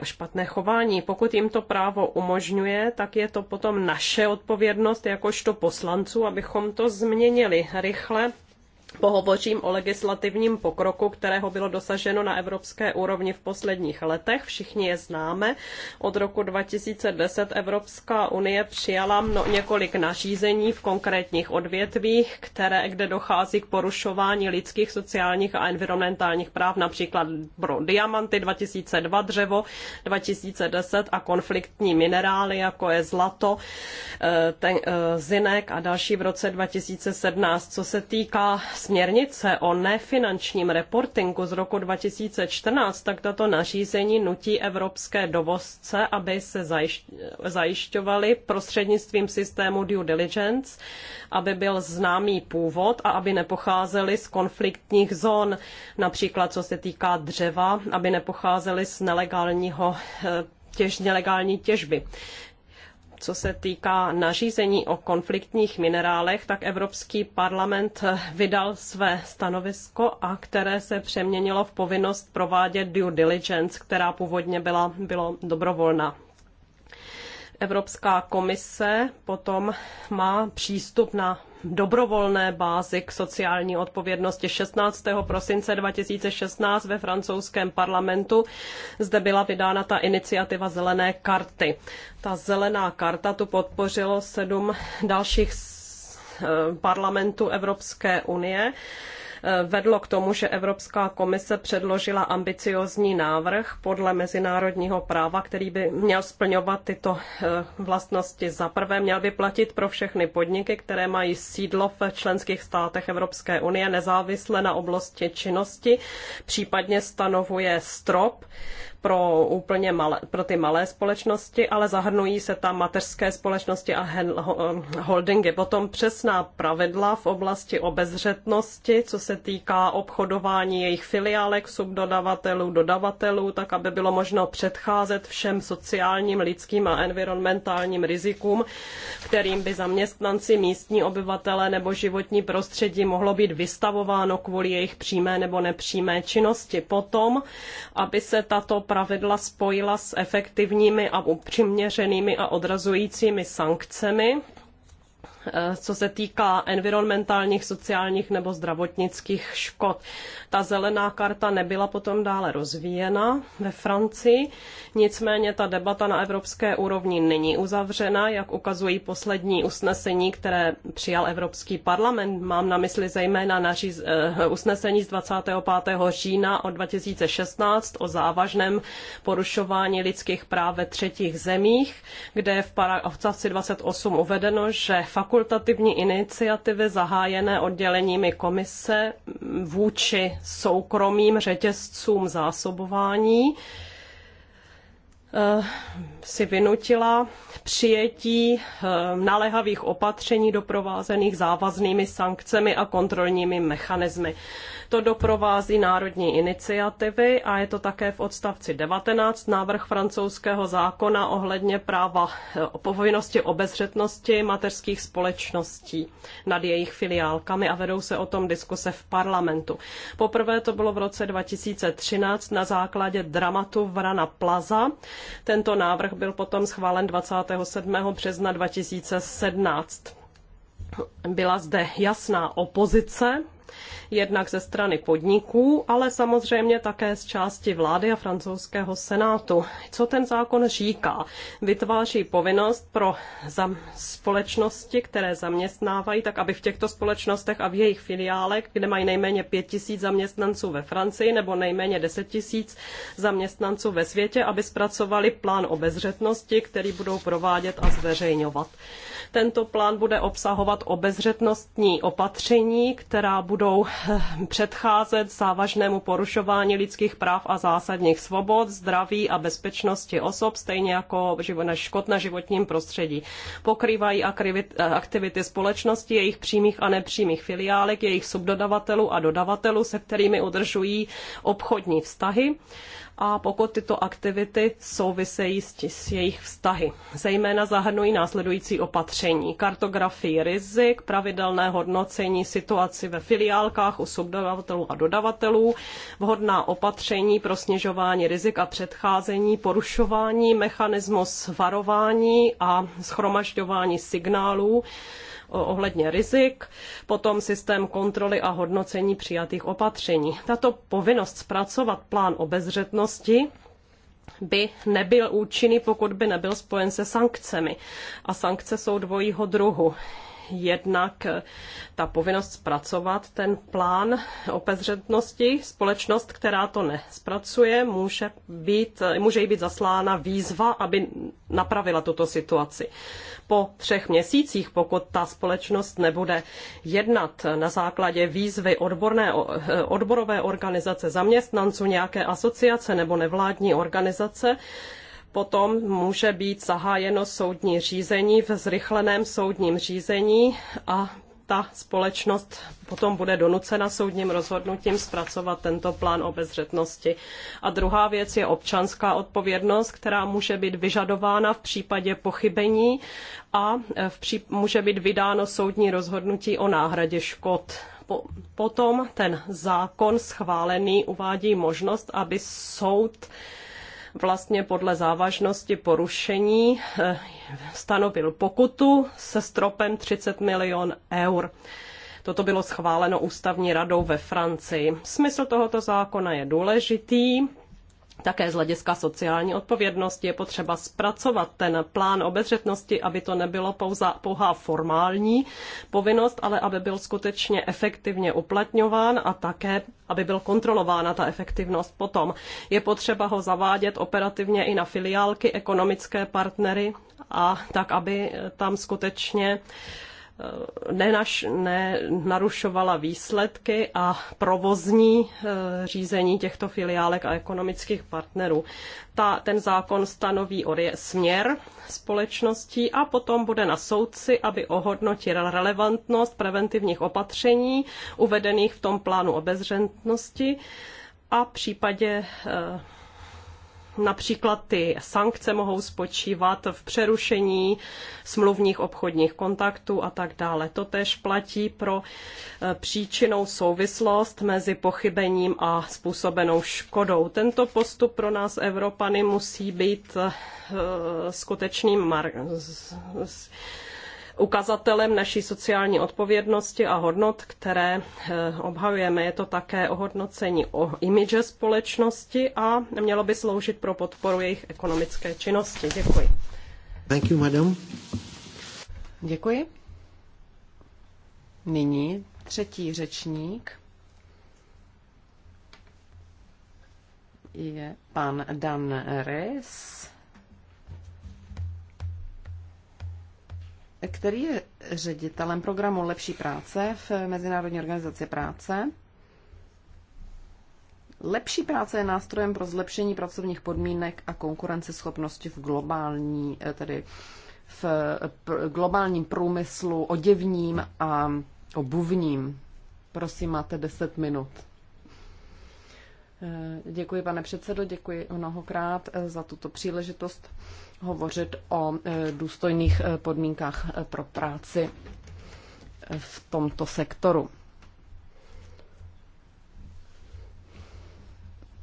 špatné chování. Pokud jim to právo umožňuje, tak je to potom naše odpovědnost jakožto poslanců, abychom to změnili rychle pohovořím o legislativním pokroku, kterého bylo dosaženo na evropské úrovni v posledních letech. Všichni je známe. Od roku 2010 Evropská unie přijala mno, několik nařízení v konkrétních odvětvích, které, kde dochází k porušování lidských, sociálních a environmentálních práv, například pro diamanty 2002, dřevo 2010 a konfliktní minerály, jako je zlato, eh, ten, eh, zinek a další v roce 2017. Co se týká směrnice o nefinančním reportingu z roku 2014, tak tato nařízení nutí evropské dovozce, aby se zajišťovali prostřednictvím systému due diligence, aby byl známý původ a aby nepocházeli z konfliktních zón, například co se týká dřeva, aby nepocházeli z nelegálního eh, těž, nelegální těžby. Co se týká nařízení o konfliktních minerálech, tak Evropský parlament vydal své stanovisko, a které se přeměnilo v povinnost provádět due diligence, která původně byla bylo dobrovolná. Evropská komise potom má přístup na dobrovolné bázi k sociální odpovědnosti. 16. prosince 2016 ve francouzském parlamentu zde byla vydána ta iniciativa zelené karty. Ta zelená karta tu podpořilo sedm dalších eh, parlamentů Evropské unie Eh, vedlo k tomu, že Evropská komise předložila ambiciozní návrh podle mezinárodního práva, který by měl splňovat tyto eh, vlastnosti. Za prvé měl by platit pro všechny podniky, které mají sídlo v členských státech Evropské unie nezávisle na oblasti činnosti, případně stanovuje strop pro úplně malé, pro ty malé společnosti, ale zahrnují se tam mateřské společnosti a holdingy. Potom přesná pravidla v oblasti obezřetnosti, co se týká obchodování jejich filiálek, subdodavatelů, dodavatelů, tak aby bylo možno předcházet všem sociálním, lidským a environmentálním rizikům, kterým by zaměstnanci, místní obyvatele nebo životní prostředí mohlo být vystavováno kvůli jejich přímé nebo nepřímé činnosti. Potom, aby se tato pravidla spojila s efektivními a přiměřenými a odrazujícími sankcemi Eh, co se týká environmentálních, sociálních nebo zdravotnických škod. Ta zelená karta nebyla potom dále rozvíjena ve Francii, nicméně ta debata na evropské úrovni není uzavřena, jak ukazují poslední usnesení, které přijal Evropský parlament. Mám na mysli zejména naříz, eh, usnesení z 25. října od 2016 o závažném porušování lidských práv ve třetích zemích, kde je v odstavci 28 uvedeno, že fakultativní fakultativní iniciativy zahájené odděleními komise vůči soukromým řetězcům zásobování eh, si vynutila přijetí eh, naléhavých opatření doprovázených závaznými sankcemi a kontrolními mechanismy. To doprovází národní iniciativy a je to také v odstavci 19 návrh francouzského zákona ohledně práva o eh, povinnosti obezřetnosti mateřských společností nad jejich filiálkami a vedou se o tom diskuse v parlamentu. Poprvé to bylo v roce 2013 na základě dramatu Vrana Plaza. Tento návrh byl potom schválen 27. března 2017. Byla zde jasná opozice Jednak ze strany podniků, ale samozřejmě také z části vlády a francouzského senátu. Co ten zákon říká? Vytváří povinnost pro společnosti, které zaměstnávají, tak aby v těchto společnostech a v jejich filiálech, kde mají nejméně 5 tisíc zaměstnanců ve Francii nebo nejméně 10 tisíc zaměstnanců ve světě, aby zpracovali plán obezřetnosti, který budou provádět a zveřejňovat. Tento plán bude obsahovat obezřetnostní opatření, která budou budou eh, předcházet závažnému porušování lidských práv a zásadních svobod, zdraví a bezpečnosti osob, stejně jako škod na životním prostředí. Pokrývají aktivity společnosti, jejich přímých a nepřímých filiálek, jejich subdodavatelů a dodavatelů, se kterými udržují obchodní vztahy a pokud tyto aktivity souvisejí s, s jejich vztahy. Zejména zahrnují následující opatření. Kartografii rizik, pravidelné hodnocení situaci ve filiálkách u subdodavatelů a dodavatelů, vhodná opatření pro snižování rizik a předcházení porušování, mechanismus varování a schromažďování signálů, ohledně rizik, potom systém kontroly a hodnocení přijatých opatření. Tato povinnost zpracovat plán obezřetnosti by nebyl účinný, pokud by nebyl spojen se sankcemi. A sankce jsou dvojího druhu jednak ta povinnost zpracovat ten plán opezřetnosti. Společnost, která to nespracuje, může, být, může jí být zaslána výzva, aby napravila tuto situaci. Po třech měsících, pokud ta společnost nebude jednat na základě výzvy odborné, odborové organizace zaměstnanců, nějaké asociace nebo nevládní organizace, potom může být zahájeno soudní řízení v zrychleném soudním řízení a ta společnost potom bude donucena soudním rozhodnutím zpracovat tento plán obezřetnosti. A druhá věc je občanská odpovědnost, která může být vyžadována v případě pochybení a e, může být vydáno soudní rozhodnutí o náhradě škod. Po... potom ten zákon schválený uvádí možnost, aby soud vlastně podle závažnosti porušení eh, stanovil pokutu se stropem 30 milion eur. Toto bylo schváleno ústavní radou ve Francii. Smysl tohoto zákona je důležitý, také z hlediska sociální odpovědnosti je potřeba zpracovat ten plán obezřetnosti, aby to nebylo pouza, pouhá formální povinnost, ale aby byl skutečně efektivně uplatňován a také, aby byl kontrolována ta efektivnost potom. Je potřeba ho zavádět operativně i na filiálky, ekonomické partnery a tak, aby tam skutečně uh, Eh, naš, ne, narušovala výsledky a provozní eh, řízení těchto filiálek a ekonomických partnerů. Ta, ten zákon stanoví orie, směr společností a potom bude na soudci, aby ohodnotil relevantnost preventivních opatření uvedených v tom plánu obezřetnosti a v případě eh, Například ty sankce mohou spočívat v přerušení smluvních obchodních kontaktů a tak dále. To tež platí pro e, příčinou souvislost mezi pochybením a způsobenou škodou. Tento postup pro nás Evropany musí být e, skutečným mar- ukazatelem naší sociální odpovědnosti a hodnot, které eh, obhajujeme. Je to také ohodnocení o image společnosti a mělo by sloužit pro podporu jejich ekonomické činnosti. Děkuji. Thank you, madam. Děkuji. Nyní třetí řečník je pan Dan Rys který je ředitelem programu Lepší práce v Mezinárodní organizaci práce. Lepší práce je nástrojem pro zlepšení pracovních podmínek a konkurenceschopnosti v globální, eh, tedy v eh, globálním průmyslu oděvním a obuvním. Prosím, máte 10 minut. Eh, děkuji, pane předsedo, děkuji mnohokrát eh, za tuto příležitost hovořit o eh, důstojných podmínkách pro práci v tomto sektoru.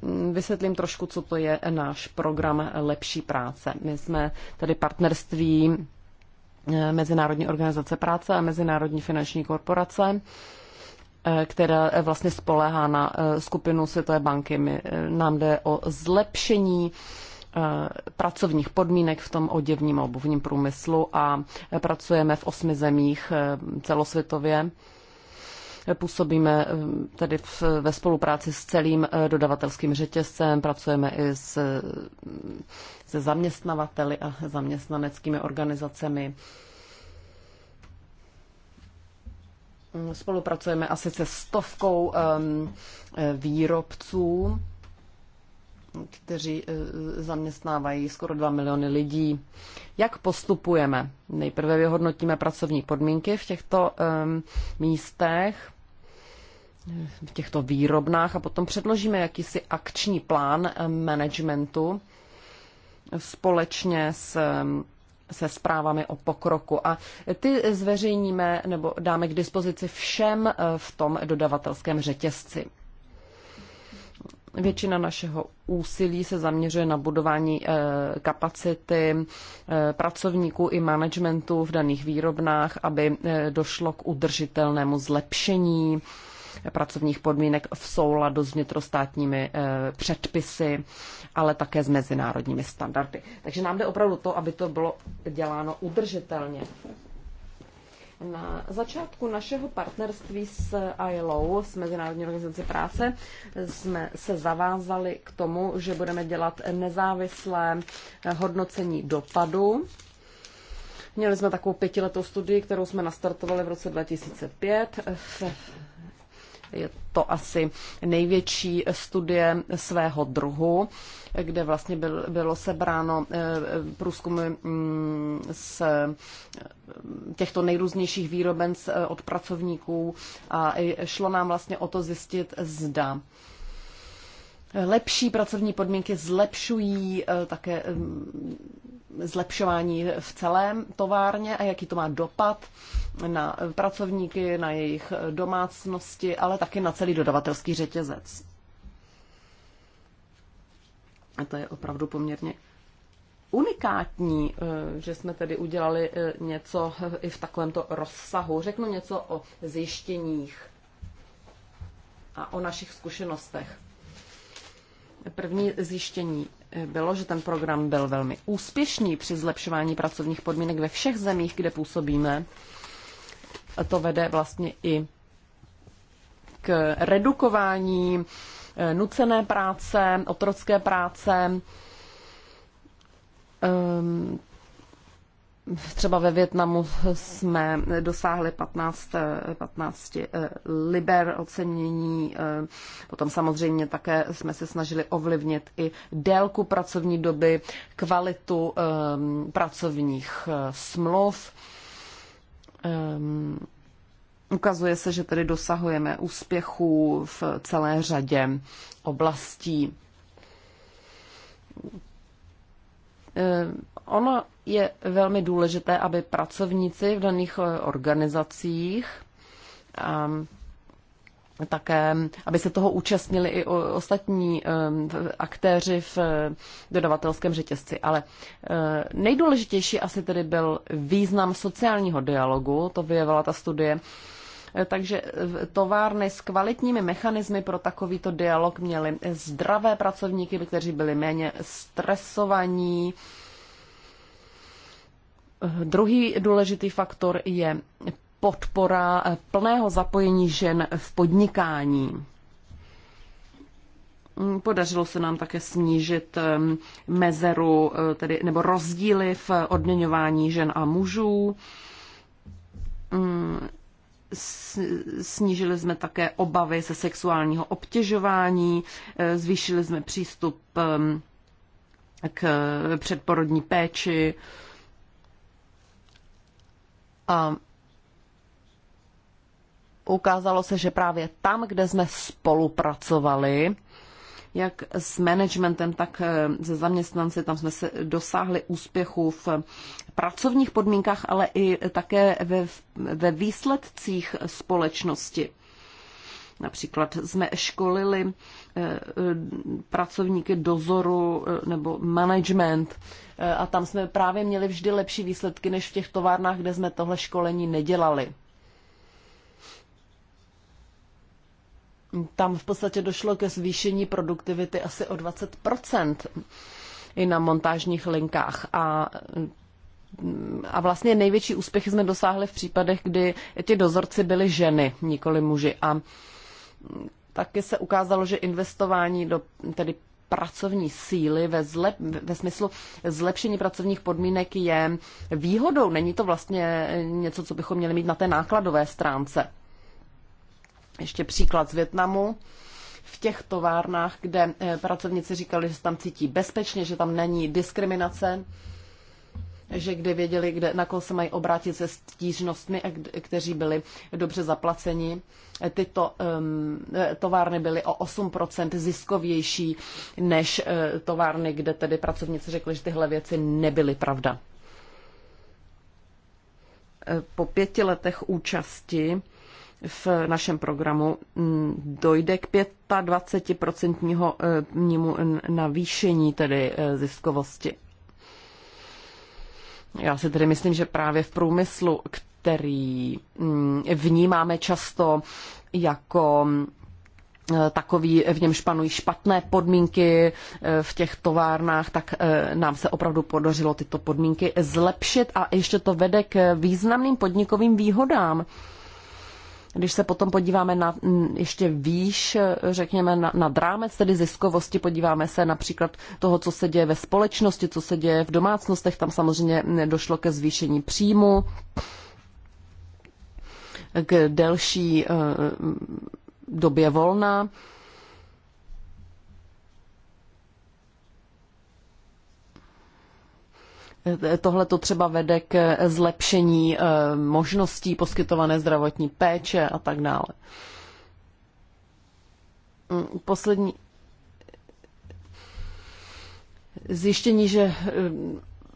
Mm, vysvětlím trošku, co to je náš program Lepší práce. My jsme tedy partnerství Mezinárodní organizace práce a Mezinárodní finanční korporace. Eh, která eh, vlastně spolehá na eh, skupinu Světové banky. My, nám jde o zlepšení pracovních podmínek v tom oděvním a obuvním průmyslu a pracujeme v osmi zemích celosvětově. Působíme tedy v, ve spolupráci s celým dodavatelským řetězcem, pracujeme i s, se zaměstnavateli a zaměstnaneckými organizacemi. Spolupracujeme asi se stovkou e, výrobců, kteří e, zaměstnávají skoro 2 miliony lidí. Jak postupujeme? Nejprve vyhodnotíme pracovní podmínky v těchto místech, v těchto výrobnách a potom předložíme jakýsi akční plán managementu společně s se zprávami o pokroku a ty zveřejníme nebo dáme k dispozici všem eh, v tom dodavatelském řetězci. Většina našeho úsilí se zaměřuje na budování eh, kapacity eh, pracovníků i managementu v daných výrobnách, aby došlo k udržitelnému zlepšení pracovních podmínek v souladu s vnitrostátními eh, předpisy, ale také s mezinárodními standardy. Takže nám jde opravdu to, aby to bylo děláno udržitelně. Na začátku našeho partnerství s ILO, s Mezinárodní organizací práce, jsme se zavázali k tomu, že budeme dělat nezávislé eh, hodnocení dopadu. Měli jsme takovou pětiletou studii, kterou jsme nastartovali v roce 2005. Je to asi největší studie svého druhu, kde vlastně byl, bylo sebráno eh, průzkumy z mm, eh, těchto nejrůznějších výroben eh, od pracovníků a šlo nám vlastně o to zjistit, zda lepší pracovní podmínky zlepšují také mm, zlepšování v celém továrně a jaký to má dopad na pracovníky, na jejich domácnosti, ale taky na celý dodavatelský řetězec. A to je opravdu poměrně unikátní, eh, že jsme tedy udělali eh, něco eh, i v takovémto rozsahu. Řeknu něco o zjištěních a o našich zkušenostech. První zjištění bylo, že ten program byl velmi úspěšný při zlepšování pracovních podmínek ve všech zemích, kde působíme. A to vede vlastně i k redukování eh, nucené práce, otrocké práce, ehm, Třeba ve Větnamu jsme dosáhli 15, 15 eh, liber ocenění, eh, potom samozřejmě také jsme se snažili ovlivnit i délku pracovní doby, kvalitu eh, pracovních smluv. Ehm, ukazuje se, že tedy dosahujeme úspěchů v celé řadě oblastí Eh, ono je velmi důležité, aby pracovníci v daných eh, organizacích a ehm, také, aby se toho účastnili i ostatní ehm, aktéři v eh, dodavatelském řetězci. Ale nejdůležitější asi tedy byl význam sociálního dialogu, to vyjevala ta studie, takže továrny s kvalitními mechanismy pro takovýto dialog měly zdravé pracovníky, kteří byli méně stresovaní. Druhý důležitý faktor je podpora plného zapojení žen v podnikání. Podařilo se nám také snížit mezeru, e, tedy, nebo rozdíly v odměňování žen a mužů. Mm, Snížili jsme také obavy ze sexuálního obtěžování, eh, zvýšili jsme přístup ehm, k předporodní péči a ukázalo se, že právě tam, kde jsme spolupracovali, jak s managementem, tak eh, se zaměstnanci. Tam jsme se dosáhli úspěchu v pracovních podmínkách, ale i také ve, ve výsledcích společnosti. Například jsme školili eh, pracovníky dozoru eh, nebo management a tam jsme právě měli vždy lepší výsledky než v těch továrnách, kde jsme tohle školení nedělali. Tam v podstatě došlo ke zvýšení produktivity asi o 20 i na montážních linkách. A a vlastně největší úspěchy jsme dosáhli v případech, kdy ti dozorci byly ženy, nikoli muži. A taky se ukázalo, že investování do tedy pracovní síly ve, zlep, ve smyslu zlepšení pracovních podmínek je výhodou. Není to vlastně něco, co bychom měli mít na té nákladové stránce. Ještě příklad z Větnamu. V těch továrnách, kde eh, pracovníci říkali, že se tam cítí bezpečně, že tam není diskriminace, že kdy věděli, kde, na koho se mají obrátit se stížnostmi, a kteří byli dobře zaplaceni. Eh, tyto um, továrny byly o 8% ziskovější než uh, továrny, kde tedy pracovníci řekli, že tyhle věci nebyly pravda. Po pěti letech účasti v našem programu mm, dojde k 25% eh, navýšení tedy eh, ziskovosti. Já si tedy myslím, že právě v průmyslu, který mm, vnímáme často jako eh, takový, v němž panují špatné podmínky v těch továrnách, tak nám se opravdu podařilo tyto podmínky zlepšit a ještě to vede k významným podnikovým výhodám. Když se potom podíváme na mm, ještě výš, řekněme na, na drámec tedy ziskovosti, podíváme se například toho, co se děje ve společnosti, co se děje v domácnostech, tam samozřejmě došlo ke zvýšení příjmu, k delší eh, době volna. Tohle to třeba vede k zlepšení eh, možností poskytované zdravotní péče a tak dále. Mm, poslední zjištění, že eh,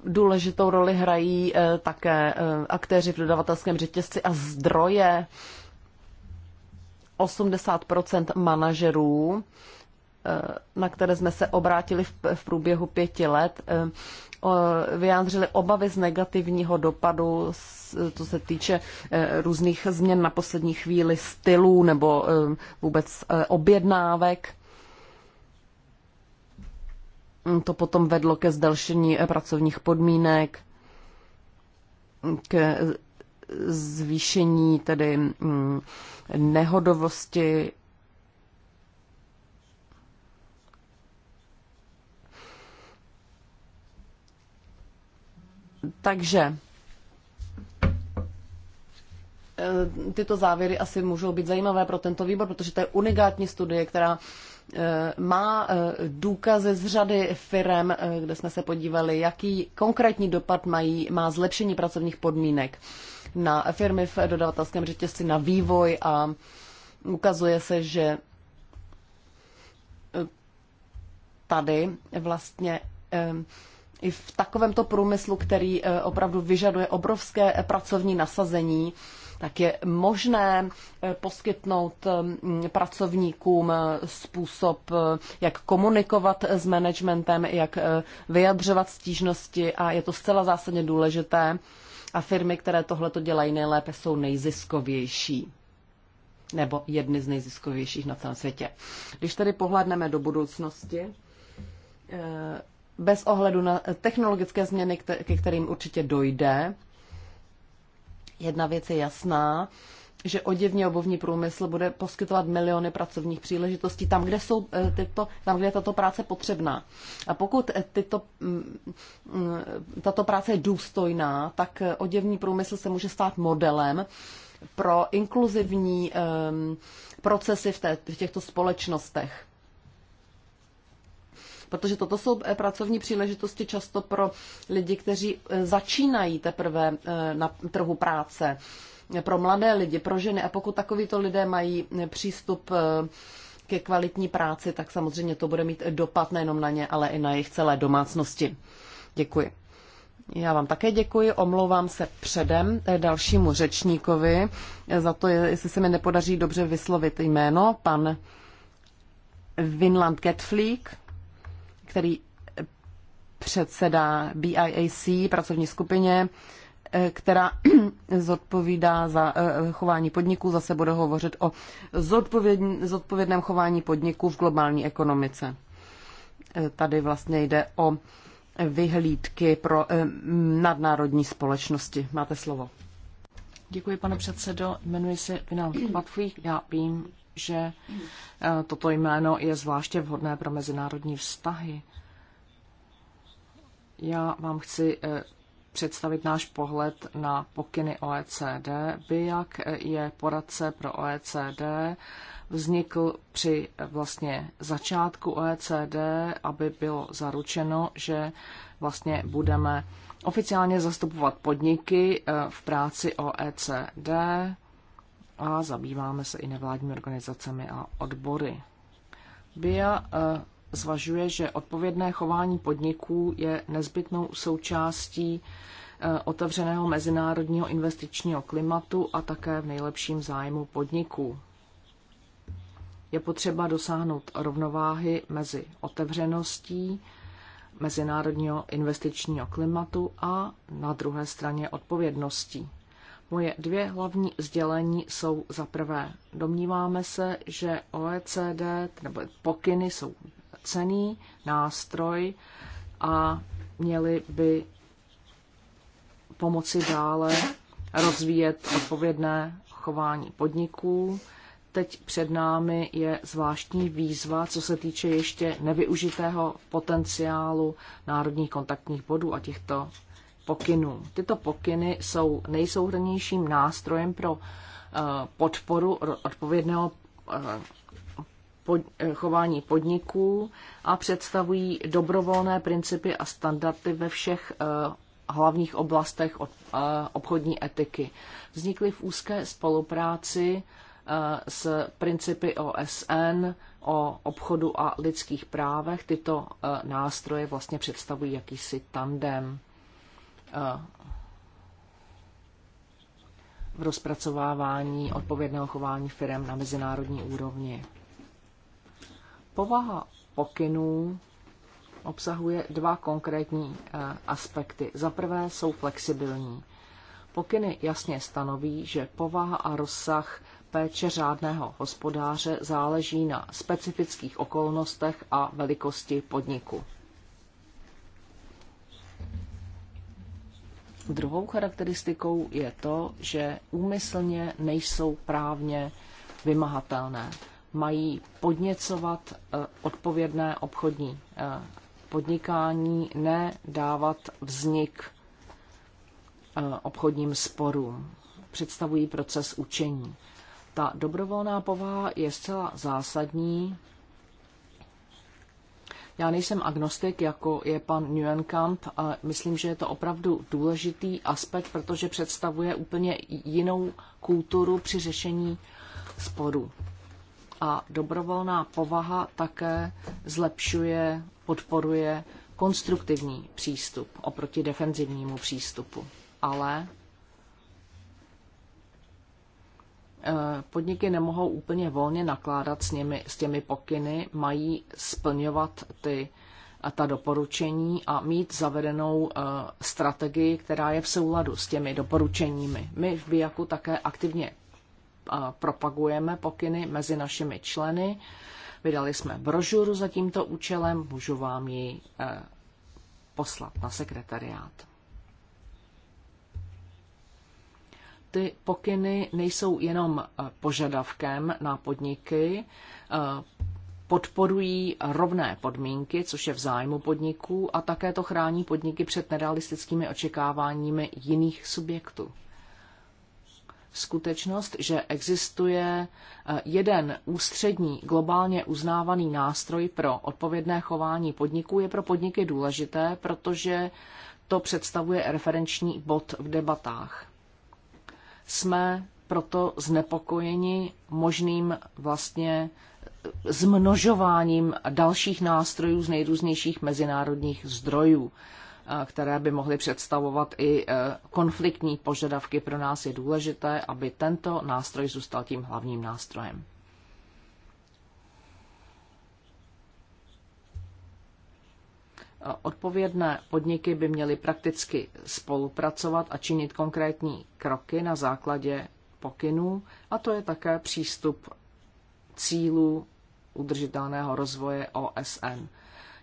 důležitou roli hrají eh, také aktéři v dodavatelském řetězci a zdroje. 80 manažerů, na které jsme se obrátili v průběhu pěti let, vyjádřili obavy z negativního dopadu, co se týče e, různých změn na poslední chvíli stylů nebo e, vůbec e, objednávek. To potom vedlo ke zdelšení pracovních podmínek, ke zvýšení tedy mm, nehodovosti Takže eh, tyto závěry asi můžou být zajímavé pro tento výbor, protože to je unikátní studie, která eh, má eh, důkazy z řady firm, kde jsme se podívali, jaký konkrétní dopad mají, má zlepšení pracovních podmínek na firmy v dodavatelském řetězci, na vývoj a ukazuje se, že tady vlastně i v takovémto průmyslu, který eh, opravdu vyžaduje obrovské eh, pracovní nasazení, tak je možné eh, poskytnout pracovníkům způsob, jak komunikovat s managementem, jak vyjadřovat stížnosti a je to zcela zásadně důležité. A firmy, které tohle to dělají nejlépe, jsou nejziskovější nebo jedny z nejziskovějších na celém světě. Když tedy pohledneme do budoucnosti, bez ohledu na technologické změny, ke kterým určitě dojde. Jedna věc je jasná, že oděvní obovní průmysl bude poskytovat miliony pracovních příležitostí tam, kde, jsou e, tyto, tam, kde je tato práce potřebná. A pokud e, tyto, mm, mm, tato práce je důstojná, tak e, oděvní průmysl se může stát modelem pro inkluzivní procesy v, té, v těchto společnostech protože toto jsou eh, pracovní příležitosti často pro lidi, kteří eh, začínají teprve eh, na trhu práce, pro mladé lidi, pro ženy. A pokud takovýto lidé mají přístup ke kvalitní práci, tak samozřejmě to bude mít dopad nejenom na ně, ale i na jejich celé domácnosti. Děkuji. Já vám také děkuji, omlouvám se předem dalšímu řečníkovi za to, jestli se mi nepodaří dobře vyslovit jméno, pan Vinland Ketflík který předsedá BIAC, pracovní skupině, která [CLEARS THROAT] zodpovídá za eh, chování podniků. Zase bude hovořit o zodpovědném chování podniků v globální ekonomice. Eh, tady vlastně jde o vyhlídky pro eh, nadnárodní společnosti. Máte slovo. Děkuji, pane předsedo. Jmenuji se Vinal Patflík. Já vím, že eh, toto jméno je zvláště vhodné pro mezinárodní vztahy. Já vám chci eh, představit náš pohled na pokyny OECD. Bijak eh, je poradce pro OECD, vznikl při vlastně začátku OECD, aby bylo zaručeno, že vlastně budeme oficiálně zastupovat podniky v práci OECD a zabýváme se i nevládními organizacemi a odbory. BIA eh, zvažuje, že odpovědné chování podniků je nezbytnou součástí eh, otevřeného mezinárodního investičního klimatu a také v nejlepším zájmu podniků. Je potřeba dosáhnout rovnováhy mezi otevřeností mezinárodního investičního klimatu a na druhé straně odpovědností. Moje dvě hlavní sdělení jsou za prvé. Domníváme se, že OECD nebo pokyny jsou cený nástroj a měly by pomoci dále rozvíjet odpovědné chování podniků. Teď před námi je zvláštní výzva, co se týče ještě nevyužitého potenciálu národních kontaktních bodů a těchto pokynů. Tyto pokyny jsou nejsouhrnějším nástrojem pro eh, podporu odpovědného eh, eh, chování podniků a představují dobrovolné principy a standardy ve všech hlavních oblastech obchodní etiky. Vznikly v úzké spolupráci s principy OSN o obchodu a lidských právech. Tyto nástroje vlastně představují jakýsi tandem v rozpracovávání odpovědného chování firm na mezinárodní úrovni. Povaha pokynů obsahuje dva konkrétní eh, aspekty. Za prvé jsou flexibilní. Pokyny jasně stanoví, že povaha a rozsah péče řádného hospodáře záleží na specifických okolnostech a velikosti podniku. Druhou charakteristikou je to, že úmyslně nejsou právně vymahatelné. Mají podněcovat eh, odpovědné obchodní eh, podnikání, ne dávat vznik eh, obchodním sporům. Představují proces učení. Ta dobrovolná povaha je zcela zásadní já nejsem agnostik, jako je pan Nguyenkamp, a myslím, že je to opravdu důležitý aspekt, protože představuje úplně jinou kulturu při řešení sporů. A dobrovolná povaha také zlepšuje, podporuje konstruktivní přístup oproti defenzivnímu přístupu. Ale Eh, podniky nemohou úplně volně nakládat s, nimi, s těmi pokyny, mají splňovat ty a eh, ta doporučení a mít zavedenou eh, strategii, která je v souladu s těmi doporučeními. My v BIAKu také aktivně propagujeme pokyny mezi našimi členy. Vydali jsme brožuru za tímto účelem, můžu vám ji poslat na sekretariát. ty pokyny nejsou jenom eh, požadavkem na podniky, eh, podporují rovné podmínky, což je v zájmu podniků, a také to chrání podniky před nerealistickými očekáváními jiných subjektů. Skutečnost, že existuje eh, jeden ústřední globálně uznávaný nástroj pro odpovědné chování podniků, je pro podniky důležité, protože to představuje referenční bod v debatách jsme proto znepokojeni možným vlastně zmnožováním dalších nástrojů z nejrůznějších mezinárodních zdrojů, které by mohly představovat i e, konfliktní požadavky. Pro nás je důležité, aby tento nástroj zůstal tím hlavním nástrojem. Odpovědné podniky by měly prakticky spolupracovat a činit konkrétní kroky na základě pokynů, a to je také přístup cílů udržitelného rozvoje OSN.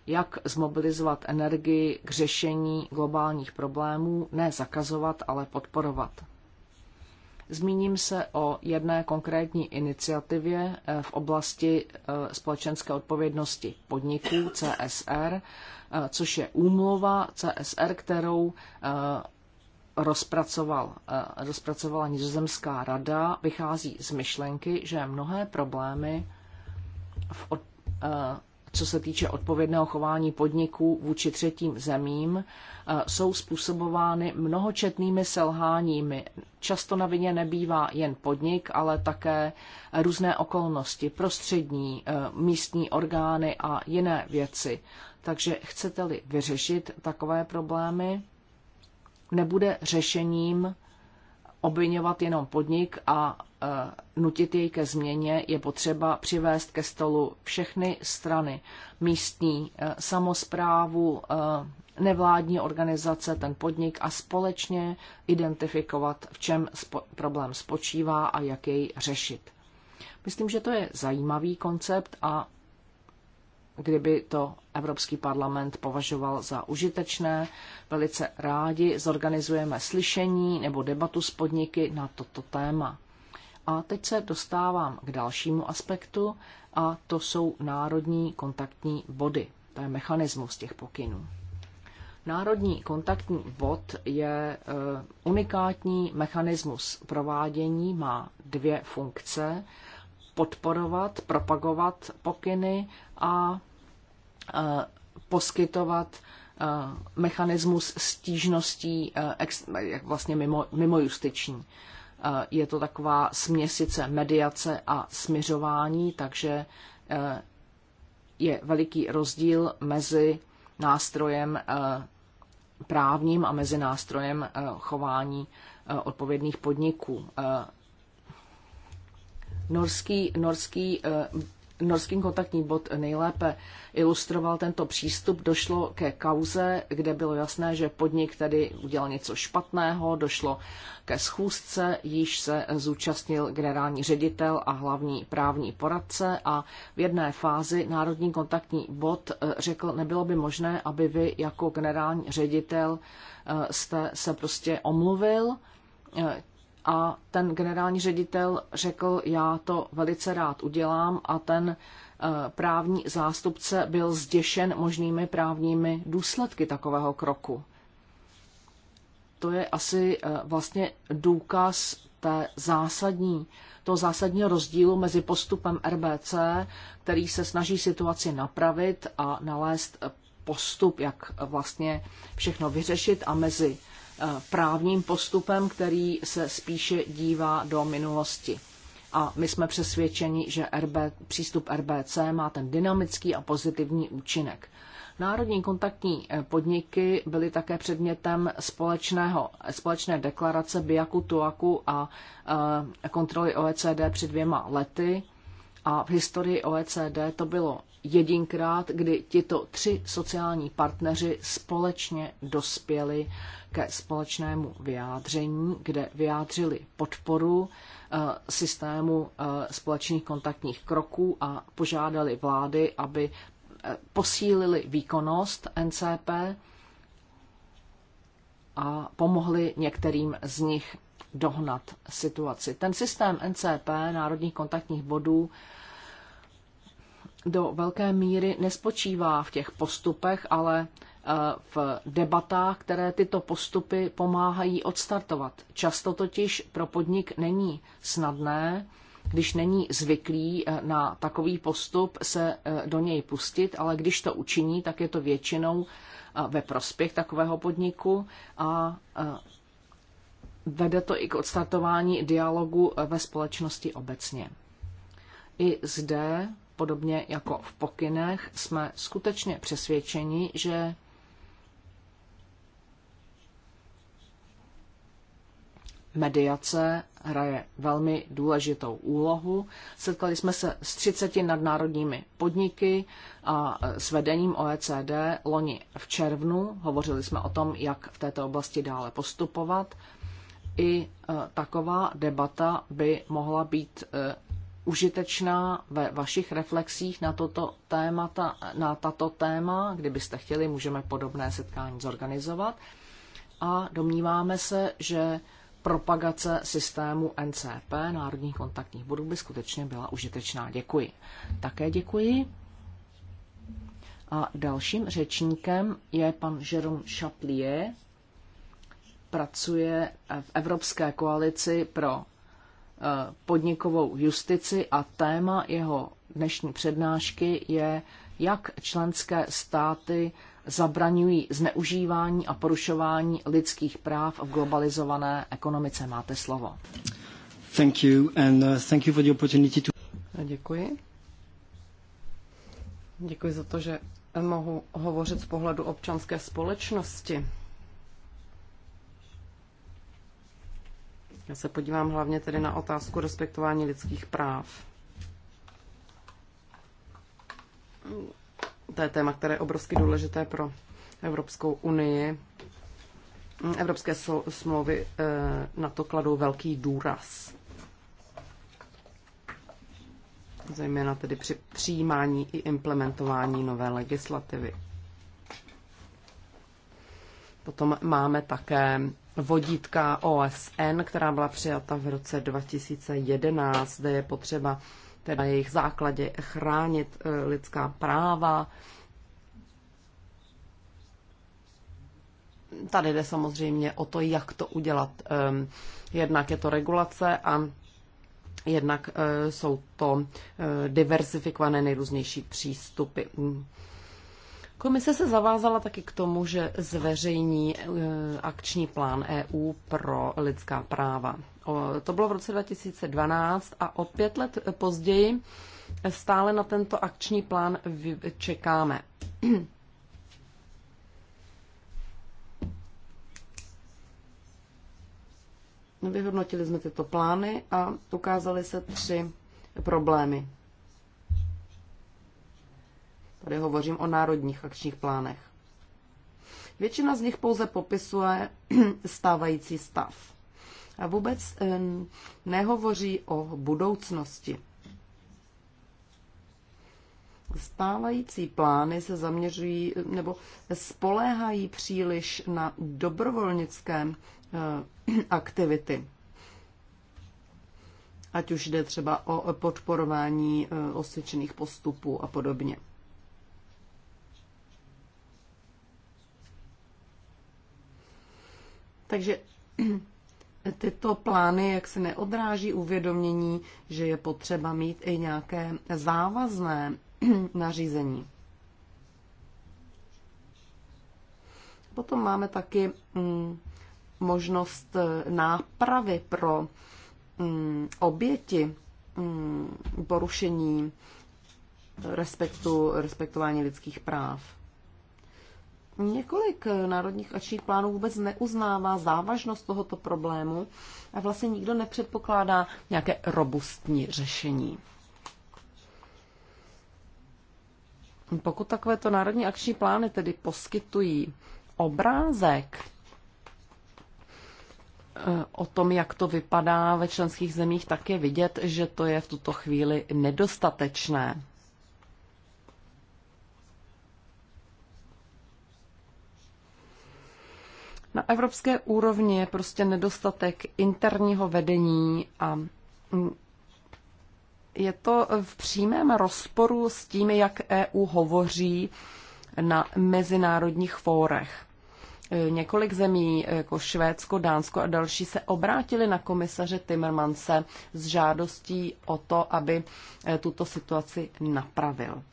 Jak zmobilizovat energii k řešení globálních problémů, ne zakazovat, ale podporovat. Zmíním se o jedné konkrétní iniciativě eh, v oblasti eh, společenské odpovědnosti podniků CSR, eh, což je úmluva CSR, kterou rozpracoval, rozpracovala Nizozemská rada, vychází z myšlenky, že mnohé problémy v, co se týče odpovědného chování podniků vůči třetím zemím, e, jsou způsobovány mnohočetnými selháními. Často na vině nebývá jen podnik, ale také různé okolnosti, prostřední, e, místní orgány a jiné věci. Takže chcete-li vyřešit takové problémy, nebude řešením obvinovat jenom podnik a Eh, nutit jej ke změně, je potřeba přivést ke stolu všechny strany, místní eh, samozprávu, eh, nevládní organizace, ten podnik a společně identifikovat, v čem spo- problém spočívá a jak jej řešit. Myslím, že to je zajímavý koncept a kdyby to Evropský parlament považoval za užitečné. Velice rádi zorganizujeme slyšení nebo debatu s podniky na toto téma. A teď se dostávám k dalšímu aspektu a to jsou národní kontaktní body. To je mechanismus těch pokynů. Národní kontaktní bod je eh, unikátní mechanismus provádění, má dvě funkce. Podporovat, propagovat pokyny a eh, poskytovat eh, mechanismus stížností vlastně mimo, mimo justiční. Eh, je to taková směsice mediace a směřování, takže eh, je veliký rozdíl mezi nástrojem eh, právním a mezi nástrojem chování odpovědných podniků. Norský, norský norský kontaktní bod nejlépe ilustroval tento přístup, došlo ke kauze, kde bylo jasné, že podnik tedy udělal něco špatného, došlo ke schůzce, již se zúčastnil generální ředitel a hlavní právní poradce a v jedné fázi Národní kontaktní bod eh, řekl, nebylo by možné, aby vy jako generální ředitel eh, jste se prostě omluvil eh, a ten generální ředitel řekl, já to velice rád udělám a ten eh, právní zástupce byl zděšen možnými právními důsledky takového kroku. To je asi eh, vlastně důkaz té zásadní, toho zásadního rozdílu mezi postupem RBC, který se snaží situaci napravit a nalézt postup, jak vlastně všechno vyřešit, a mezi Eh, právním postupem, který se spíše dívá do minulosti. A my jsme přesvědčeni, že RB, přístup RBC má ten dynamický a pozitivní účinek. Národní kontaktní eh, podniky byly také předmětem společného, společné deklarace Biaku Tuaku a eh, kontroly OECD před dvěma lety a v historii OECD to bylo jedinkrát, kdy tito tři sociální partneři společně dospěli ke společnému vyjádření, kde vyjádřili podporu eh, systému eh, společných kontaktních kroků a požádali vlády, aby eh, posílili výkonnost NCP a pomohli některým z nich dohnat situaci. Ten systém NCP, Národních kontaktních bodů, do velké míry nespočívá v těch postupech, ale eh, v debatách, které tyto postupy pomáhají odstartovat. Často totiž pro podnik není snadné, když není zvyklý eh, na takový postup, se eh, do něj pustit, ale když to učiní, tak je to většinou ve prospěch takového podniku a vede to i k odstartování dialogu ve společnosti obecně. I zde, podobně jako v pokynech, jsme skutečně přesvědčeni, že mediace hraje velmi důležitou úlohu. Setkali jsme se s 30 nadnárodními podniky a s vedením OECD loni v červnu. Hovořili jsme o tom, jak v této oblasti dále postupovat i e, taková debata by mohla být e, užitečná ve vašich reflexích na, toto témata, na tato téma. Kdybyste chtěli, můžeme podobné setkání zorganizovat. A domníváme se, že propagace systému NCP, Národních kontaktních bodů, by skutečně byla užitečná. Děkuji. Také děkuji. A dalším řečníkem je pan Jerome Chaplier, pracuje v Evropské koalici pro eh, podnikovou justici a téma jeho dnešní přednášky je, jak členské státy zabraňují zneužívání a porušování lidských práv v globalizované ekonomice. Máte slovo. Thank you and uh, thank you for the opportunity to... Děkuji. Děkuji za to, že mohu hovořit z pohledu občanské společnosti. Já se podívám hlavně tedy na otázku respektování lidských práv. To je téma, které je obrovsky důležité pro Evropskou unii. Evropské smlouvy eh, na to kladou velký důraz. Zejména tedy při přijímání i implementování nové legislativy. Potom máme také vodítka OSN, která byla přijata v roce 2011, kde je potřeba teda jejich základě chránit eh, lidská práva. Tady jde samozřejmě o to, jak to udělat. Ehm, jednak je to regulace a jednak eh, jsou to eh, diversifikované nejrůznější přístupy. Komise se zavázala taky k tomu, že zveřejní e, akční plán EU pro lidská práva. To bylo v roce 2012 a o pět let později stále na tento akční plán čekáme. Vyhodnotili jsme tyto plány a ukázaly se tři problémy. Tady hovořím o národních akčních plánech. Většina z nich pouze popisuje [CLEARS THROAT] stávající stav. A vůbec eh, nehovoří o budoucnosti. Stávající plány se zaměřují nebo spoléhají příliš na dobrovolnické eh, [CLEARS THROAT] aktivity. Ať už jde třeba o podporování eh, osvědčených postupů a podobně. Takže [CLEARS THROAT] tyto plány jak se neodráží uvědomění, že je potřeba mít i nějaké závazné [CLEARS THROAT] nařízení. Potom máme taky mm, možnost e, nápravy pro mm, oběti mm, porušení respektu, respektování lidských práv. Několik eh, národních akčních plánů vůbec neuznává závažnost tohoto problému a vlastně nikdo nepředpokládá nějaké robustní řešení. Pokud takovéto národní akční plány tedy poskytují obrázek eh, o tom, jak to vypadá ve členských zemích, tak je vidět, že to je v tuto chvíli nedostatečné. Na evropské úrovni je prostě nedostatek interního vedení a mm, je to v přímém rozporu s tím, jak EU hovoří na mezinárodních fórech. E, několik zemí, e, jako Švédsko, Dánsko a další, se obrátili na komisaře Timmermanse s žádostí o to, aby e, tuto situaci napravil.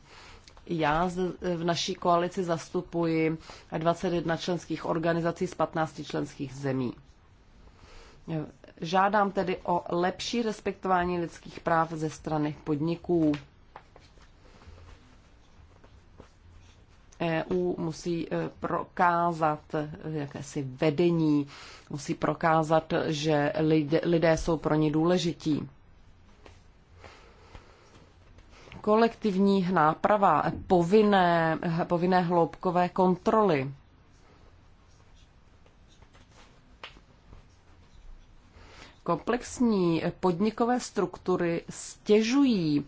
Já v naší koalici zastupuji 21 členských organizací z 15 členských zemí. Žádám tedy o lepší respektování lidských práv ze strany podniků. EU musí e, prokázat e, jakési vedení, musí prokázat, že lidé jsou pro ně důležití kolektivní náprava, povinné, povinné hloubkové kontroly. Komplexní podnikové struktury stěžují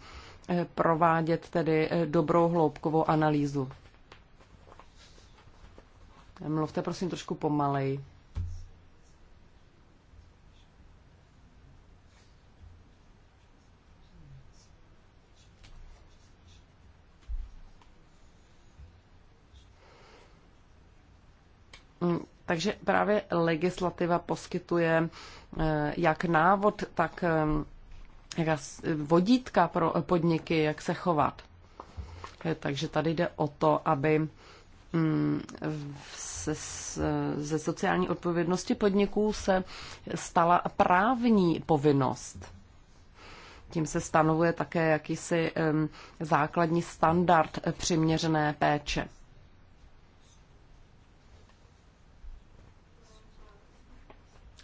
eh, provádět tedy eh, dobrou hloubkovou analýzu. Mluvte prosím trošku pomalej. Mm, takže právě legislativa poskytuje eh, jak návod, tak eh, vodítka pro podniky, jak se chovat. Eh, takže tady jde o to, aby mm, se, ze sociální odpovědnosti podniků se stala právní povinnost. Tím se stanovuje také jakýsi základní standard přiměřené péče.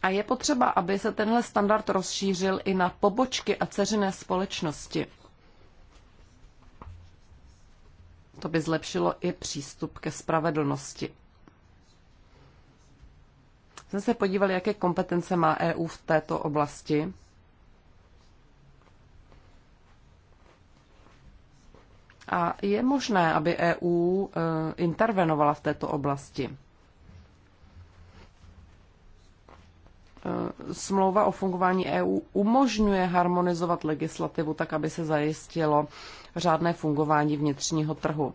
A je potřeba, aby se tenhle standard rozšířil i na pobočky a ceřiné společnosti. To by zlepšilo i přístup ke spravedlnosti. Jsme se podívali, jaké kompetence má EU v této oblasti. A je možné, aby EU eh, intervenovala v této oblasti. Eh, smlouva o fungování EU umožňuje harmonizovat legislativu tak, aby se zajistilo řádné fungování vnitřního trhu.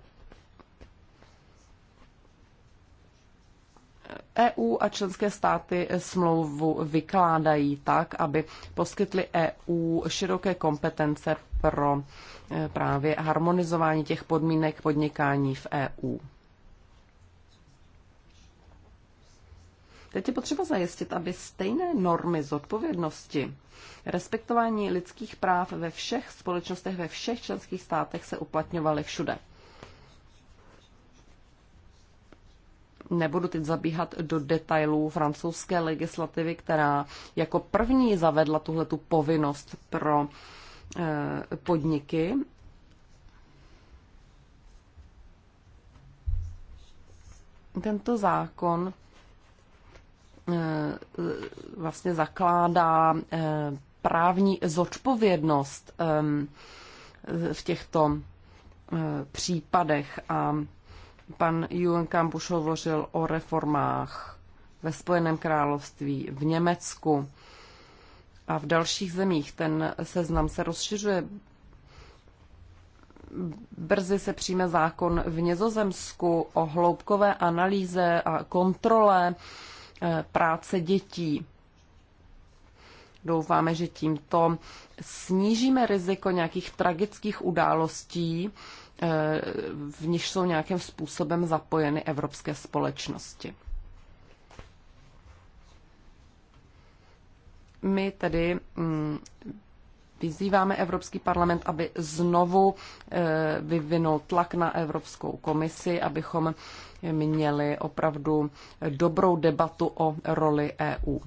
EU a členské státy smlouvu vykládají tak, aby poskytly EU široké kompetence pro eh, právě harmonizování těch podmínek podnikání v EU. Teď je potřeba zajistit, aby stejné normy zodpovědnosti, respektování lidských práv ve všech společnostech, ve všech členských státech se uplatňovaly všude. Nebudu teď zabíhat do detailů francouzské legislativy, která jako první zavedla tuhletu povinnost pro eh, podniky. Tento zákon E, e, vlastně zakládá e, právní zodpovědnost v těchto případech a pan Juenkamp už hovořil o reformách ve Spojeném království, v Německu a v dalších zemích. Ten seznam se rozšiřuje. Brzy se přijme zákon v Nězozemsku o hloubkové analýze a kontrole Eh, práce dětí. Doufáme, že tímto snížíme riziko nějakých tragických událostí, eh, v nich jsou nějakým způsobem zapojeny evropské společnosti. My tedy mm, vyzýváme Evropský parlament, aby znovu eh, vyvinul tlak na Evropskou komisi, abychom měli opravdu dobrou debatu o roli EU.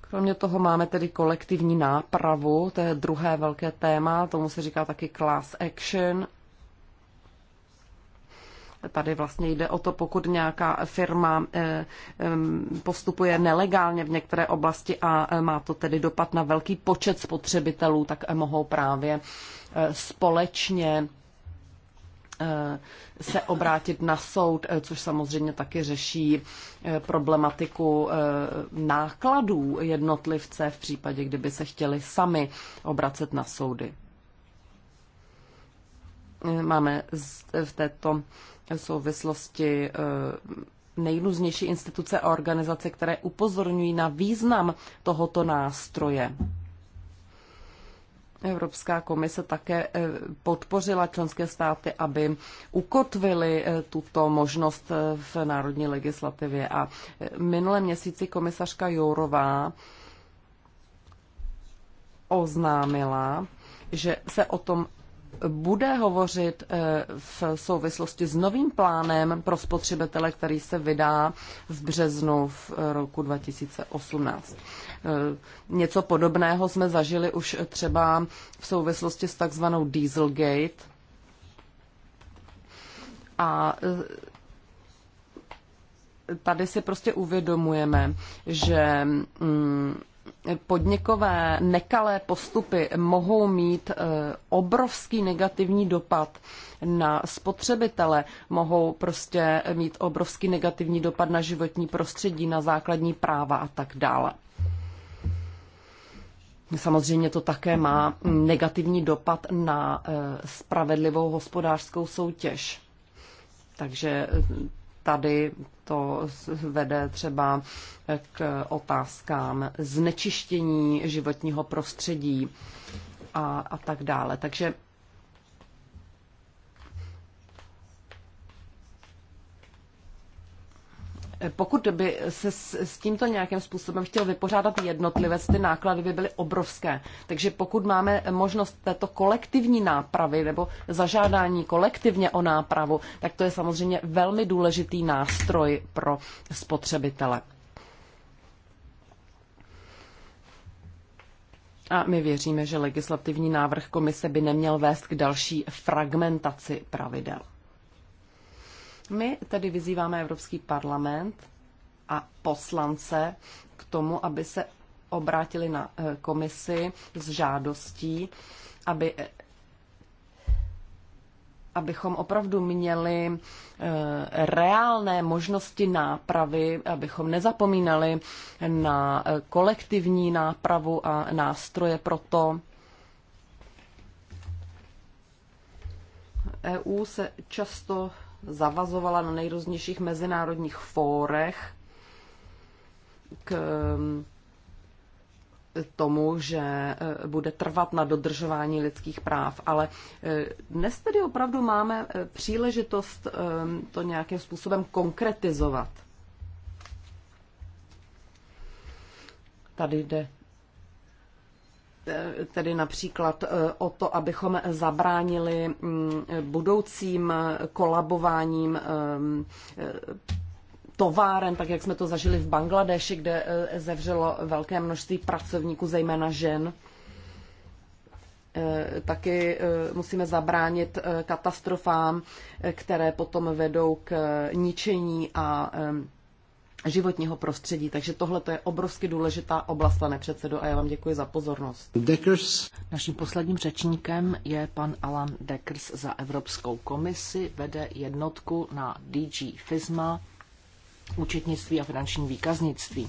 Kromě toho máme tedy kolektivní nápravu, to je druhé velké téma, tomu se říká taky class action. Tady vlastně jde o to, pokud nějaká firma eh, postupuje nelegálně v některé oblasti a eh, má to tedy dopad na velký počet spotřebitelů, tak eh, mohou právě společně Eh, se obrátit na soud, eh, což samozřejmě taky řeší eh, problematiku nákladů jednotlivce v případě, kdyby se chtěli sami obracet na soudy. Máme v této souvislosti nejrůznější instituce a organizace, které upozorňují na význam tohoto nástroje. Evropská komise také eh, podpořila členské státy, aby ukotvili eh, tuto možnost eh, v národní legislativě. A minulé měsíci komisařka Jourová oznámila, že se o tom bude hovořit eh, v souvislosti s novým plánem pro spotřebitele, který se vydá v březnu v eh, roku 2018. Eh, něco podobného jsme zažili už třeba v souvislosti s takzvanou Dieselgate. A tady si prostě uvědomujeme, že mm, podnikové nekalé postupy mohou mít eh, obrovský negativní dopad na spotřebitele, mohou prostě mít obrovský negativní dopad na životní prostředí, na základní práva a tak dále. Samozřejmě to také má negativní dopad na eh, spravedlivou hospodářskou soutěž. Takže eh, tady to vede třeba k otázkám znečištění životního prostředí a, a tak dále. Takže Pokud by se s, s tímto nějakým způsobem chtěl vypořádat jednotlivec, ty náklady by byly obrovské. Takže pokud máme možnost této kolektivní nápravy nebo zažádání kolektivně o nápravu, tak to je samozřejmě velmi důležitý nástroj pro spotřebitele. A my věříme, že legislativní návrh komise by neměl vést k další fragmentaci pravidel. My tedy vyzýváme Evropský parlament a poslance k tomu, aby se obrátili na eh, komisi s žádostí, aby eh, abychom opravdu měli eh, reálné možnosti nápravy, abychom nezapomínali na kolektivní nápravu a nástroje pro to. EU se často zavazovala na nejrůznějších mezinárodních fórech k mm, tomu, že e, bude trvat na dodržování lidských práv. Ale e, dnes tedy opravdu máme e, příležitost to nějakým způsobem konkretizovat. Tady jde tedy například eh, o to, abychom zabránili mm, budoucím kolabováním eh, továren, tak jak jsme to zažili v Bangladeši, kde eh, zevřelo velké množství pracovníků, zejména žen. Taky musíme zabránit katastrofám, které potom vedou k ničení a životního prostředí. Takže tohle je obrovsky důležitá oblast, pane předsedo, a já vám děkuji za pozornost. Deckers. Naším posledním řečníkem je pan Alan Deckers za Evropskou komisi, vede jednotku na DG FISMA, účetnictví a finanční výkaznictví.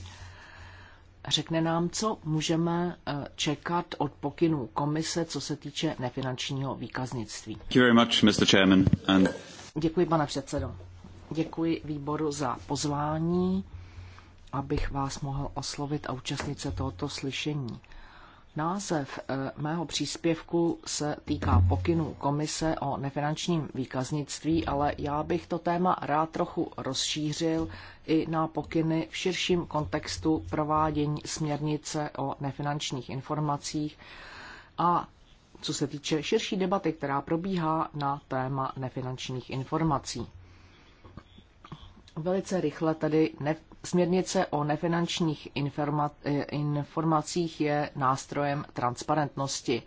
Řekne nám, co můžeme eh, čekat od pokynů komise, co se týče nefinančního výkaznictví. Děkuji, much, Mr. Chairman, děkuji pane předsedo. Děkuji výboru za pozvání, abych vás mohl oslovit a účastnit se tohoto slyšení. Název eh, mého příspěvku se týká pokynů komise o nefinančním výkaznictví, ale já bych to téma rád trochu rozšířil i na pokyny v širším kontextu provádění směrnice o nefinančních informacích a co se týče širší debaty, která probíhá na téma nefinančních informací. Velice rychle tady ne, směrnice o nefinančních informa, eh, informacích je nástrojem transparentnosti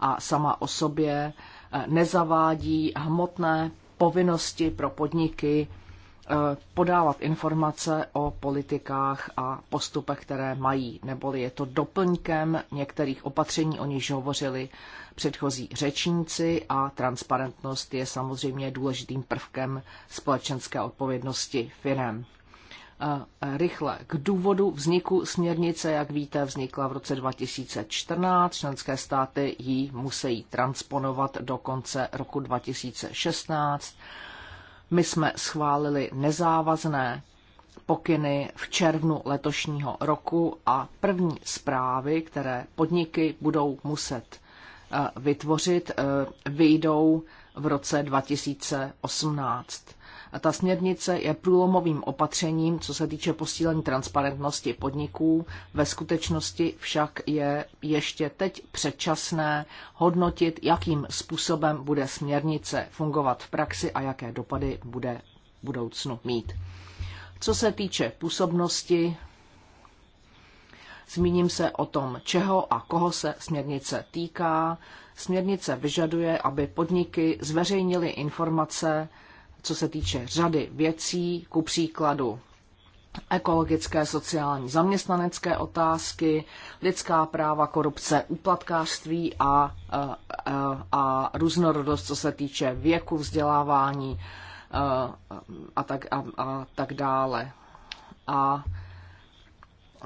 a sama o sobě eh, nezavádí hmotné povinnosti pro podniky eh, podávat informace o politikách a postupech, které mají, neboli je to doplňkem některých opatření, o nichž hovořili předchozí řečníci a transparentnost je samozřejmě důležitým prvkem společenské odpovědnosti firem eh, rychle. K důvodu vzniku směrnice, jak víte, vznikla v roce 2014. Členské státy ji musí transponovat do konce roku 2016. My jsme schválili nezávazné pokyny v červnu letošního roku a první zprávy, které podniky budou muset vytvořit, e, vyjdou v roce 2018. A ta směrnice je průlomovým opatřením, co se týče posílení transparentnosti podniků. Ve skutečnosti však je ještě teď předčasné hodnotit, jakým způsobem bude směrnice fungovat v praxi a jaké dopady bude v budoucnu mít. Co se týče působnosti, Zmíním se o tom, čeho a koho se směrnice týká. Směrnice vyžaduje, aby podniky zveřejnily informace, co se týče řady věcí, ku příkladu ekologické, sociální, zaměstnanecké otázky, lidská práva, korupce, úplatkářství a, a, a různorodost, co se týče věku, vzdělávání a, a, tak, a, a tak dále. A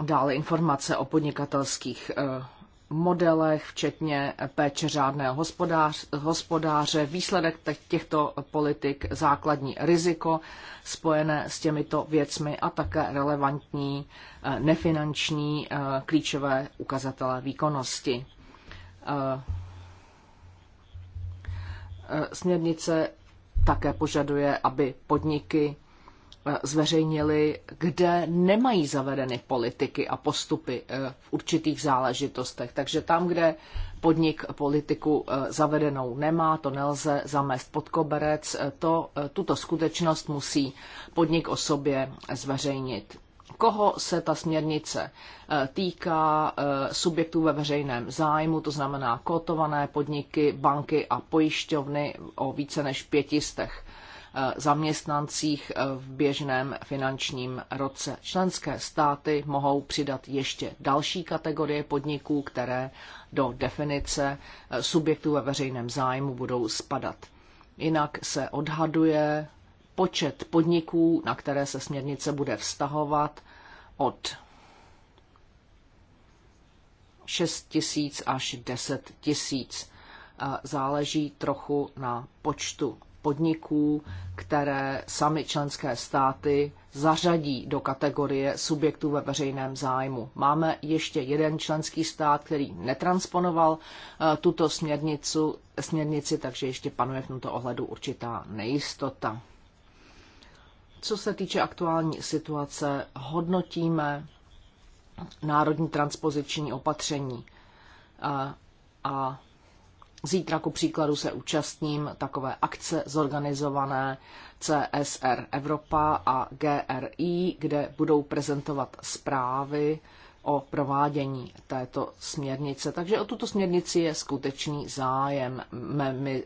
dále informace o podnikatelských eh, modelech, včetně péče řádného hospodář, hospodáře, výsledek těchto politik, základní riziko spojené s těmito věcmi a také relevantní eh, nefinanční eh, klíčové ukazatele výkonnosti. Směrnice také požaduje, aby podniky zveřejnili, kde nemají zavedeny politiky a postupy eh, v určitých záležitostech. Takže tam, kde podnik politiku eh, zavedenou nemá, to nelze zamést pod koberec, eh, to, tuto skutečnost musí podnik o sobě zveřejnit. Koho se ta směrnice týká subjektů ve veřejném zájmu, to znamená kotované podniky, banky a pojišťovny o více než pětistech Eh, zaměstnancích eh, v běžném finančním roce. Členské státy mohou přidat ještě další kategorie podniků, které do definice eh, subjektů ve veřejném zájmu budou spadat. Jinak se odhaduje počet podniků, na které se směrnice bude vztahovat, od 6 tisíc až 10 tisíc. Záleží trochu na počtu podniků, které sami členské státy zařadí do kategorie subjektů ve veřejném zájmu. Máme ještě jeden členský stát, který netransponoval eh, tuto směrnicu, směrnici, takže ještě panuje v tomto ohledu určitá nejistota. Co se týče aktuální situace, hodnotíme národní transpoziční opatření eh, a, a Zítra, ku příkladu, se účastním takové akce zorganizované CSR Evropa a GRI, kde budou prezentovat zprávy o provádění této směrnice. Takže o tuto směrnici je skutečný zájem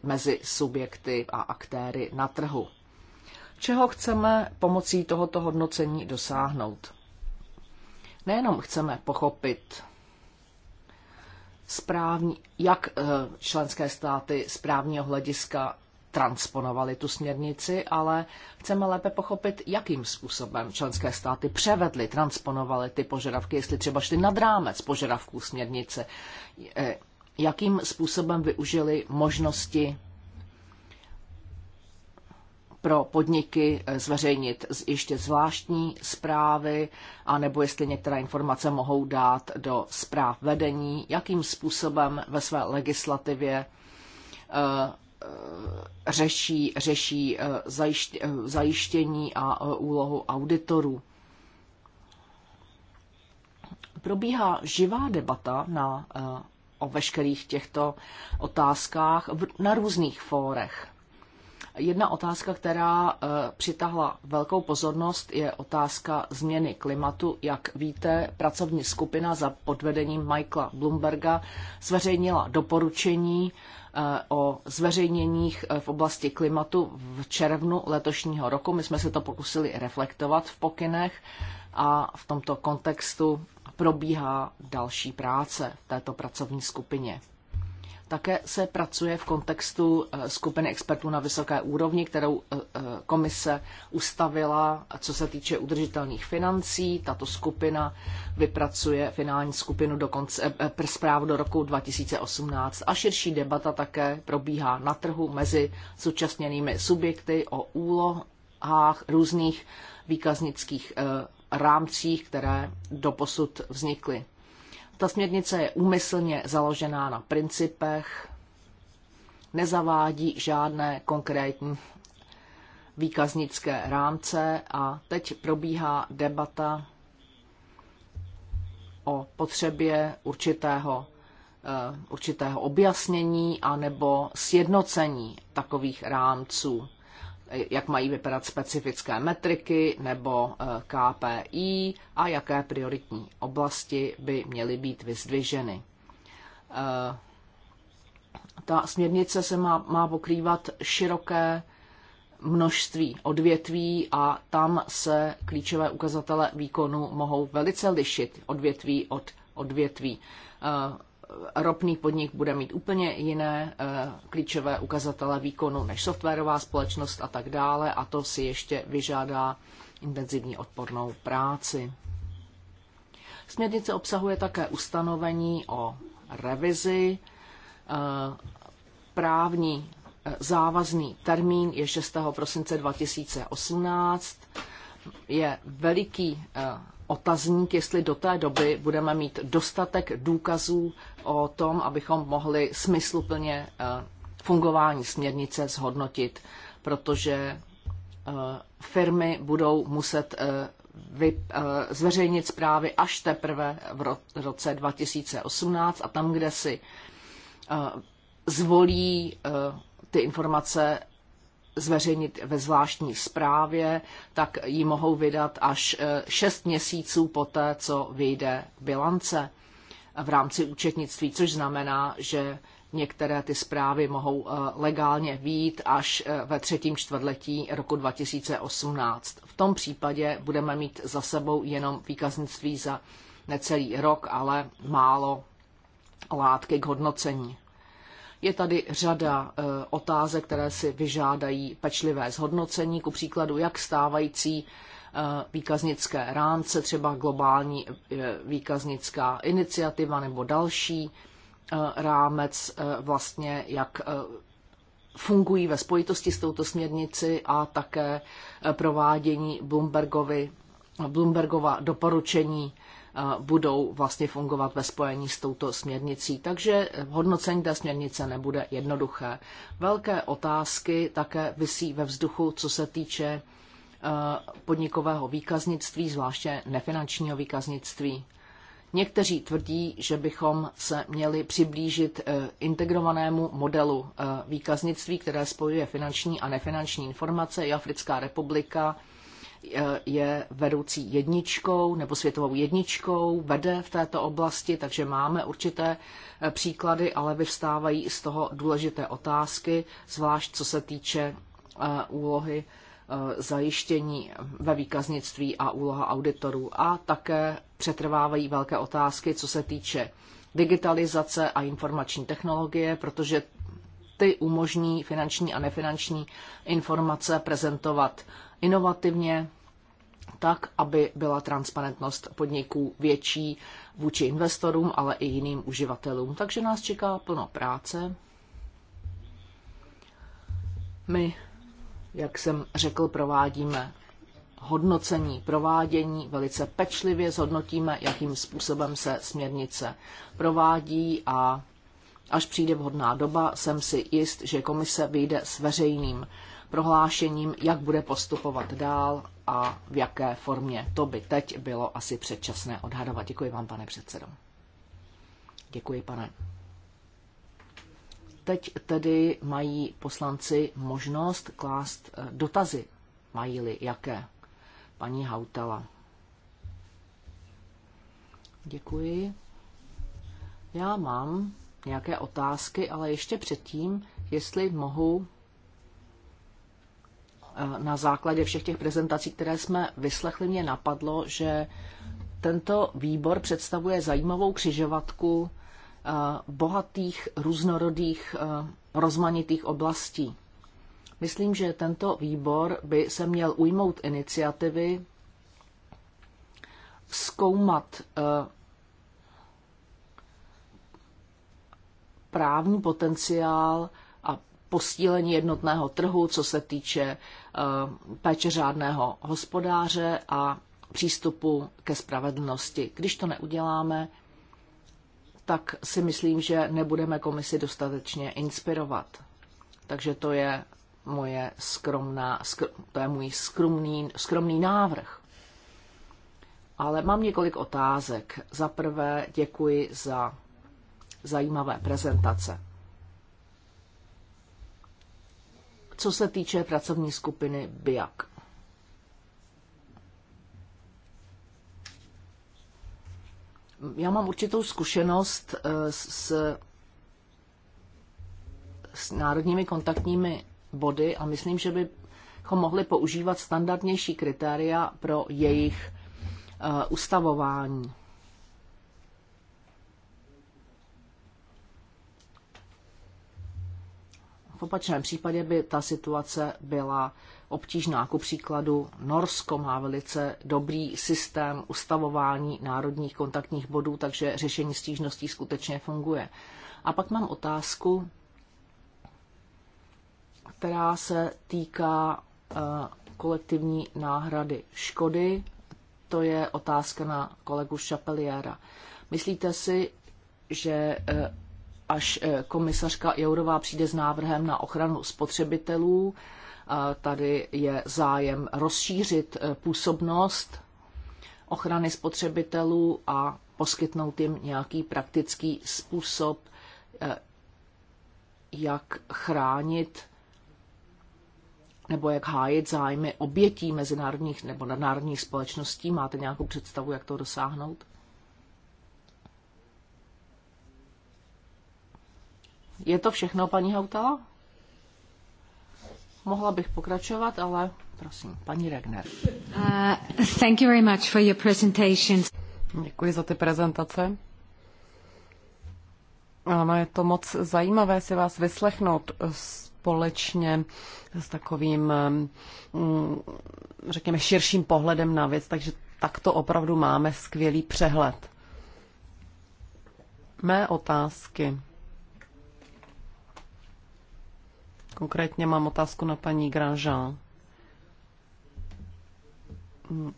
mezi subjekty a aktéry na trhu. Čeho chceme pomocí tohoto hodnocení dosáhnout? Nejenom chceme pochopit správní, jak eh, členské státy správního hlediska transponovali tu směrnici, ale chceme lépe pochopit, jakým způsobem členské státy převedly, transponovaly ty požadavky, jestli třeba šly nad rámec požadavků směrnice, eh, jakým způsobem využili možnosti pro podniky eh, zveřejnit ještě zvláštní zprávy, anebo jestli některé informace mohou dát do zpráv vedení, jakým způsobem ve své legislativě eh, eh, řeší, řeší zajištění a úlohu auditorů. Probíhá živá debata na, o veškerých těchto otázkách na různých fórech Jedna otázka, která eh, přitahla velkou pozornost, je otázka změny klimatu. Jak víte, pracovní skupina za podvedením Michaela Bloomberga zveřejnila doporučení eh, o zveřejněních eh, v oblasti klimatu v červnu letošního roku. My jsme se to pokusili reflektovat v pokynech a v tomto kontextu probíhá další práce v této pracovní skupině. Také se pracuje v kontextu eh, skupiny expertů na vysoké úrovni, kterou eh, eh, komise ustavila, co se týče udržitelných financí. Tato skupina vypracuje finální skupinu do konce, zpráv do roku 2018 a širší debata také probíhá na trhu mezi zúčastněnými subjekty o úlohách různých výkaznických rámcích, které doposud vznikly. Ta směrnice je úmyslně založená na principech, nezavádí žádné konkrétní výkaznické rámce a teď probíhá debata o potřebě určitého, eh, určitého objasnění a nebo sjednocení takových rámců jak mají vypadat specifické metriky nebo eh, KPI a jaké prioritní oblasti by měly být vyzdviženy. Eh, ta směrnice se má, má pokrývat široké množství odvětví a tam se klíčové ukazatele výkonu mohou velice lišit odvětví od odvětví. Eh, ropný podnik bude mít úplně jiné eh, klíčové ukazatele výkonu než softwarová společnost a tak dále a to si ještě vyžádá intenzivní odpornou práci. Směrnice obsahuje také ustanovení o revizi. Eh, právní eh, závazný termín je 6. prosince 2018. Je veliký otazník, jestli do té doby budeme mít dostatek důkazů o tom, abychom mohli smysluplně eh, fungování směrnice zhodnotit, protože eh, firmy budou muset eh, zveřejnit zprávy až teprve v roce 2018 a tam, kde si zvolí ty informace zveřejnit ve zvláštní zprávě, tak ji mohou vydat až 6 eh, měsíců poté, co vyjde bilance v rámci účetnictví, což znamená, že některé ty zprávy mohou eh, legálně výjít až eh, ve třetím čtvrtletí roku 2018. V tom případě budeme mít za sebou jenom výkaznictví za necelý rok, ale málo látky k hodnocení. Je tady řada eh, otázek, které si vyžádají pečlivé zhodnocení, ku příkladu, jak stávající eh, výkaznické rámce, třeba globální eh, výkaznická iniciativa nebo další rámec, vlastně jak fungují ve spojitosti s touto směrnici a také provádění Bloombergovy, Bloombergova doporučení budou vlastně fungovat ve spojení s touto směrnicí. Takže hodnocení té směrnice nebude jednoduché. Velké otázky také vysí ve vzduchu, co se týče podnikového výkaznictví, zvláště nefinančního výkaznictví. Někteří tvrdí, že bychom se měli přiblížit e, integrovanému modelu e, výkaznictví, které spojuje finanční a nefinanční informace. I Africká republika je vedoucí jedničkou nebo světovou jedničkou, vede v této oblasti, takže máme určité eh, příklady, ale vyvstávají z toho důležité otázky, zvlášť co se týče eh, úlohy eh, zajištění ve výkaznictví a úloha auditorů. A také přetrvávají velké otázky, co se týče digitalizace a informační technologie, protože ty umožní finanční a nefinanční informace prezentovat inovativně, tak, aby byla transparentnost podniků větší vůči investorům, ale i jiným uživatelům. Takže nás čeká plno práce. My, jak jsem řekl, provádíme hodnocení provádění, velice pečlivě zhodnotíme, jakým způsobem se směrnice provádí a Až přijde vhodná doba, jsem si jist, že komise vyjde s veřejným prohlášením, jak bude postupovat dál a v jaké formě. To by teď bylo asi předčasné odhadovat. Děkuji vám, pane předsedo. Děkuji, pane. Teď tedy mají poslanci možnost klást eh, dotazy. Mají-li jaké? Paní Hautala. Děkuji. Já mám nějaké otázky, ale ještě předtím, jestli mohu eh, na základě všech těch prezentací, které jsme vyslechli, mě napadlo, že tento výbor představuje zajímavou křižovatku eh, bohatých, různorodých, eh, rozmanitých oblastí. Myslím, že tento výbor by se měl ujmout iniciativy, zkoumat právní potenciál a posílení jednotného trhu, co se týče eh, péče řádného hospodáře a přístupu ke spravedlnosti. Když to neuděláme, tak si myslím, že nebudeme komisi dostatečně inspirovat. Takže to je moje skromná, skr, to je můj skromný, skromný návrh. Ale mám několik otázek. Za prvé děkuji za zajímavé prezentace. Co se týče pracovní skupiny Biak, Já mám určitou zkušenost eh, s, s národními kontaktními body a myslím, že bychom mohli používat standardnější kritéria pro jejich eh, ustavování. V opačném případě by ta situace byla obtížná. Ku příkladu Norsko má velice dobrý systém ustavování národních kontaktních bodů, takže řešení stížností skutečně funguje. A pak mám otázku, která se týká eh, kolektivní náhrady škody. To je otázka na kolegu Chapeliera. Myslíte si, že eh, až eh, komisařka Jourová přijde s návrhem na ochranu spotřebitelů. Eh, tady je zájem rozšířit eh, působnost ochrany spotřebitelů a poskytnout jim nějaký praktický způsob, jak chránit nebo jak hájit zájmy obětí mezinárodních nebo nadnárodních společností. Máte nějakou představu, jak to dosáhnout? Je to všechno, paní Hautala? Mohla bych pokračovat, ale prosím, paní Regner. Uh, thank you very much for your presentations. Děkuji za ty prezentace. Ano, je to moc zajímavé si vás vyslechnout společně s takovým, mm, řekněme, širším pohledem na věc, takže takto opravdu máme skvělý přehled. Mé otázky. Konkrétně mám otázku na paní Granjean.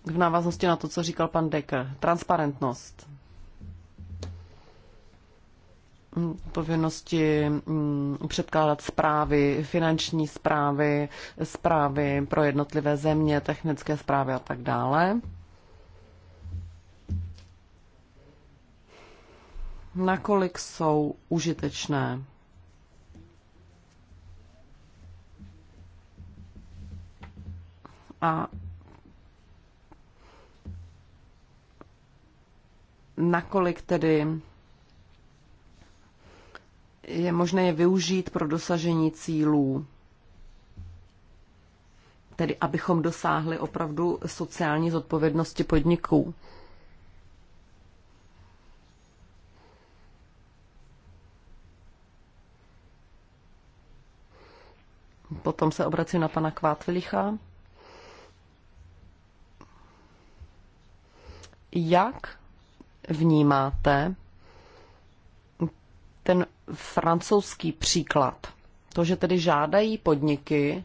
V návaznosti na to, co říkal pan Decker, transparentnost. Povinnosti mm, předkládat zprávy, finanční zprávy, zprávy pro jednotlivé země, technické zprávy a tak dále. Nakolik jsou užitečné a nakolik tedy je možné je využít pro dosažení cílů, tedy abychom dosáhli opravdu sociální zodpovědnosti podniků. Potom se obracím na pana Kvátvilicha. jak vnímáte ten francouzský příklad? To, že tedy žádají podniky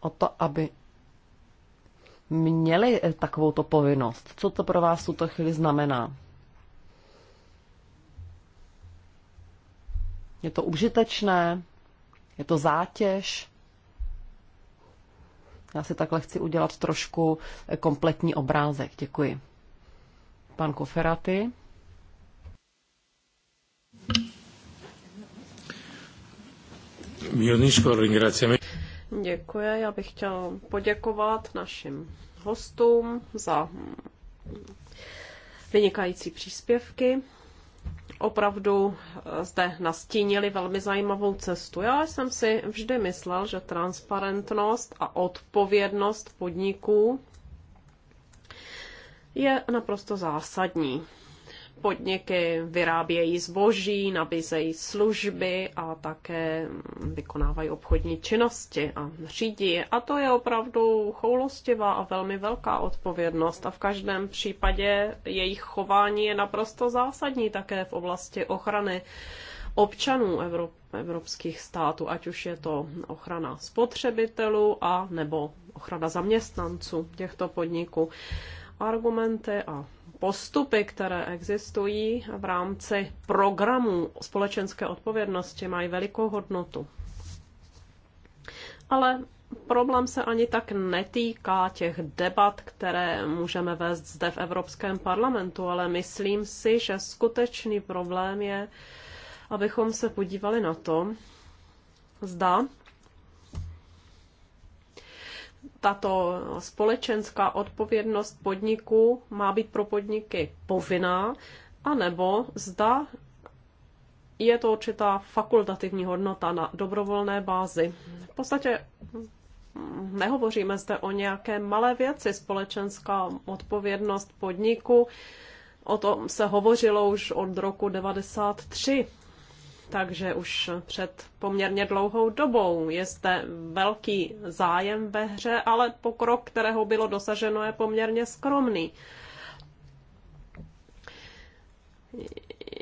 o to, aby měli eh, takovou to povinnost. Co to pro vás v tuto chvíli znamená? Je to užitečné? Je to zátěž? Já si takhle chci udělat trošku kompletní obrázek. Děkuji. Pan Koferaty. Děkuji, já bych chtěl poděkovat našim hostům za vynikající příspěvky opravdu eh, zde nastínili velmi zajímavou cestu. Já jsem si vždy myslel, že transparentnost a odpovědnost podniků je naprosto zásadní Podniky vyrábějí zboží, nabízejí služby a také vykonávají obchodní činnosti a řídí. A to je opravdu choulostivá a velmi velká odpovědnost. A v každém případě jejich chování je naprosto zásadní také v oblasti ochrany občanů Evrop, evropských států, ať už je to ochrana spotřebitelů a nebo ochrana zaměstnanců těchto podniků. Argumenty a postupy, které existují v rámci programů společenské odpovědnosti, mají velikou hodnotu. Ale problém se ani tak netýká těch debat, které můžeme vést zde v Evropském parlamentu, ale myslím si, že skutečný problém je, abychom se podívali na to, zda tato společenská odpovědnost podniků má být pro podniky povinná, anebo zda je to určitá fakultativní hodnota na dobrovolné bázi. V podstatě nehovoříme zde o nějaké malé věci, společenská odpovědnost podniku. O tom se hovořilo už od roku 1993 takže už před poměrně dlouhou dobou. Je zde velký zájem ve hře, ale pokrok, kterého bylo dosaženo, je poměrně skromný.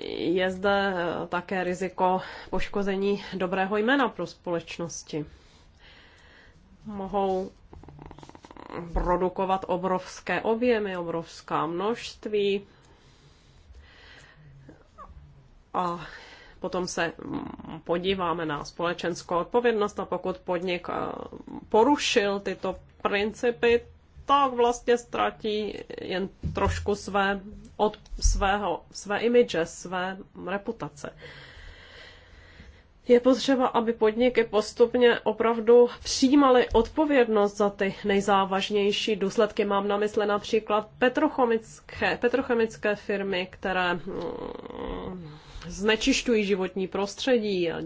Je zde také riziko poškození dobrého jména pro společnosti. Mohou produkovat obrovské objemy, obrovská množství a Potom se mm, podíváme na společenskou odpovědnost a pokud podnik eh, porušil tyto principy, tak vlastně ztratí jen trošku své, od svého, své image, své reputace. Je potřeba, aby podniky postupně opravdu přijímaly odpovědnost za ty nejzávažnější důsledky. Mám na mysli například petrochemické, petrochemické firmy, které mm, znečišťují životní prostředí a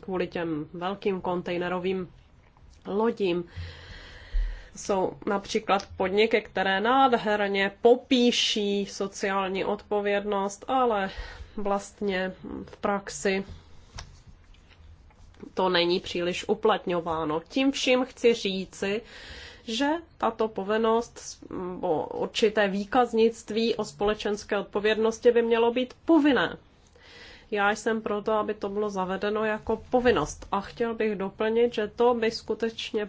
kvůli těm velkým kontejnerovým lodím. Jsou například podniky, které nádherně popíší sociální odpovědnost, ale vlastně v praxi to není příliš uplatňováno. Tím vším chci říci, že tato povinnost o určité výkaznictví o společenské odpovědnosti by mělo být povinné já jsem proto, aby to bylo zavedeno jako povinnost. A chtěl bych doplnit, že to by skutečně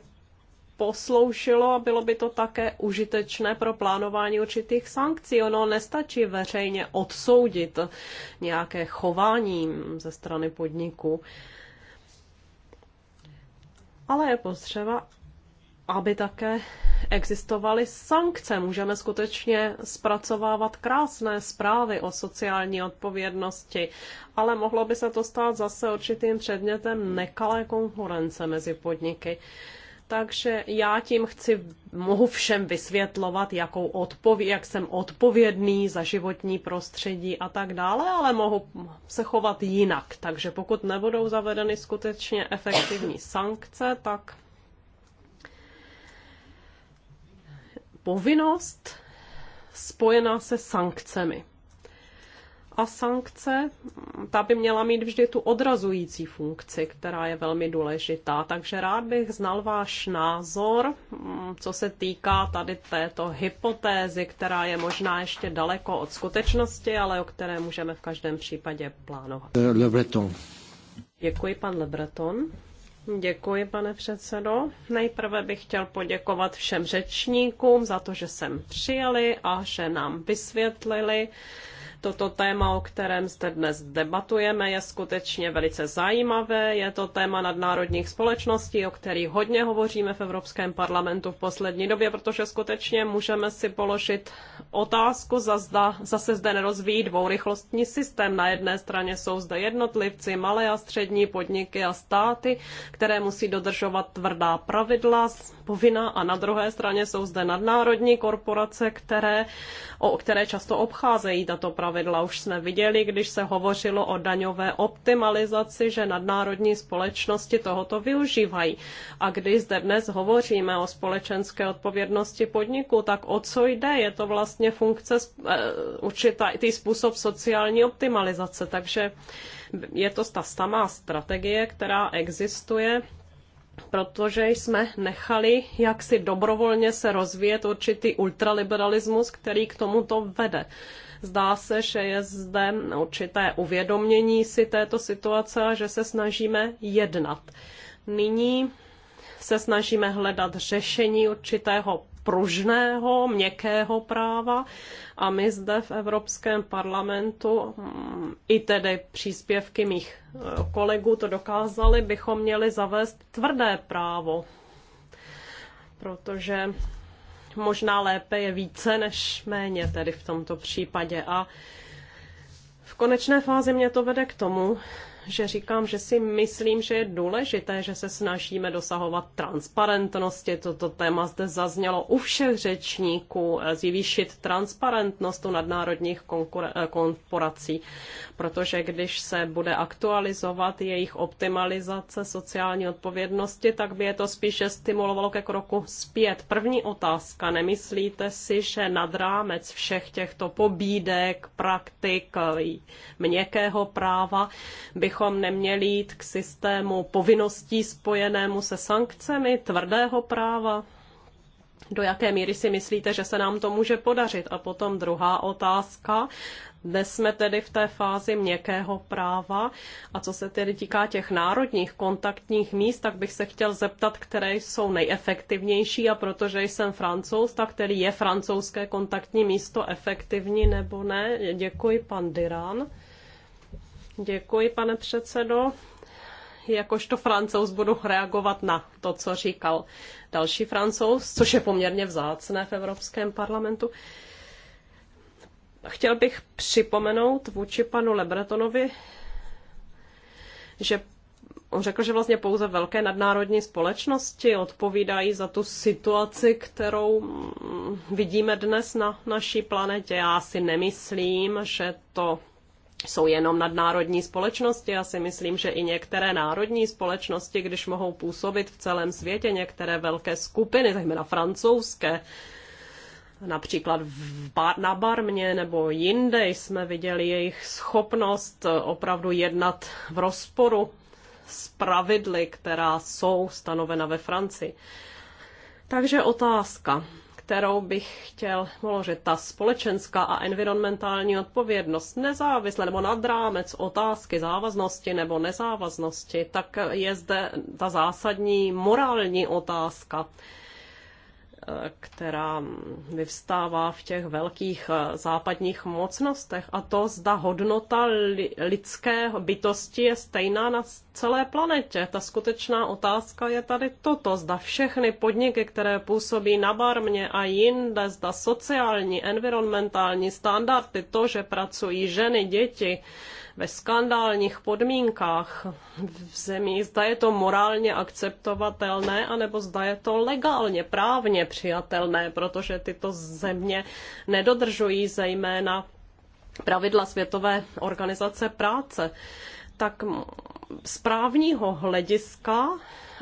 posloužilo a bylo by to také užitečné pro plánování určitých sankcí. Ono nestačí veřejně odsoudit nějaké chování ze strany podniku. Ale je potřeba, aby také existovaly sankce. Můžeme skutečně zpracovávat krásné zprávy o sociální odpovědnosti, ale mohlo by se to stát zase určitým předmětem nekalé konkurence mezi podniky. Takže já tím chci, mohu všem vysvětlovat, jakou odpoví, jak jsem odpovědný za životní prostředí a tak dále, ale mohu se chovat jinak. Takže pokud nebudou zavedeny skutečně efektivní sankce, tak povinnost spojená se sankcemi. A sankce, ta by měla mít vždy tu odrazující funkci, která je velmi důležitá. Takže rád bych znal váš názor, mm, co se týká tady této hypotézy, která je možná ještě daleko od skutečnosti, ale o které můžeme v každém případě plánovat. Le Breton. Děkuji, pan Lebreton. Děkuji, pane předsedo. Nejprve bych chtěl poděkovat všem řečníkům za to, že sem přijeli a že nám vysvětlili Toto téma, o kterém zde dnes debatujeme, je skutečně velice zajímavé. Je to téma nadnárodních společností, o kterých hodně hovoříme v Evropském parlamentu v poslední době, protože skutečně můžeme si položit otázku, za zda, zase zde nerozvíjí dvourychlostní systém. Na jedné straně jsou zde jednotlivci, malé a střední podniky a státy, které musí dodržovat tvrdá pravidla, povinná, a na druhé straně jsou zde nadnárodní korporace, které, o, které často obcházejí tato pravidla pravidla. Už jsme viděli, když se hovořilo o daňové optimalizaci, že nadnárodní společnosti tohoto využívají. A když zde dnes hovoříme o společenské odpovědnosti podniku, tak o co jde? Je to vlastně funkce, eh, určitý způsob sociální optimalizace. Takže je to ta samá strategie, která existuje protože jsme nechali jaksi dobrovolně se rozvíjet určitý ultraliberalismus, který k tomuto vede. Zdá se, že je zde určité uvědomění si této situace a že se snažíme jednat. Nyní se snažíme hledat řešení určitého pružného, měkkého práva a my zde v Evropském parlamentu mm, i tedy příspěvky mých eh, kolegů to dokázali, bychom měli zavést tvrdé právo, protože možná lépe je více než méně tedy v tomto případě. A v konečné fázi mě to vede k tomu, že říkám, že si myslím, že je důležité, že se snažíme dosahovat transparentnosti. Toto téma zde zaznělo u všech řečníků, eh, zvýšit transparentnost u nadnárodních eh, korporací, protože když se bude aktualizovat jejich optimalizace sociální odpovědnosti, tak by je to spíše stimulovalo ke kroku zpět. První otázka, nemyslíte si, že nad rámec všech těchto pobídek, praktik, eh, měkkého práva, bych bychom neměli jít k systému povinností spojenému se sankcemi, tvrdého práva? Do jaké míry si myslíte, že se nám to může podařit? A potom druhá otázka. Dnes jsme tedy v té fázi měkkého práva a co se tedy týká těch národních kontaktních míst, tak bych se chtěl zeptat, které jsou nejefektivnější a protože jsem francouz, tak který je francouzské kontaktní místo efektivní nebo ne? Děkuji, pan Diran. Děkuji, pane předsedo. Jakožto francouz budu reagovat na to, co říkal další francouz, což je poměrně vzácné v Evropském parlamentu. Chtěl bych připomenout vůči panu Lebretonovi, že on řekl, že vlastně pouze velké nadnárodní společnosti odpovídají za tu situaci, kterou vidíme dnes na naší planetě. Já si nemyslím, že to jsou jenom nadnárodní společnosti. Já si myslím, že i některé národní společnosti, když mohou působit v celém světě, některé velké skupiny, zejména francouzské, například v bar, na Barmě nebo jinde jsme viděli jejich schopnost opravdu jednat v rozporu s pravidly, která jsou stanovena ve Francii. Takže otázka kterou bych chtěl položit, ta společenská a environmentální odpovědnost, nezávisle nebo nad rámec otázky závaznosti nebo nezávaznosti, tak je zde ta zásadní morální otázka která vyvstává v těch velkých eh, západních mocnostech a to zda hodnota lidské bytosti je stejná na celé planetě. Ta skutečná otázka je tady toto, zda všechny podniky, které působí na Barmě a jinde, zda sociální, environmentální standardy, to, že pracují ženy, děti, ve skandálních podmínkách v zemi, zda je to morálně akceptovatelné, anebo zda je to legálně, právně přijatelné, protože tyto země nedodržují zejména pravidla Světové organizace práce. Uh, tak z právního hlediska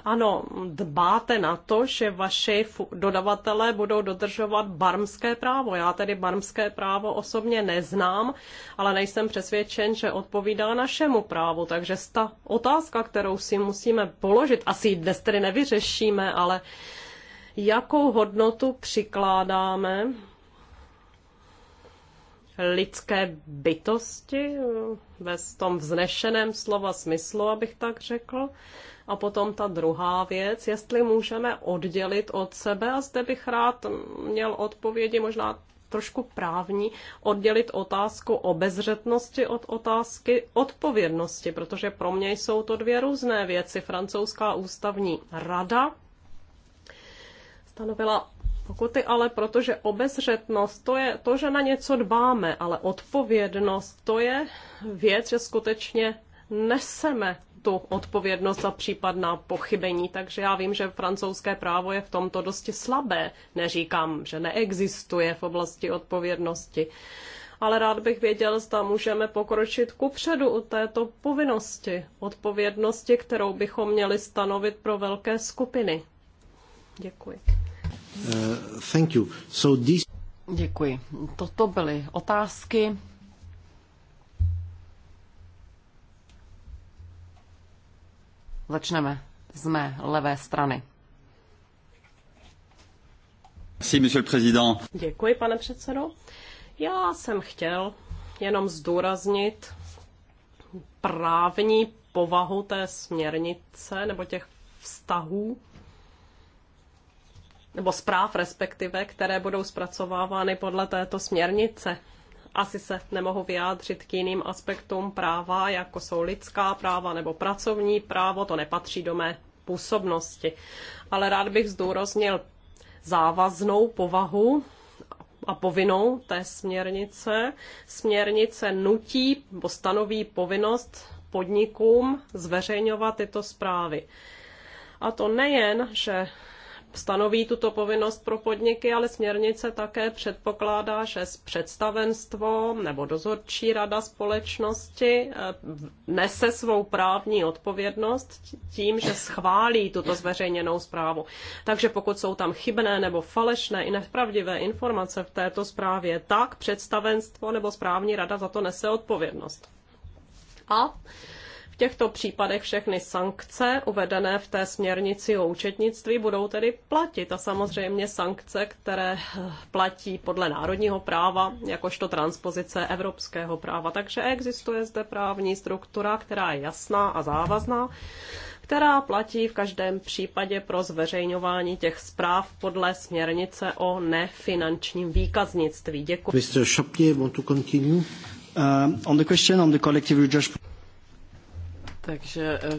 ano, dbáte na to, že vaši dodavatelé budou dodržovat barmské právo. Já tedy barmské právo osobně neznám, ale nejsem přesvědčen, že odpovídá našemu právu. Takže ta otázka, kterou si musíme položit, asi ji dnes tedy nevyřešíme, ale jakou hodnotu přikládáme lidské bytosti eh, ve tom vznešeném slova smyslu, abych tak řekl. A potom ta druhá věc, jestli můžeme oddělit od sebe, a zde bych rád měl odpovědi možná trošku právní, oddělit otázku obezřetnosti od otázky odpovědnosti, protože pro mě jsou to dvě různé věci. Francouzská ústavní rada stanovila Pokuty ale, protože obezřetnost, to je to, že na něco dbáme, ale odpovědnost, to je věc, že skutečně neseme tu odpovědnost za případná pochybení. Takže já vím, že francouzské právo je v tomto dosti slabé. Neříkám, že neexistuje v oblasti odpovědnosti. Ale rád bych věděl, zda můžeme pokročit kupředu u této povinnosti, odpovědnosti, kterou bychom měli stanovit pro velké skupiny. Děkuji. Uh, thank you. So this... Děkuji. Toto byly otázky. Začneme z mé levé strany. Děkuji, pane předsedo. Já jsem chtěl jenom zdůraznit právní povahu té směrnice nebo těch vztahů nebo zpráv respektive, které budou zpracovávány podle této směrnice. Asi se nemohu vyjádřit k jiným aspektům práva, jako jsou lidská práva nebo pracovní právo, to nepatří do mé působnosti. Ale rád bych zdůraznil závaznou povahu a povinnou té směrnice. Směrnice nutí nebo stanoví povinnost podnikům zveřejňovat tyto zprávy. A to nejen, že stanoví tuto povinnost pro podniky, ale směrnice také předpokládá, že představenstvo nebo dozorčí rada společnosti eh, nese svou právní odpovědnost tím, že schválí tuto zveřejněnou zprávu. Takže pokud jsou tam chybné nebo falešné i nepravdivé informace v této zprávě, tak představenstvo nebo správní rada za to nese odpovědnost. A v těchto případech všechny sankce uvedené v té směrnici o účetnictví budou tedy platit a samozřejmě sankce, které platí podle národního práva, jakožto transpozice evropského práva. Takže existuje zde právní struktura, která je jasná a závazná která platí v každém případě pro zveřejňování těch zpráv podle směrnice o nefinančním výkaznictví. Děkuji. Mr. want to continue? Uh, on the question on the collective takže e,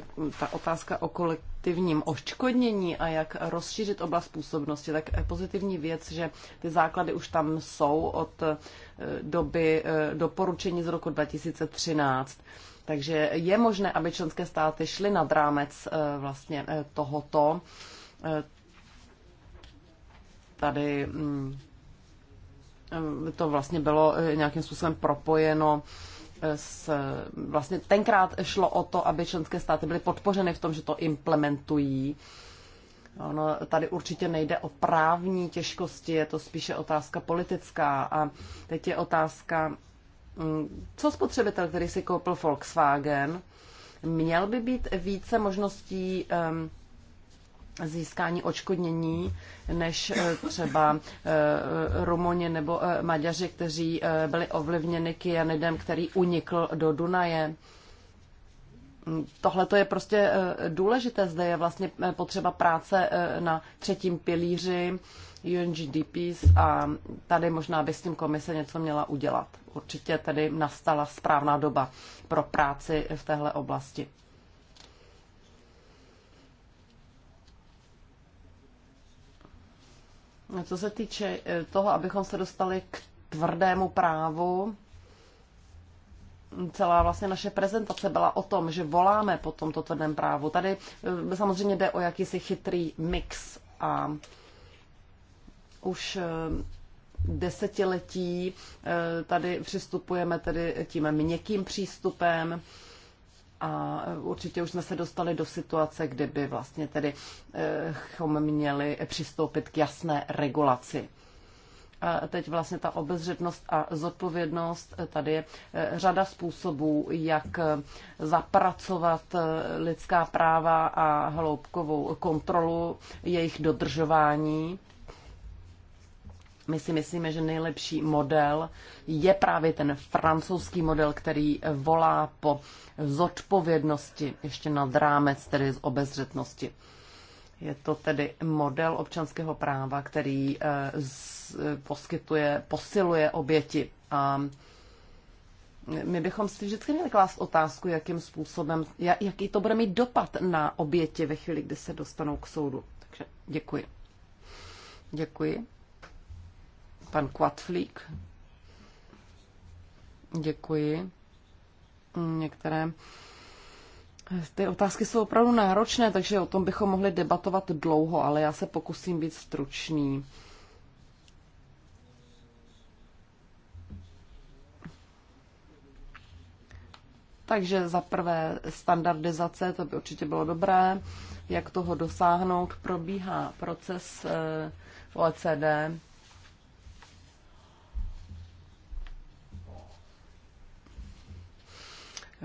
ta otázka o kolektivním oškodnění a jak rozšířit oblast působnosti, tak je pozitivní věc, že ty základy už tam jsou od e, doby e, doporučení z roku 2013. Takže je možné, aby členské státy šly nad rámec vlastně tohoto. Tady mm, to vlastně bylo nějakým způsobem propojeno s, vlastně tenkrát šlo o to, aby členské státy byly podpořeny v tom, že to implementují. Ono tady určitě nejde o právní těžkosti, je to spíše otázka politická. A teď je otázka, mm, co spotřebitel, který si koupil Volkswagen, měl by být více možností um, získání očkodnění než eh, třeba eh, Rumuni nebo eh, Maďaři, kteří byli ovlivněni kyanidem, který unikl do Dunaje. Tohle to je prostě důležité. Zde je vlastně potřeba práce na třetím pilíři UNGDPs a tady možná by s tím komise něco měla udělat. Určitě tedy nastala správná doba pro práci v téhle oblasti. Co se týče eh, toho, abychom se dostali k tvrdému právu, celá vlastně naše prezentace byla o tom, že voláme po tomto tvrdém právu. Tady eh, samozřejmě jde o jakýsi chytrý mix a už eh, desetiletí tady přistupujeme tedy tím měkkým přístupem, a určitě už jsme se dostali do situace, kde by vlastně tedy eh, chom měli přistoupit k jasné regulaci. A teď vlastně ta obezřetnost a zodpovědnost, eh, tady je eh, řada způsobů, jak zapracovat lidská práva a hloubkovou kontrolu jejich dodržování. My si myslíme, že nejlepší model je právě ten francouzský model, který volá po zodpovědnosti ještě nad rámec, tedy z obezřetnosti. Je to tedy model občanského práva, který eh, poskytuje, posiluje oběti. A my bychom si vždycky měli klást otázku, jakým způsobem, jaký to bude mít dopad na oběti ve chvíli, kdy se dostanou k soudu. Takže děkuji. Děkuji. Pan Quatflík. Děkuji. Některé ty otázky jsou opravdu náročné, takže o tom bychom mohli debatovat dlouho, ale já se pokusím být stručný. Takže za prvé standardizace, to by určitě bylo dobré. Jak toho dosáhnout? Probíhá proces eh, v OECD,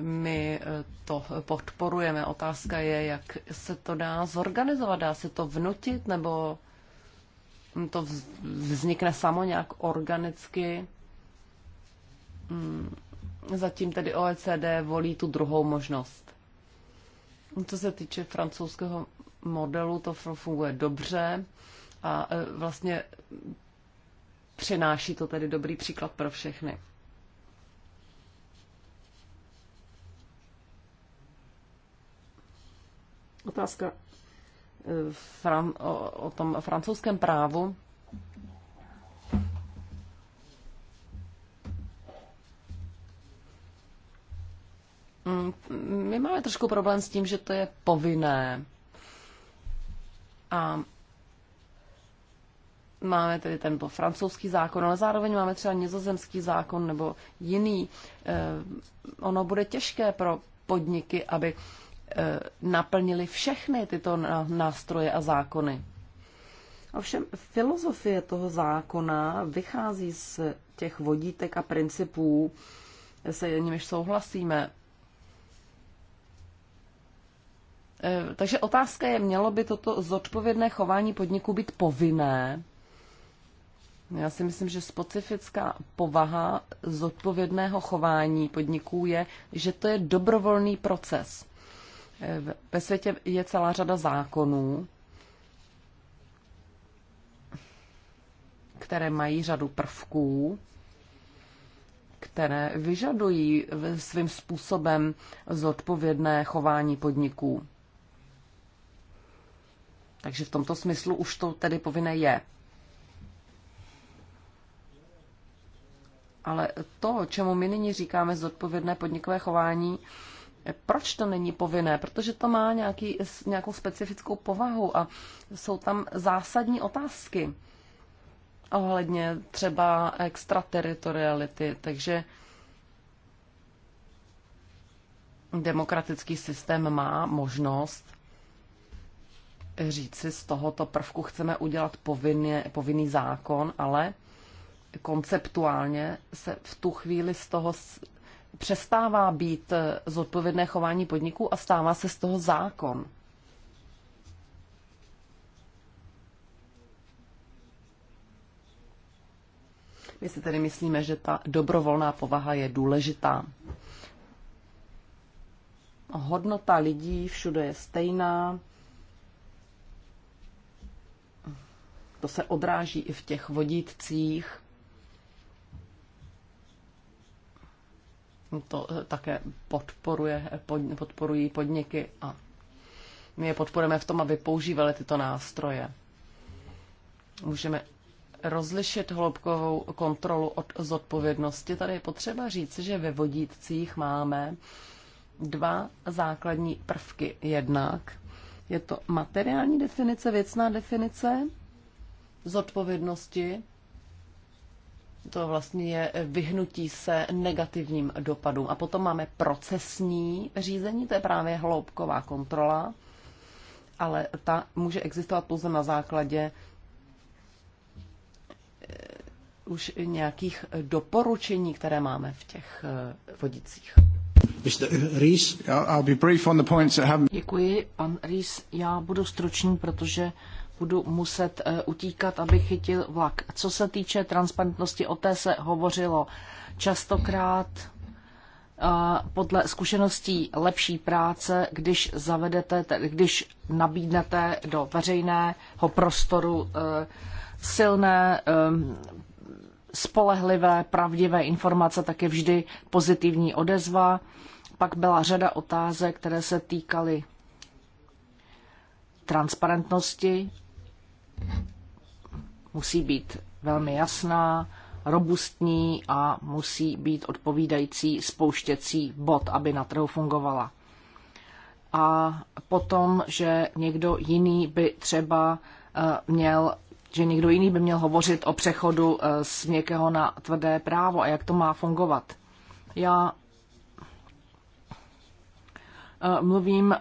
my eh, to podporujeme. Otázka je, jak se to dá zorganizovat. Dá se to vnutit nebo to vznikne samo nějak organicky? Hmm, zatím tedy OECD volí tu druhou možnost. Co se týče francouzského modelu, to funguje dobře a eh, vlastně přináší to tedy dobrý příklad pro všechny. Otázka eh, Fran- o, o tom francouzském právu. Mm, my máme trošku problém s tím, že to je povinné. A máme tedy ten francouzský zákon, ale zároveň máme třeba nizozemský zákon nebo jiný. Eh, ono bude těžké pro podniky, aby Eh, naplnili všechny tyto nástroje a zákony. Ovšem filozofie toho zákona vychází z těch vodítek a principů, se nimiž souhlasíme. Eh, takže otázka je, mělo by toto zodpovědné chování podniku být povinné? Já si myslím, že specifická povaha zodpovědného chování podniků je, že to je dobrovolný proces. Ve světě je celá řada zákonů, které mají řadu prvků, které vyžadují svým způsobem zodpovědné chování podniků. Takže v tomto smyslu už to tedy povinné je. Ale to, čemu my nyní říkáme zodpovědné podnikové chování, proč to není povinné? Protože to má nějaký, nějakou specifickou povahu a jsou tam zásadní otázky ohledně třeba extrateritoriality. Takže demokratický systém má možnost říct, si z tohoto prvku chceme udělat povinně, povinný zákon, ale konceptuálně se v tu chvíli z toho přestává být eh, zodpovědné chování podniků a stává se z toho zákon. My si tedy myslíme, že ta dobrovolná povaha je důležitá. Hodnota lidí všude je stejná. To se odráží i v těch vodítcích. to eh, také podporuje, pod, podporují podniky a my je podporujeme v tom, aby používali tyto nástroje. Můžeme rozlišit hloubkovou kontrolu od zodpovědnosti. Tady je potřeba říct, že ve vodítcích máme dva základní prvky. Jednak je to materiální definice, věcná definice zodpovědnosti to vlastně je vyhnutí se negativním dopadům. A potom máme procesní řízení, to je právě hloubková kontrola, ale ta může existovat pouze na základě eh, už nějakých doporučení, které máme v těch eh, vodicích. Děkuji, pan Rees. Já budu stručný, protože budu muset eh, utíkat, abych chytil vlak. Co se týče transparentnosti, o té se hovořilo častokrát podle zkušeností lepší práce, když zavedete, když nabídnete do veřejného prostoru eh, silné, eh, spolehlivé, pravdivé informace, tak je vždy pozitivní odezva. Pak byla řada otázek, které se týkaly transparentnosti musí být velmi jasná, robustní a musí být odpovídající spouštěcí bod, aby na trhu fungovala. A potom, že někdo jiný by třeba eh, měl že někdo jiný by měl hovořit o přechodu eh, z měkkého na tvrdé právo a jak to má fungovat. Já Eh, mluvím eh,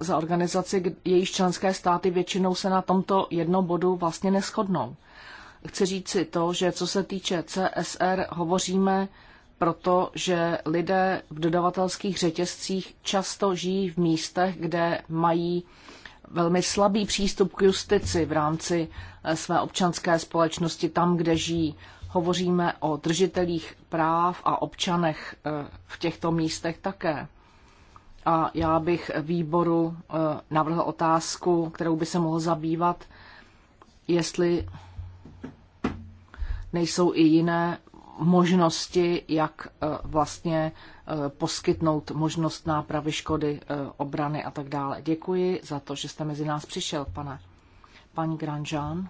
za organizaci, jejíž členské státy většinou se na tomto jednom bodu vlastně neschodnou. Chci říct si to, že co se týče CSR, hovoříme proto, že lidé v dodavatelských řetězcích často žijí v místech, kde mají velmi slabý přístup k justici v rámci eh, své občanské společnosti tam, kde žijí. Hovoříme o držitelích práv a občanech v těchto místech také. A já bych výboru eh, navrhl otázku, kterou by se mohl zabývat, jestli nejsou i jiné možnosti, jak eh, vlastně eh, poskytnout možnost nápravy škody, obrany a tak dále. Děkuji za to, že jste mezi nás přišel, pane. Paní Granžán.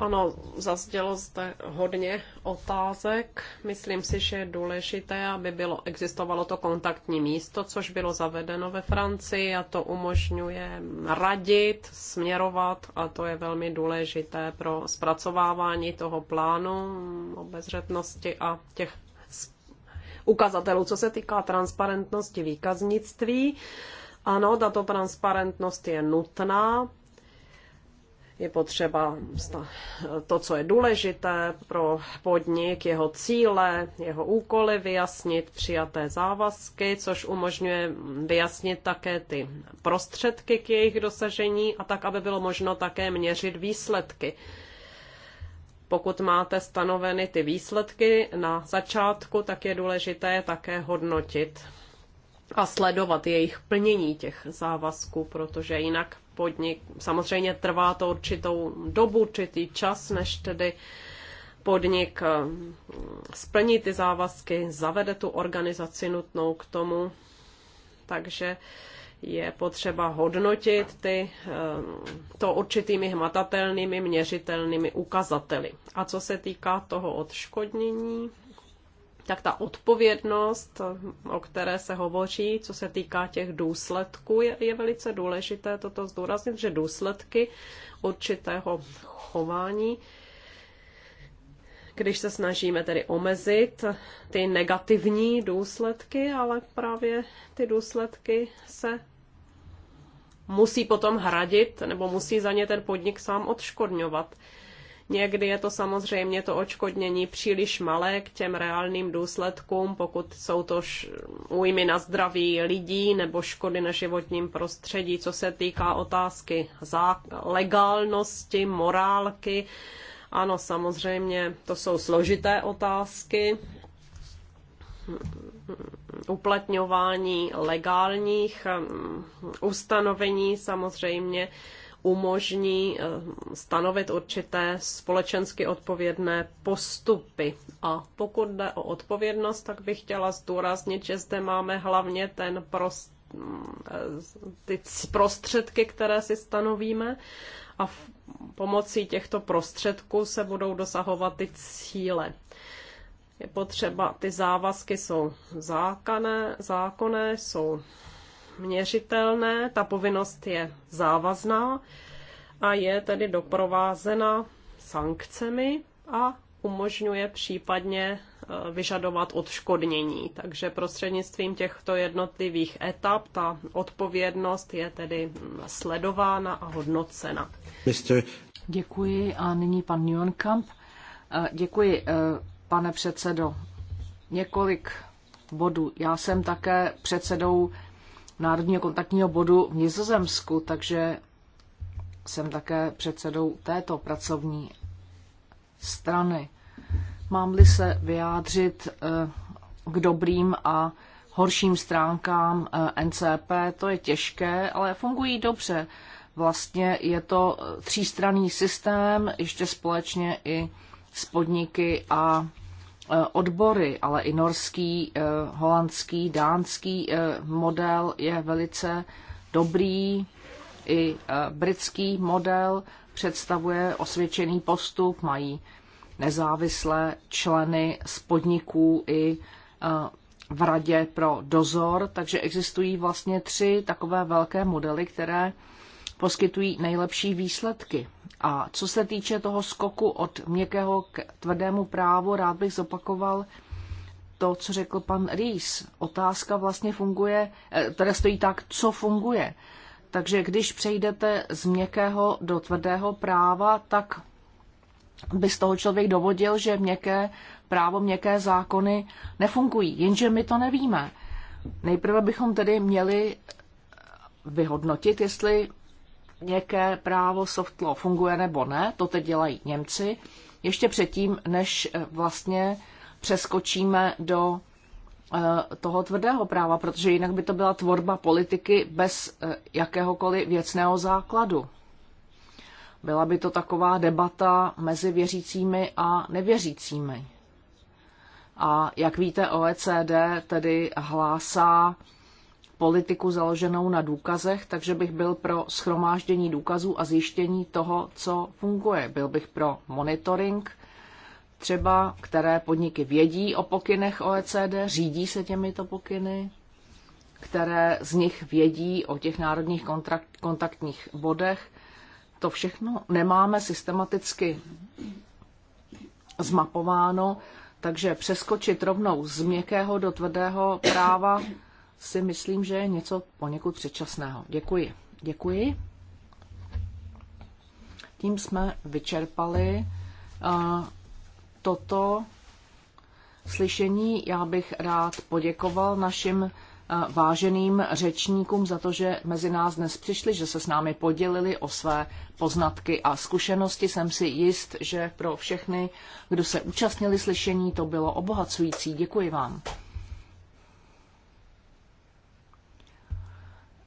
Ano, zazdělo zde hodně otázek. Myslím si, že je důležité, aby bylo, existovalo to kontaktní místo, což bylo zavedeno ve Francii a to umožňuje radit, směrovat a to je velmi důležité pro zpracovávání toho plánu obezřetnosti a těch ukazatelů, co se týká transparentnosti výkaznictví. Ano, tato transparentnost je nutná, je potřeba to, co je důležité pro podnik, jeho cíle, jeho úkoly vyjasnit, přijaté závazky, což umožňuje vyjasnit také ty prostředky k jejich dosažení a tak, aby bylo možno také měřit výsledky. Pokud máte stanoveny ty výsledky na začátku, tak je důležité také hodnotit a sledovat jejich plnění těch závazků, protože jinak podnik. Samozřejmě trvá to určitou dobu, určitý čas, než tedy podnik eh, splní ty závazky, zavede tu organizaci nutnou k tomu. Takže je potřeba hodnotit ty, eh, to určitými hmatatelnými, měřitelnými ukazateli. A co se týká toho odškodnění, tak ta odpovědnost, o které se hovoří, co se týká těch důsledků, je, je velice důležité toto zdůraznit, že důsledky určitého chování, když se snažíme tedy omezit ty negativní důsledky, ale právě ty důsledky se musí potom hradit nebo musí za ně ten podnik sám odškodňovat. Někdy je to samozřejmě to očkodnění příliš malé k těm reálným důsledkům, pokud jsou to újmy na zdraví lidí nebo škody na životním prostředí, co se týká otázky legálnosti, morálky. Ano, samozřejmě, to jsou složité otázky. Uplatňování legálních mm, ustanovení samozřejmě umožní eh, stanovit určité společensky odpovědné postupy. A pokud jde o odpovědnost, tak bych chtěla zdůraznit, že zde máme hlavně ten prost, mm, eh, ty prostředky, které si stanovíme a v pomocí těchto prostředků se budou dosahovat ty cíle. Je potřeba, ty závazky jsou zákané, zákonné, jsou měřitelné, ta povinnost je závazná a je tedy doprovázena sankcemi a umožňuje případně e, vyžadovat odškodnění. Takže prostřednictvím těchto jednotlivých etap ta odpovědnost je tedy mm, sledována a hodnocena. Mister. Děkuji a nyní pan Njonkamp. E, děkuji, e, pane předsedo. Několik bodů. Já jsem také předsedou Národního kontaktního bodu v Nizozemsku, takže jsem také předsedou této pracovní strany. Mám-li se vyjádřit eh, k dobrým a horším stránkám eh, NCP, to je těžké, ale fungují dobře. Vlastně je to eh, třístranný systém, ještě společně i s podniky a Eh, odbory, ale i norský, eh, holandský, dánský eh, model je velice dobrý. I britský model představuje osvědčený postup, mají nezávislé členy z podniků i v radě pro dozor, takže existují vlastně tři takové velké modely, které poskytují nejlepší výsledky. A co se týče toho skoku od měkkého k tvrdému právu, rád bych zopakoval to, co řekl pan Rees. Otázka vlastně funguje, eh, teda stojí tak, co funguje. Takže když přejdete z měkkého do tvrdého práva, tak by z toho člověk dovodil, že měkké právo, měkké zákony nefungují. Jenže my to nevíme. Nejprve bychom tedy měli vyhodnotit, jestli měkké právo soft law funguje nebo ne, to teď dělají Němci, ještě předtím, než eh, vlastně přeskočíme do eh, toho tvrdého práva, protože jinak by to byla tvorba politiky bez eh, jakéhokoliv věcného základu. Byla by to taková debata mezi věřícími a nevěřícími. A jak víte, OECD tedy hlásá politiku založenou na důkazech, takže bych byl pro schromáždění důkazů a zjištění toho, co funguje. Byl bych pro monitoring, třeba které podniky vědí o pokynech OECD, řídí se těmito pokyny, které z nich vědí o těch národních kontrakt, kontaktních bodech. To všechno nemáme systematicky zmapováno, takže přeskočit rovnou z měkkého do tvrdého práva si myslím, že je něco poněkud předčasného. Děkuji. Děkuji. Tím jsme vyčerpali uh, toto slyšení. Já bych rád poděkoval našim eh, váženým řečníkům za to, že mezi nás dnes přišli, že se s námi podělili o své poznatky a zkušenosti. Jsem si jist, že pro všechny, kdo se účastnili slyšení, to bylo obohacující. Děkuji vám.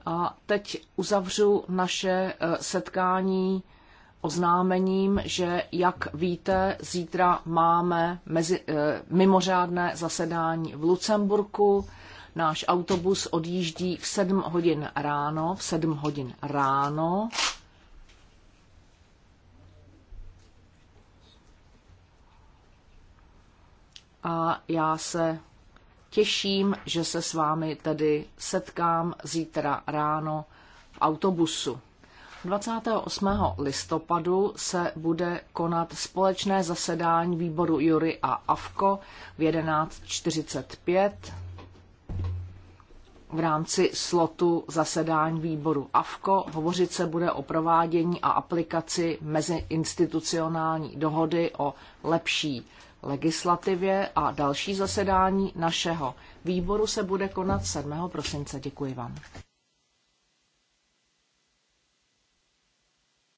A teď uzavřu naše eh, setkání oznámením, že, jak víte, zítra máme mezi, eh, mimořádné zasedání v Lucemburku. Náš autobus odjíždí v 7 hodin ráno. V 7 hodin ráno. A já se těším, že se s vámi tedy setkám zítra ráno v autobusu. 28. listopadu se bude konat společné zasedání výboru Jury a AFKO v 11.45 v rámci slotu zasedání výboru AFKO. Hovořit se bude o provádění a aplikaci meziinstitucionální dohody o lepší legislativě a další zasedání našeho výboru se bude konat 7. prosince. Děkuji vám.